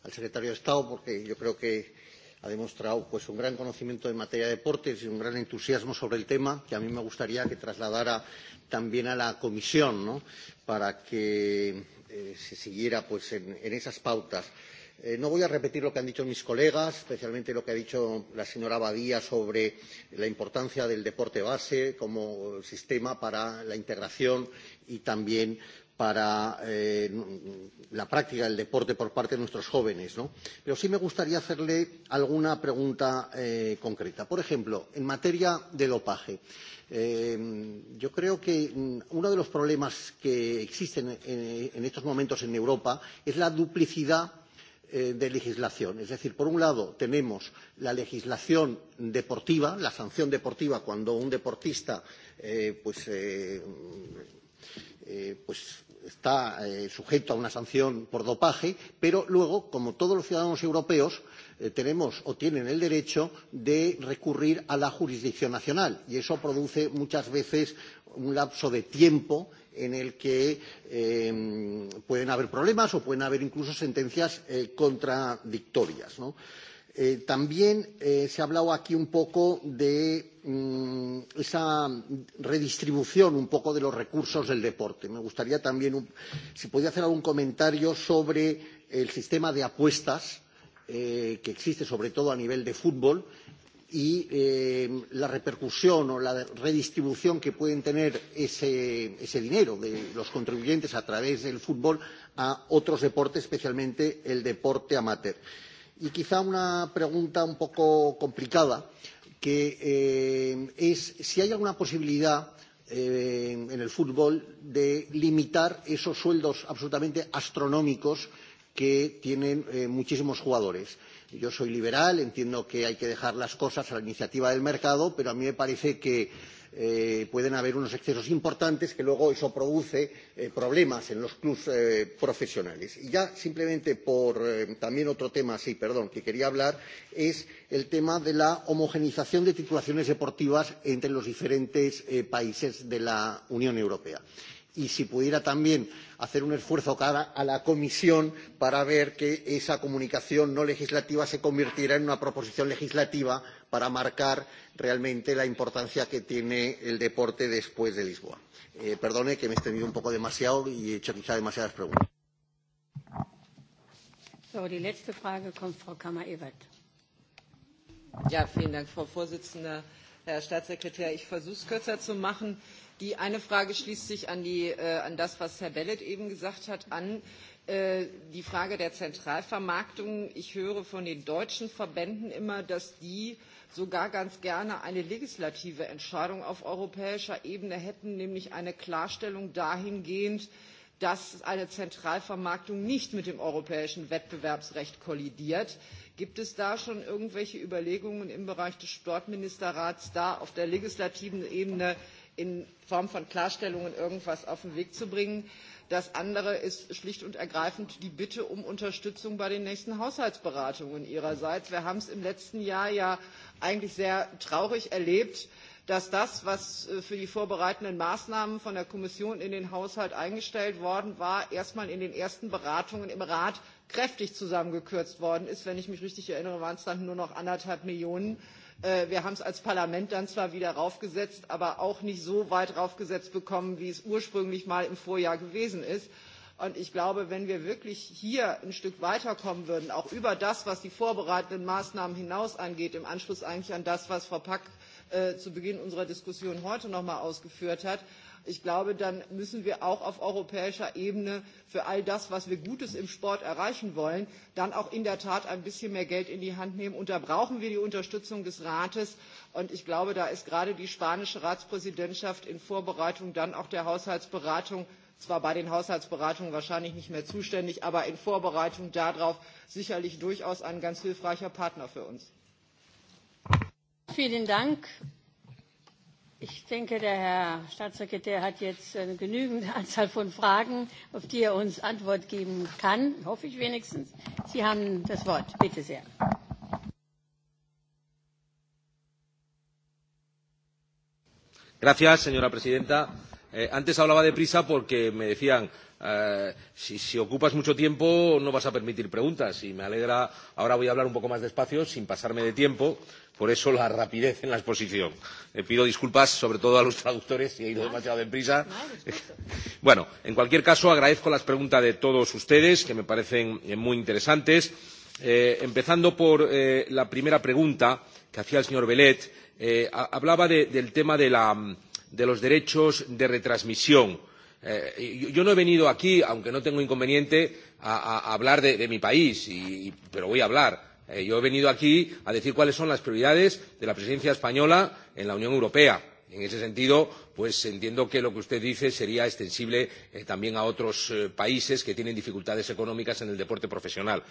al secretario de Estado, porque yo creo que ha demostrado pues, un gran conocimiento en materia de deportes y un gran entusiasmo sobre el tema que a mí me gustaría que trasladara también a la comisión ¿no? para que eh, se siguiera pues, en, en esas pautas. Eh, no voy a repetir lo que han dicho mis colegas, especialmente lo que ha dicho la señora badia sobre la importancia del deporte base como sistema para la integración y también para eh, la práctica del deporte por parte de nuestros jóvenes. ¿no? Pero sí me gustaría hacerle alguna pregunta eh, concreta. Por ejemplo, en materia de dopaje. yo creo que mm, uno de los problemas que existen en, en estos momentos en Europa es la duplicidad Eh, de legislación. Es decir, por un lado tenemos la legislación deportiva, la sanción deportiva cuando un deportista eh, pues, eh, eh, pues está eh, sujeto a una sanción por dopaje, pero luego, como todos los ciudadanos europeos, eh, tenemos o tienen el derecho de recurrir a la jurisdicción nacional y eso produce muchas veces un lapso de tiempo en el que eh, pueden haber problemas o pueden haber incluso sentencias eh, contradictorias. ¿no? Eh, también eh, se ha hablado aquí un poco de mm, esa redistribución un poco de los recursos del deporte. Me gustaría también, un, si podía hacer algún comentario sobre el sistema de apuestas eh, que existe sobre todo a nivel de fútbol y eh, la repercusión o la redistribución que pueden tener ese, ese dinero de los contribuyentes a través del fútbol a otros deportes, especialmente el deporte amateur. Y quizá una pregunta un poco complicada, que eh, es si hay alguna posibilidad eh, en el fútbol de limitar esos sueldos absolutamente astronómicos que tienen eh, muchísimos jugadores. Yo soy liberal, entiendo que hay que dejar las cosas a la iniciativa del mercado, pero a mí me parece que eh, pueden haber unos excesos importantes que luego eso produce eh, problemas en los clubes eh, profesionales. Y ya simplemente por eh, también otro tema, sí, perdón, que quería hablar es el tema de la homogenización de titulaciones deportivas entre los diferentes eh, países de la Unión Europea y si pudiera también hacer un esfuerzo cara a la comisión para ver que esa comunicación no legislativa se convirtiera en una proposición legislativa para marcar realmente la importancia que tiene el deporte después de lisboa. Eh, perdone que me he extendido un poco demasiado y he hecho quizá demasiadas preguntas. So, die Ja, vielen Dank, Frau Vorsitzende. Herr Staatssekretär. Ich versuche es kürzer zu machen. Die eine Frage schließt sich an, die, äh, an das, was Herr Bellet eben gesagt hat, an äh, die Frage der Zentralvermarktung. Ich höre von den deutschen Verbänden immer, dass die sogar ganz gerne eine legislative Entscheidung auf europäischer Ebene hätten, nämlich eine Klarstellung dahingehend, äh, dass eine Zentralvermarktung nicht mit dem europäischen Wettbewerbsrecht kollidiert. Gibt es da schon irgendwelche Überlegungen im Bereich des Sportministerrats, da auf der legislativen Ebene in Form von Klarstellungen irgendwas auf den Weg zu bringen? Das andere ist schlicht und ergreifend die Bitte um Unterstützung bei den nächsten Haushaltsberatungen Ihrerseits. Wir haben es im letzten Jahr ja eigentlich sehr traurig erlebt, dass das, was äh, für die vorbereitenden Maßnahmen von der Kommission in den Haushalt eingestellt worden war, erstmal in den ersten Beratungen im Rat kräftig zusammengekürzt worden ist. Wenn ich mich richtig erinnere, waren es dann nur noch anderthalb Millionen. Äh, wir haben es als Parlament dann zwar wieder raufgesetzt, aber auch nicht so weit raufgesetzt bekommen, wie es ursprünglich mal im Vorjahr gewesen ist. Und ich glaube, wenn wir wirklich hier ein Stück weiterkommen würden, auch über das, was die vorbereitenden Maßnahmen hinaus angeht, im Anschluss eigentlich an das, was Frau Pack Äh, zu Beginn unserer Diskussion heute noch mal ausgeführt hat. Ich glaube, dann müssen wir auch auf europäischer Ebene für all das, was wir Gutes im Sport erreichen wollen, dann auch in der Tat ein bisschen mehr Geld in die Hand nehmen. Und da brauchen wir die Unterstützung des Rates. Und ich glaube, da ist gerade die spanische Ratspräsidentschaft in Vorbereitung dann auch der Haushaltsberatung zwar bei den Haushaltsberatungen wahrscheinlich nicht mehr zuständig, aber in Vorbereitung darauf sicherlich durchaus ein ganz hilfreicher Partner für uns. Vielen Ich denke, der Herr Staatssekretär hat jetzt eine äh, genügende Anzahl von Fragen, auf die er uns Antwort geben kann, hoffe ich wenigstens. Sie haben das Wort. Bitte sehr. Gracias, señora presidenta. Eh, antes hablaba de prisa porque me decían eh, si, ocupas mucho tiempo no vas a permitir preguntas y me alegra ahora voy a hablar un poco más despacio sin pasarme de tiempo Por eso la rapidez en la exposición. Le pido disculpas sobre todo a los traductores si he ido demasiado deprisa. bueno, en cualquier caso agradezco las preguntas de todos ustedes que me parecen eh, muy interesantes. Eh, empezando por eh, la primera pregunta que hacía el señor Belet, eh, hablaba de, del tema de, la, de los derechos de retransmisión. Eh, yo, yo no he venido aquí, aunque no tengo inconveniente, a, a hablar de, de mi país, y, y, pero voy a hablar Eh, yo he venido aquí a decir cuáles son las prioridades de la presidencia española en la Unión Europea. En ese sentido, pues entiendo que lo que usted dice sería extensible eh, también a otros eh, países que tienen dificultades económicas en el deporte profesional.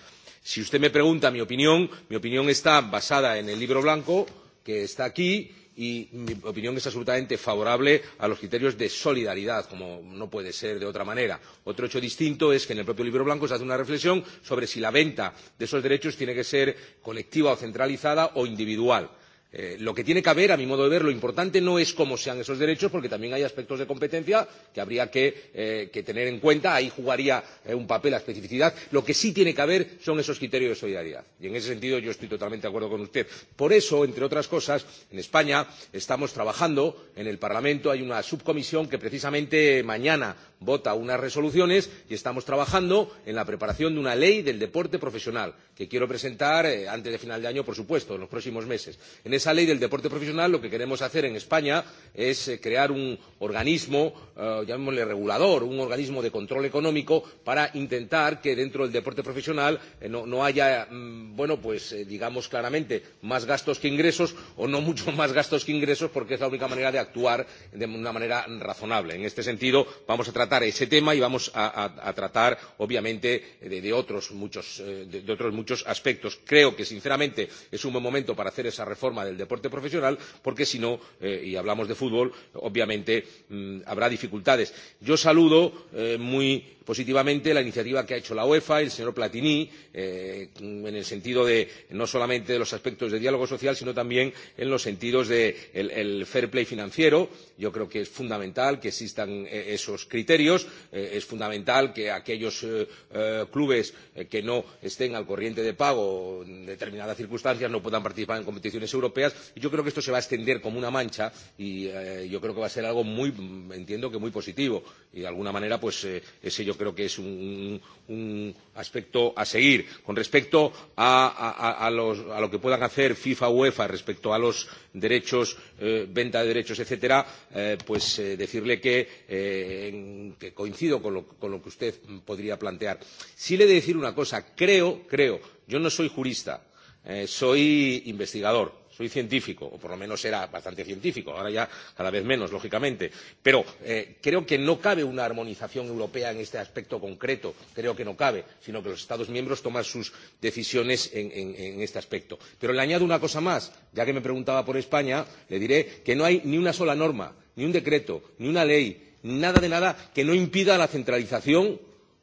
Si usted me pregunta mi opinión, mi opinión está basada en el libro blanco que está aquí y mi opinión es absolutamente favorable a los criterios de solidaridad, como no puede ser de otra manera. Otro hecho distinto es que en el propio libro blanco se hace una reflexión sobre si la venta de esos derechos tiene que ser colectiva o centralizada o individual. Eh, lo que tiene que haber, a mi modo de ver, lo importante no es cómo sean esos derechos, porque también hay aspectos de competencia que habría que, eh, que tener en cuenta. Ahí jugaría eh, un papel la especificidad. Lo que sí tiene que haber son esos criterios de solidaridad. Y en ese sentido yo estoy totalmente de acuerdo con usted. Por eso, entre otras cosas, en España estamos trabajando en el Parlamento. Hay una subcomisión que precisamente mañana vota unas resoluciones y estamos trabajando en la preparación de una ley del deporte profesional que quiero presentar eh, antes de final de año, por supuesto, en los próximos meses. En esa ley del deporte profesional lo que queremos hacer en España es eh, crear un organismo, eh, llamémosle regulador, un organismo de control económico para intentar que dentro del deporte profesional eh, no, no haya, mmm, bueno, pues eh, digamos claramente, más gastos que ingresos o no muchos más gastos que ingresos porque es la única manera de actuar de una manera razonable. En este sentido, vamos a tratar tratar ese tema y vamos a, a, a tratar, obviamente, de, de, otros muchos, eh, de, de otros muchos aspectos. Creo que, sinceramente, es un buen momento para hacer esa reforma del deporte profesional, porque si no, eh, y hablamos de fútbol, obviamente mmm, habrá dificultades. Yo saludo eh, muy positivamente la iniciativa que ha hecho la UEFA y el señor Platini, eh, en el sentido de no solamente de los aspectos de diálogo social, sino también en los sentidos del de el, fair play financiero. Yo creo que es fundamental que existan eh, esos criterios criterios. Eh, es fundamental que aquellos eh, eh, clubes eh, que no estén al corriente de pago en determinadas circunstancias no puedan participar en competiciones europeas. Y yo creo que esto se va a extender como una mancha y eh, yo creo que va a ser algo muy, entiendo que muy positivo. Y de alguna manera, pues eh, ese yo creo que es un, un aspecto a seguir. Con respecto a, a, a, los, a lo que puedan hacer FIFA, UEFA respecto a los derechos, eh, venta de derechos, etcétera, eh, pues eh, decirle que eh, en que coincido con lo, con lo que usted podría plantear. Sí le he de decir una cosa. Creo, creo, yo no soy jurista, eh, soy investigador soy científico, o por lo menos era bastante científico, ahora ya cada vez menos, lógicamente, pero eh, creo que no cabe una armonización europea en este aspecto concreto, creo que no cabe, sino que los Estados miembros toman sus decisiones en, en, en este aspecto. Pero le añado una cosa más, ya que me preguntaba por España, le diré que no hay ni una sola norma, ni un decreto, ni una ley, nada de nada que no impida la centralización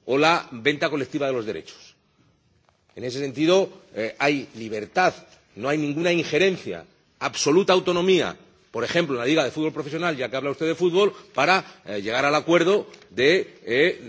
o la venta colectiva de los derechos. En ese sentido, eh, hay libertad, no hay ninguna injerencia, absoluta autonomía, por ejemplo, en la Liga de Fútbol Profesional, ya que habla usted de fútbol, para eh, llegar al acuerdo de eh,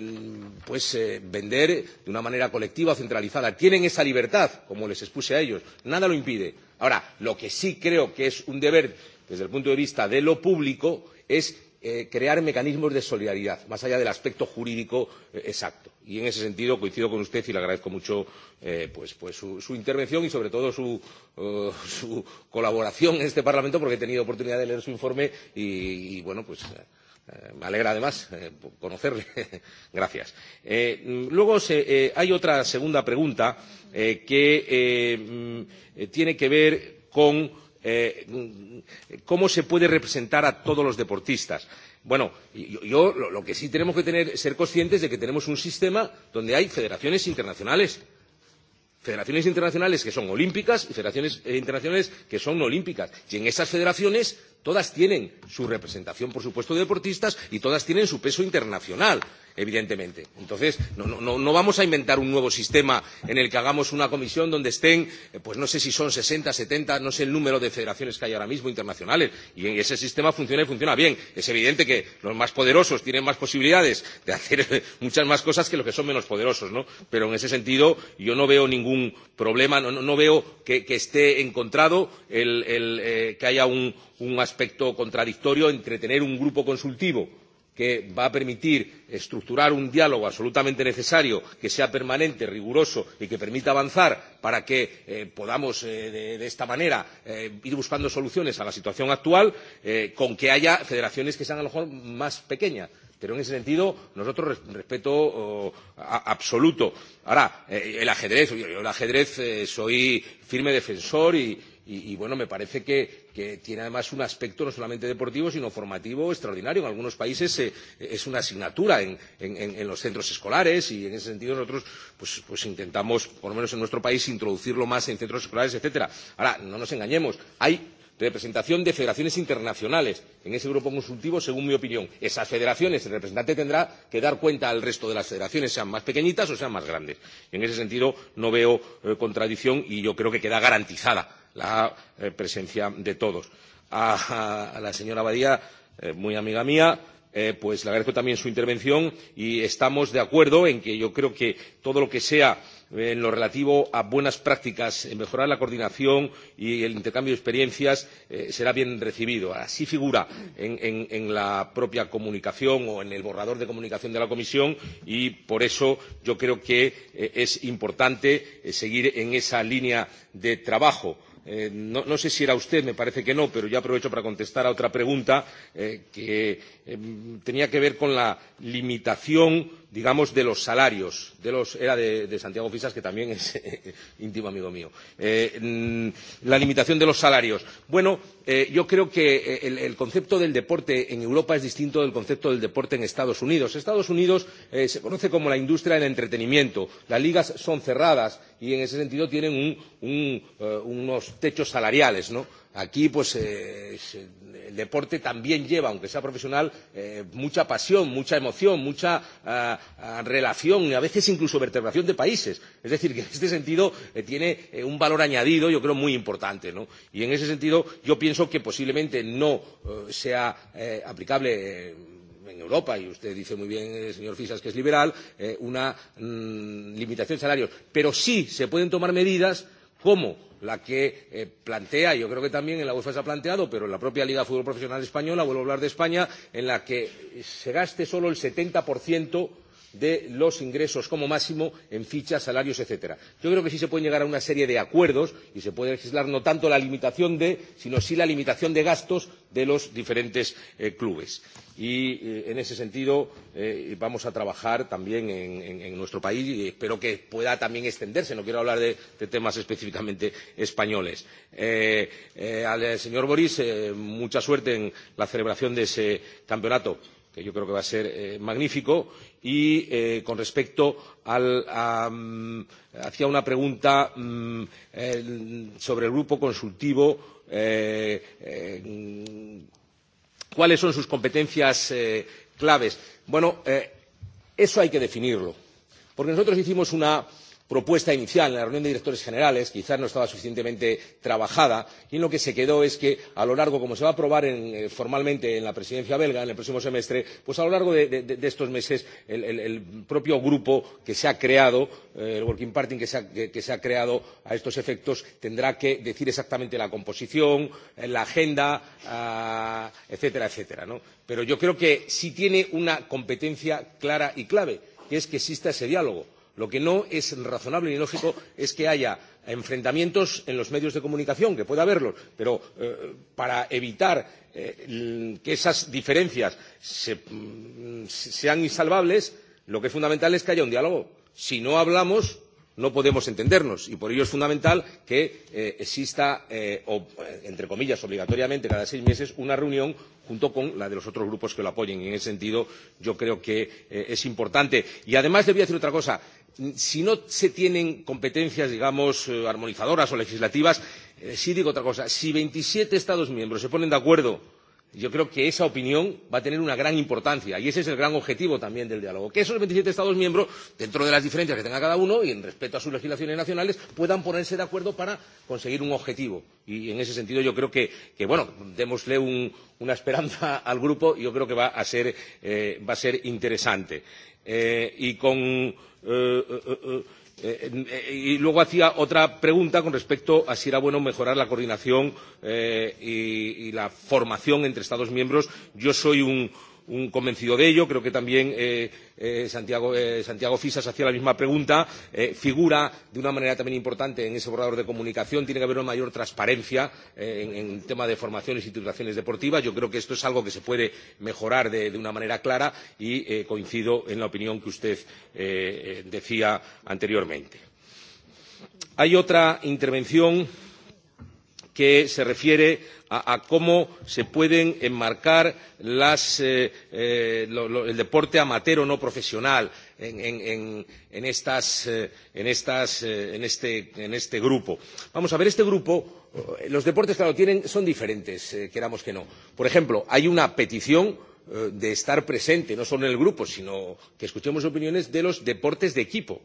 pues, eh, vender de una manera colectiva o centralizada. Tienen esa libertad, como les expuse a ellos. Nada lo impide. Ahora, lo que sí creo que es un deber desde el punto de vista de lo público es Eh, crear mecanismos de solidaridad, más allá del aspecto jurídico eh, exacto. Y en ese sentido coincido con usted y le agradezco mucho eh, pues, pues su, su intervención y sobre todo su, uh, su colaboración en este Parlamento, porque he tenido oportunidad de leer su informe y, y bueno, pues. Eh, me alegra además eh, conocerle. Gracias. Eh, luego se, eh, hay otra segunda pregunta eh, que eh, mm, tiene que ver con eh, mm, cómo se puede representar a todos los deportistas. Bueno, yo, yo lo, lo que sí tenemos que tener, ser conscientes de que tenemos un sistema donde hay federaciones internacionales federaciones internacionales que son olímpicas y federaciones eh, internacionales que son no olímpicas. Y en esas federaciones Todas tienen su representación, por supuesto, de deportistas y todas tienen su peso internacional, evidentemente. Entonces, no, no, no vamos a inventar un nuevo sistema en el que hagamos una comisión donde estén, eh, pues no sé si son 60, 70, no sé el número de federaciones que hay ahora mismo internacionales. Y ese sistema funciona y funciona bien. Es evidente que los más poderosos tienen más posibilidades de hacer muchas más cosas que los que son menos poderosos, ¿no? Pero en ese sentido yo no veo ningún problema, no, no veo que, que esté encontrado el, el, eh, que haya un un aspecto contradictorio entre tener un grupo consultivo que va a permitir estructurar un diálogo absolutamente necesario, que sea permanente, riguroso y que permita avanzar para que eh, podamos, eh, de, de esta manera, eh, ir buscando soluciones a la situación actual, eh, con que haya federaciones que sean a lo mejor más pequeñas. Pero en ese sentido, nosotros respeto oh, a, absoluto. Ahora, eh, el ajedrez, yo, yo el ajedrez eh, soy firme defensor y, Y, y bueno, me parece que, que tiene además un aspecto no solamente deportivo, sino formativo extraordinario. En algunos países eh, es una asignatura en, en, en los centros escolares y en ese sentido nosotros pues, pues intentamos, por lo menos en nuestro país, introducirlo más en centros escolares, etcétera. Ahora, no nos engañemos, hay representación de federaciones internacionales en ese grupo consultivo, según mi opinión. Esas federaciones, el representante tendrá que dar cuenta al resto de las federaciones, sean más pequeñitas o sean más grandes. En ese sentido, no veo eh, contradicción y yo creo que queda garantizada la eh, presencia de todos. A, a la señora Badía, eh, muy amiga mía, eh, pues le agradezco también su intervención y estamos de acuerdo en que yo creo que todo lo que sea eh, en lo relativo a buenas prácticas, en mejorar la coordinación y el intercambio de experiencias, eh, será bien recibido. Así figura en, en, en la propia comunicación o en el borrador de comunicación de la Comisión y por eso yo creo que eh, es importante eh, seguir en esa línea de trabajo. Eh, no, no sé si era usted, me parece que no, pero yo aprovecho para contestar a otra pregunta eh, que eh, tenía que ver con la limitación digamos, de los salarios. De los, era de, de Santiago Fisas, que también es íntimo amigo mío. Eh, mm, la limitación de los salarios. Bueno, eh, yo creo que eh, el, el concepto del deporte en Europa es distinto del concepto del deporte en Estados Unidos. Estados Unidos eh, se conoce como la industria del entretenimiento. Las ligas son cerradas y en ese sentido tienen un, un, eh, unos techos salariales, ¿no? Aquí, pues, eh, el deporte también lleva, aunque sea profesional, eh, mucha pasión, mucha emoción, mucha eh, relación y a veces incluso vertebración de países. Es decir, que en este sentido eh, tiene eh, un valor añadido, yo creo, muy importante. ¿no? Y en ese sentido, yo pienso que posiblemente no eh, sea eh, aplicable. Eh, en Europa, y usted dice muy bien, eh, señor Fisas, que es liberal, eh, una mm, limitación de salarios. Pero sí se pueden tomar medidas eh, como la que eh, plantea, yo creo que también en la UEFA se ha planteado, pero en la propia Liga de Fútbol Profesional Española, vuelvo a hablar de España, en la que se gaste solo el 70% de los ingresos como máximo en fichas, salarios, etcétera. Yo creo que sí se puede llegar a una serie de acuerdos y se puede legislar no tanto la limitación de, sino sí la limitación de gastos de los diferentes eh, clubes. Y eh, en ese sentido eh, vamos a trabajar también en, en, en nuestro país y espero que pueda también extenderse. No quiero hablar de, de temas específicamente españoles. Eh, eh, al eh, señor Boris, eh, mucha suerte en la celebración de ese campeonato que yo creo que va a ser eh, magnífico. Y eh, con respecto al, a, um, hacía una pregunta um, el, sobre el grupo consultivo. Eh, eh, ¿Cuáles son sus competencias eh, claves? Bueno, eh, eso hay que definirlo. Porque nosotros hicimos una, propuesta inicial en la reunión de directores generales quizás no estaba suficientemente trabajada y en lo que se quedó es que a lo largo como se va a aprobar en, eh, formalmente en la presidencia belga en el próximo semestre pues a lo largo de, de, de estos meses el, el, el propio grupo que se ha creado eh, el working party que se ha, que, que se ha creado a estos efectos tendrá que decir exactamente la composición eh, la agenda uh, etcétera etcétera ¿no? pero yo creo que sí tiene una competencia clara y clave que es que exista ese diálogo Lo que no es razonable ni lógico es que haya enfrentamientos en los medios de comunicación, que pueda haberlos, pero eh, para evitar eh, que esas diferencias se, mm, sean insalvables, lo que es fundamental es que haya un diálogo. Si no hablamos, no podemos entendernos y por ello es fundamental que eh, exista, eh, o, entre comillas, obligatoriamente cada seis meses una reunión junto con la de los otros grupos que lo apoyen. En ese sentido, yo creo que eh, es importante. Y además, le voy a decir otra cosa si no se tienen competencias, digamos, eh, armonizadoras o legislativas, eh, sí digo otra cosa. Si 27 Estados miembros se ponen de acuerdo, yo creo que esa opinión va a tener una gran importancia y ese es el gran objetivo también del diálogo. Que esos 27 Estados miembros, dentro de las diferencias que tenga cada uno y en respeto a sus legislaciones nacionales, puedan ponerse de acuerdo para conseguir un objetivo. Y en ese sentido yo creo que, que bueno, démosle un, una esperanza al grupo y yo creo que va a ser, eh, va a ser interesante eh, y con. Eh eh, eh, eh, eh, y luego hacía otra pregunta con respecto a si era bueno mejorar la coordinación eh, y, y la formación entre Estados miembros. Yo soy un, un convencido de ello. Creo que también eh, eh, Santiago, eh, Santiago Fisas hacía la misma pregunta. Eh, figura de una manera también importante en ese borrador de comunicación. Tiene que haber una mayor transparencia eh, en, en tema de formaciones y titulaciones deportivas. Yo creo que esto es algo que se puede mejorar de, de una manera clara y eh, coincido en la opinión que usted eh, eh decía anteriormente. Hay otra intervención que se refiere a, a cómo se pueden enmarcar las, eh, eh, lo, lo, el deporte amateur o no profesional en, en, en, estas, eh, en, estas, eh, en, este, en este grupo. Vamos a ver, este grupo eh, los deportes, claro, tienen, son diferentes, eh, queramos que no. Por ejemplo, hay una petición eh, de estar presente, no solo en el grupo, sino que escuchemos opiniones de los deportes de equipo.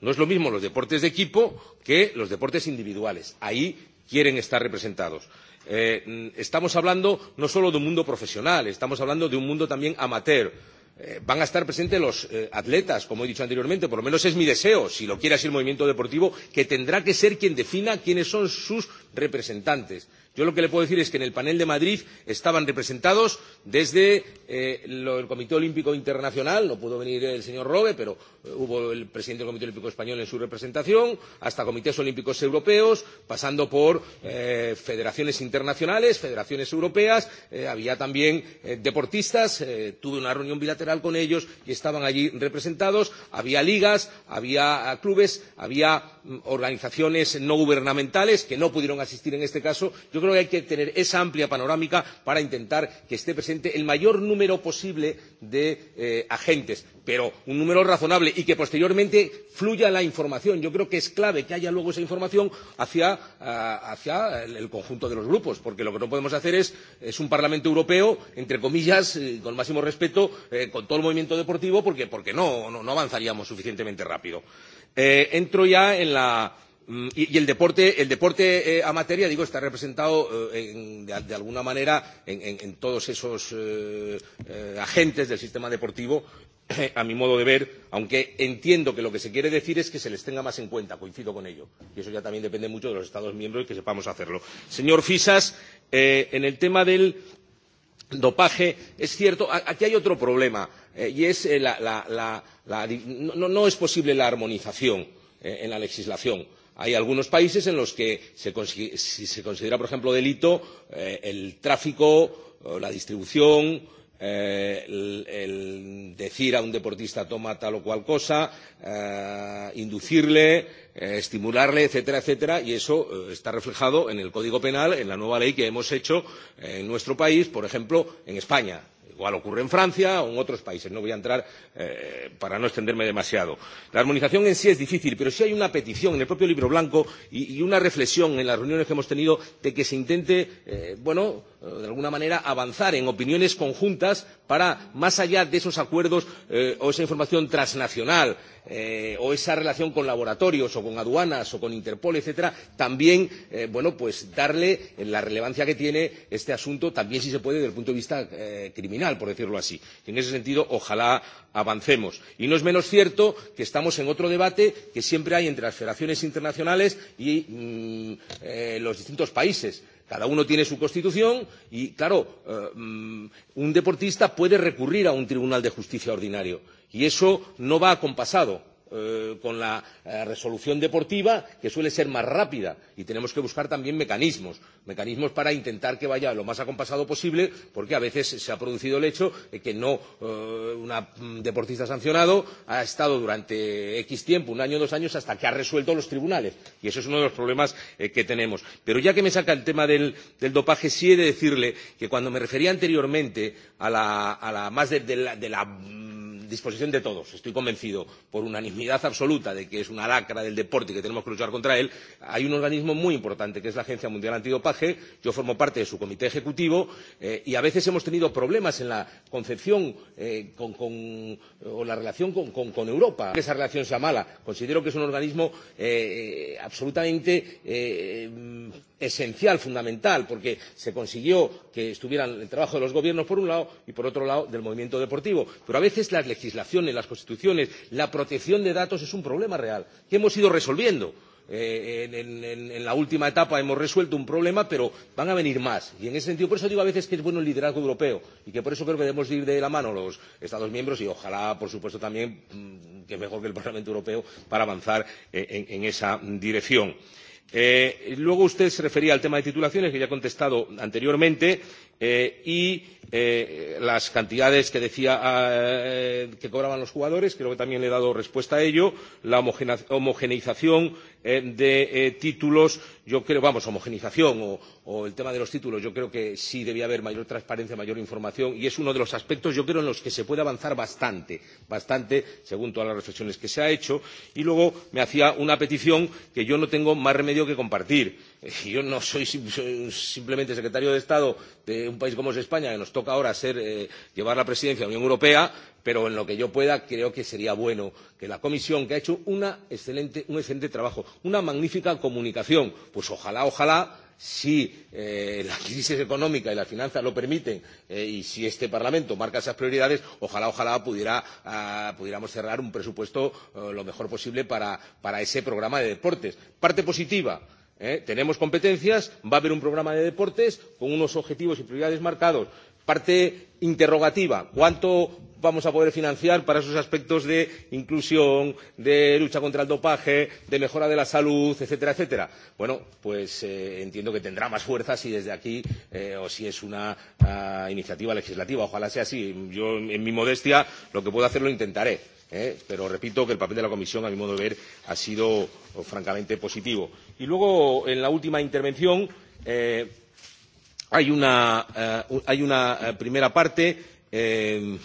No es lo mismo los deportes de equipo que los deportes individuales. Ahí quieren estar representados. Eh, estamos hablando no solo de un mundo profesional, estamos hablando de un mundo también amateur. Eh, van a estar presentes los eh, atletas, como he dicho anteriormente, por lo menos es mi deseo, si lo quiere así el movimiento deportivo, que tendrá que ser quien defina quiénes son sus representantes Yo lo que le puedo decir es que en el panel de Madrid estaban representados desde eh, lo, el Comité Olímpico Internacional, no pudo venir el señor Robe, pero eh, hubo el presidente del Comité Olímpico Español en su representación, hasta comités olímpicos europeos, pasando por eh, federaciones internacionales, federaciones europeas, eh, había también eh, deportistas, eh, tuve una reunión bilateral con ellos y estaban allí representados, había ligas, había ah, clubes, había mm, organizaciones no gubernamentales que no pudieron asistir en este caso. Yo Yo creo que hay que tener esa amplia panorámica para intentar que esté presente el mayor número posible de eh, agentes, pero un número razonable y que posteriormente fluya la información. Yo creo que es clave que haya luego esa información hacia, uh, hacia el, el conjunto de los grupos, porque lo que no podemos hacer es, es un Parlamento Europeo, entre comillas, eh, con máximo respeto, eh, con todo el movimiento deportivo, porque, porque no, no, no avanzaríamos suficientemente rápido. Eh, entro ya en la Mm, y, y el deporte, el deporte eh, amateur, digo, está representado eh, en, de, de alguna manera en, en, en todos esos eh, eh, agentes del sistema deportivo, eh, a mi modo de ver, aunque entiendo que lo que se quiere decir es que se les tenga más en cuenta, coincido con ello. Y eso ya también depende mucho de los Estados miembros y que sepamos hacerlo. Señor Fisas, eh, en el tema del dopaje, es cierto, aquí hay otro problema, eh, y es eh, la, la, la, la no, no es posible la armonización eh, en la legislación Hay algunos países en los que se, si se considera, por ejemplo, delito eh, el tráfico, la distribución, eh, el, el decir a un deportista toma tal o cual cosa, eh, inducirle, eh, estimularle, etcétera, etcétera, y eso eh, está reflejado en el Código Penal, en la nueva ley que hemos hecho eh, en nuestro país, por ejemplo, en España igual ocurre en Francia o en otros países. No voy a entrar eh, para no extenderme demasiado. La armonización en sí es difícil, pero sí hay una petición en el propio libro blanco y, y una reflexión en las reuniones que hemos tenido de que se intente, eh, bueno, Eh, de alguna manera, avanzar en opiniones conjuntas para, más allá de esos acuerdos eh, o esa información transnacional eh, o esa relación con laboratorios o con aduanas o con Interpol, etcétera, también, eh, bueno, pues darle la relevancia que tiene este asunto, también si se puede, desde el punto de vista eh, criminal, por decirlo así. En ese sentido, ojalá avancemos. Y no es menos cierto que estamos en otro debate que siempre hay entre las federaciones internacionales y mmm, eh, los distintos países Cada uno tiene su constitución y, claro, eh, mm, un deportista puede recurrir a un tribunal de justicia ordinario y eso no va acompasado Eh, con la eh, resolución deportiva, que suele ser más rápida. Y tenemos que buscar también mecanismos, mecanismos para intentar que vaya lo más acompasado posible, porque a veces se ha producido el hecho de que no eh, un mm, deportista sancionado ha estado durante X tiempo, un año, o dos años, hasta que ha resuelto los tribunales. Y eso es uno de los problemas eh, que tenemos. Pero ya que me saca el tema del, del dopaje, sí he de decirle que cuando me refería anteriormente a la, a la más de, de la, de la disposición de todos. Estoy convencido por unanimidad absoluta de que es una lacra del deporte y que tenemos que luchar contra él. Hay un organismo muy importante que es la Agencia Mundial Antidopaje. Yo formo parte de su comité ejecutivo eh, y a veces hemos tenido problemas en la concepción eh, con, con, o la relación con, con, con Europa. Que esa relación sea mala. Considero que es un organismo eh, absolutamente eh, esencial, fundamental, porque se consiguió que estuvieran el trabajo de los gobiernos, por un lado, y por otro lado, del movimiento deportivo. Pero a veces las legislaciones, las constituciones, la protección de datos es un problema real que hemos ido resolviendo. Eh, en, en, en la última etapa hemos resuelto un problema, pero van a venir más. Y en ese sentido, por eso digo a veces que es bueno el liderazgo europeo y que por eso creo que debemos ir de la mano los Estados miembros y ojalá, por supuesto, también mm, que mejor que el Parlamento Europeo para avanzar eh, en, en esa dirección. Eh, luego usted se refería al tema de titulaciones, que ya he contestado anteriormente, eh, y eh, las cantidades que decía ah, eh, que cobraban los jugadores, creo que también le he dado respuesta a ello, la homogeneización eh, de eh, títulos, yo creo, vamos, homogeneización o, o el tema de los títulos, yo creo que sí debía haber mayor transparencia, mayor información y es uno de los aspectos, yo creo, en los que se puede avanzar bastante, bastante, según todas las reflexiones que se ha hecho. Y luego me hacía una petición que yo no tengo más remedio que compartir yo no soy, simplemente secretario de Estado de un país como es España, que nos toca ahora ser, eh, llevar la presidencia de la Unión Europea, pero en lo que yo pueda creo que sería bueno que la Comisión, que ha hecho una excelente, un excelente trabajo, una magnífica comunicación, pues ojalá, ojalá si eh, la crisis económica y las finanzas lo permiten eh, y si este Parlamento marca esas prioridades, ojalá, ojalá pudiera, ah, pudiéramos cerrar un presupuesto eh, lo mejor posible para, para ese programa de deportes. Parte positiva ¿eh? tenemos competencias, va a haber un programa de deportes con unos objetivos y prioridades marcados. Parte interrogativa, ¿cuánto vamos a poder financiar para esos aspectos de inclusión, de lucha contra el dopaje, de mejora de la salud, etcétera, etcétera? Bueno, pues eh, entiendo que tendrá más fuerza si desde aquí eh, o si es una uh, iniciativa legislativa. Ojalá sea así. Yo, en mi modestia, lo que puedo hacer lo intentaré Eh, pero repito que el papel de la Comisión, a mi modo de ver, ha sido oh, francamente positivo. Y luego, en la última intervención, eh, hay una, eh, hay una uh, primera parte eh,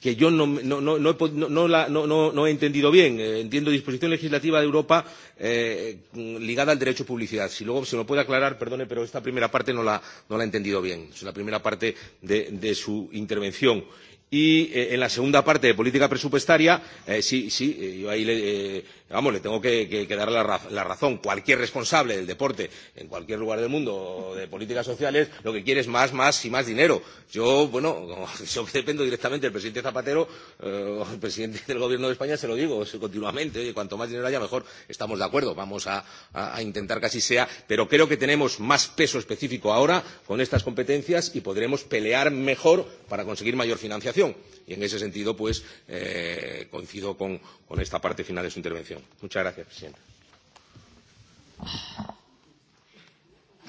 que yo no, no, no, he, no, no, la, no, no, no he entendido bien. Eh, entiendo disposición legislativa de Europa eh, ligada al derecho a publicidad. Si luego se me puede aclarar, perdone, pero esta primera parte no la, no la he entendido bien. Es la primera parte de, de su intervención. Y eh, en la segunda parte de política presupuestaria, eh, sí, sí, eh, yo ahí le, eh, vamos, le tengo que, que, que dar la, raz la razón. Cualquier responsable del deporte en cualquier lugar del mundo de políticas sociales lo que quiere es más, más y más dinero. Yo, bueno, yo dependo directamente del presidente Zapatero, eh, el presidente del gobierno de España se lo digo continuamente, oye, cuanto más dinero haya mejor, estamos de acuerdo, vamos a, a, a intentar que así sea, pero creo que tenemos más peso específico ahora con estas competencias y podremos pelear mejor para conseguir mayor financiación y en ese sentido pues eh, coincido con, con esta parte final de su intervención. Muchas gracias, presidenta.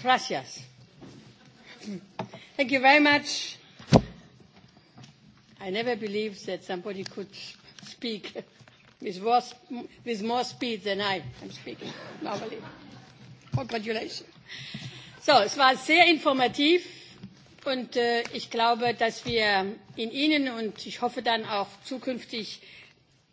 Gracias. Thank you very much. I never believed that somebody could speak with more, with more speed than I am speaking normally. Congratulations. So, es war sehr informativ. Und äh, ich glaube, dass wir in Ihnen und ich hoffe dann auch zukünftig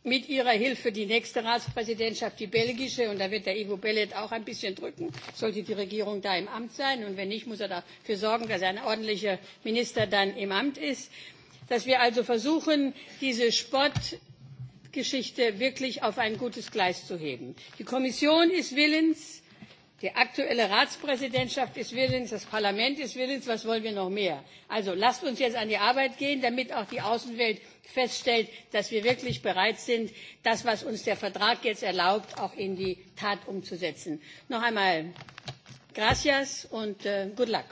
mit Ihrer Hilfe die nächste Ratspräsidentschaft, die belgische, und da wird der Ivo belet auch ein bisschen drücken, sollte die Regierung da im Amt sein. Und wenn nicht, muss er dafür sorgen, dass ein ordentlicher Minister dann im Amt ist. Dass wir also versuchen, diese sportgeschichte wirklich auf ein gutes Gleis zu heben. Die Kommission ist willens, Die aktuelle Ratspräsidentschaft ist willens, das Parlament ist willens, was wollen wir noch mehr? Also lasst uns jetzt an die Arbeit gehen, damit auch die Außenwelt feststellt, dass wir wirklich bereit sind, das, was uns der Vertrag jetzt erlaubt, auch in die Tat umzusetzen. Noch einmal gracias und äh, good luck.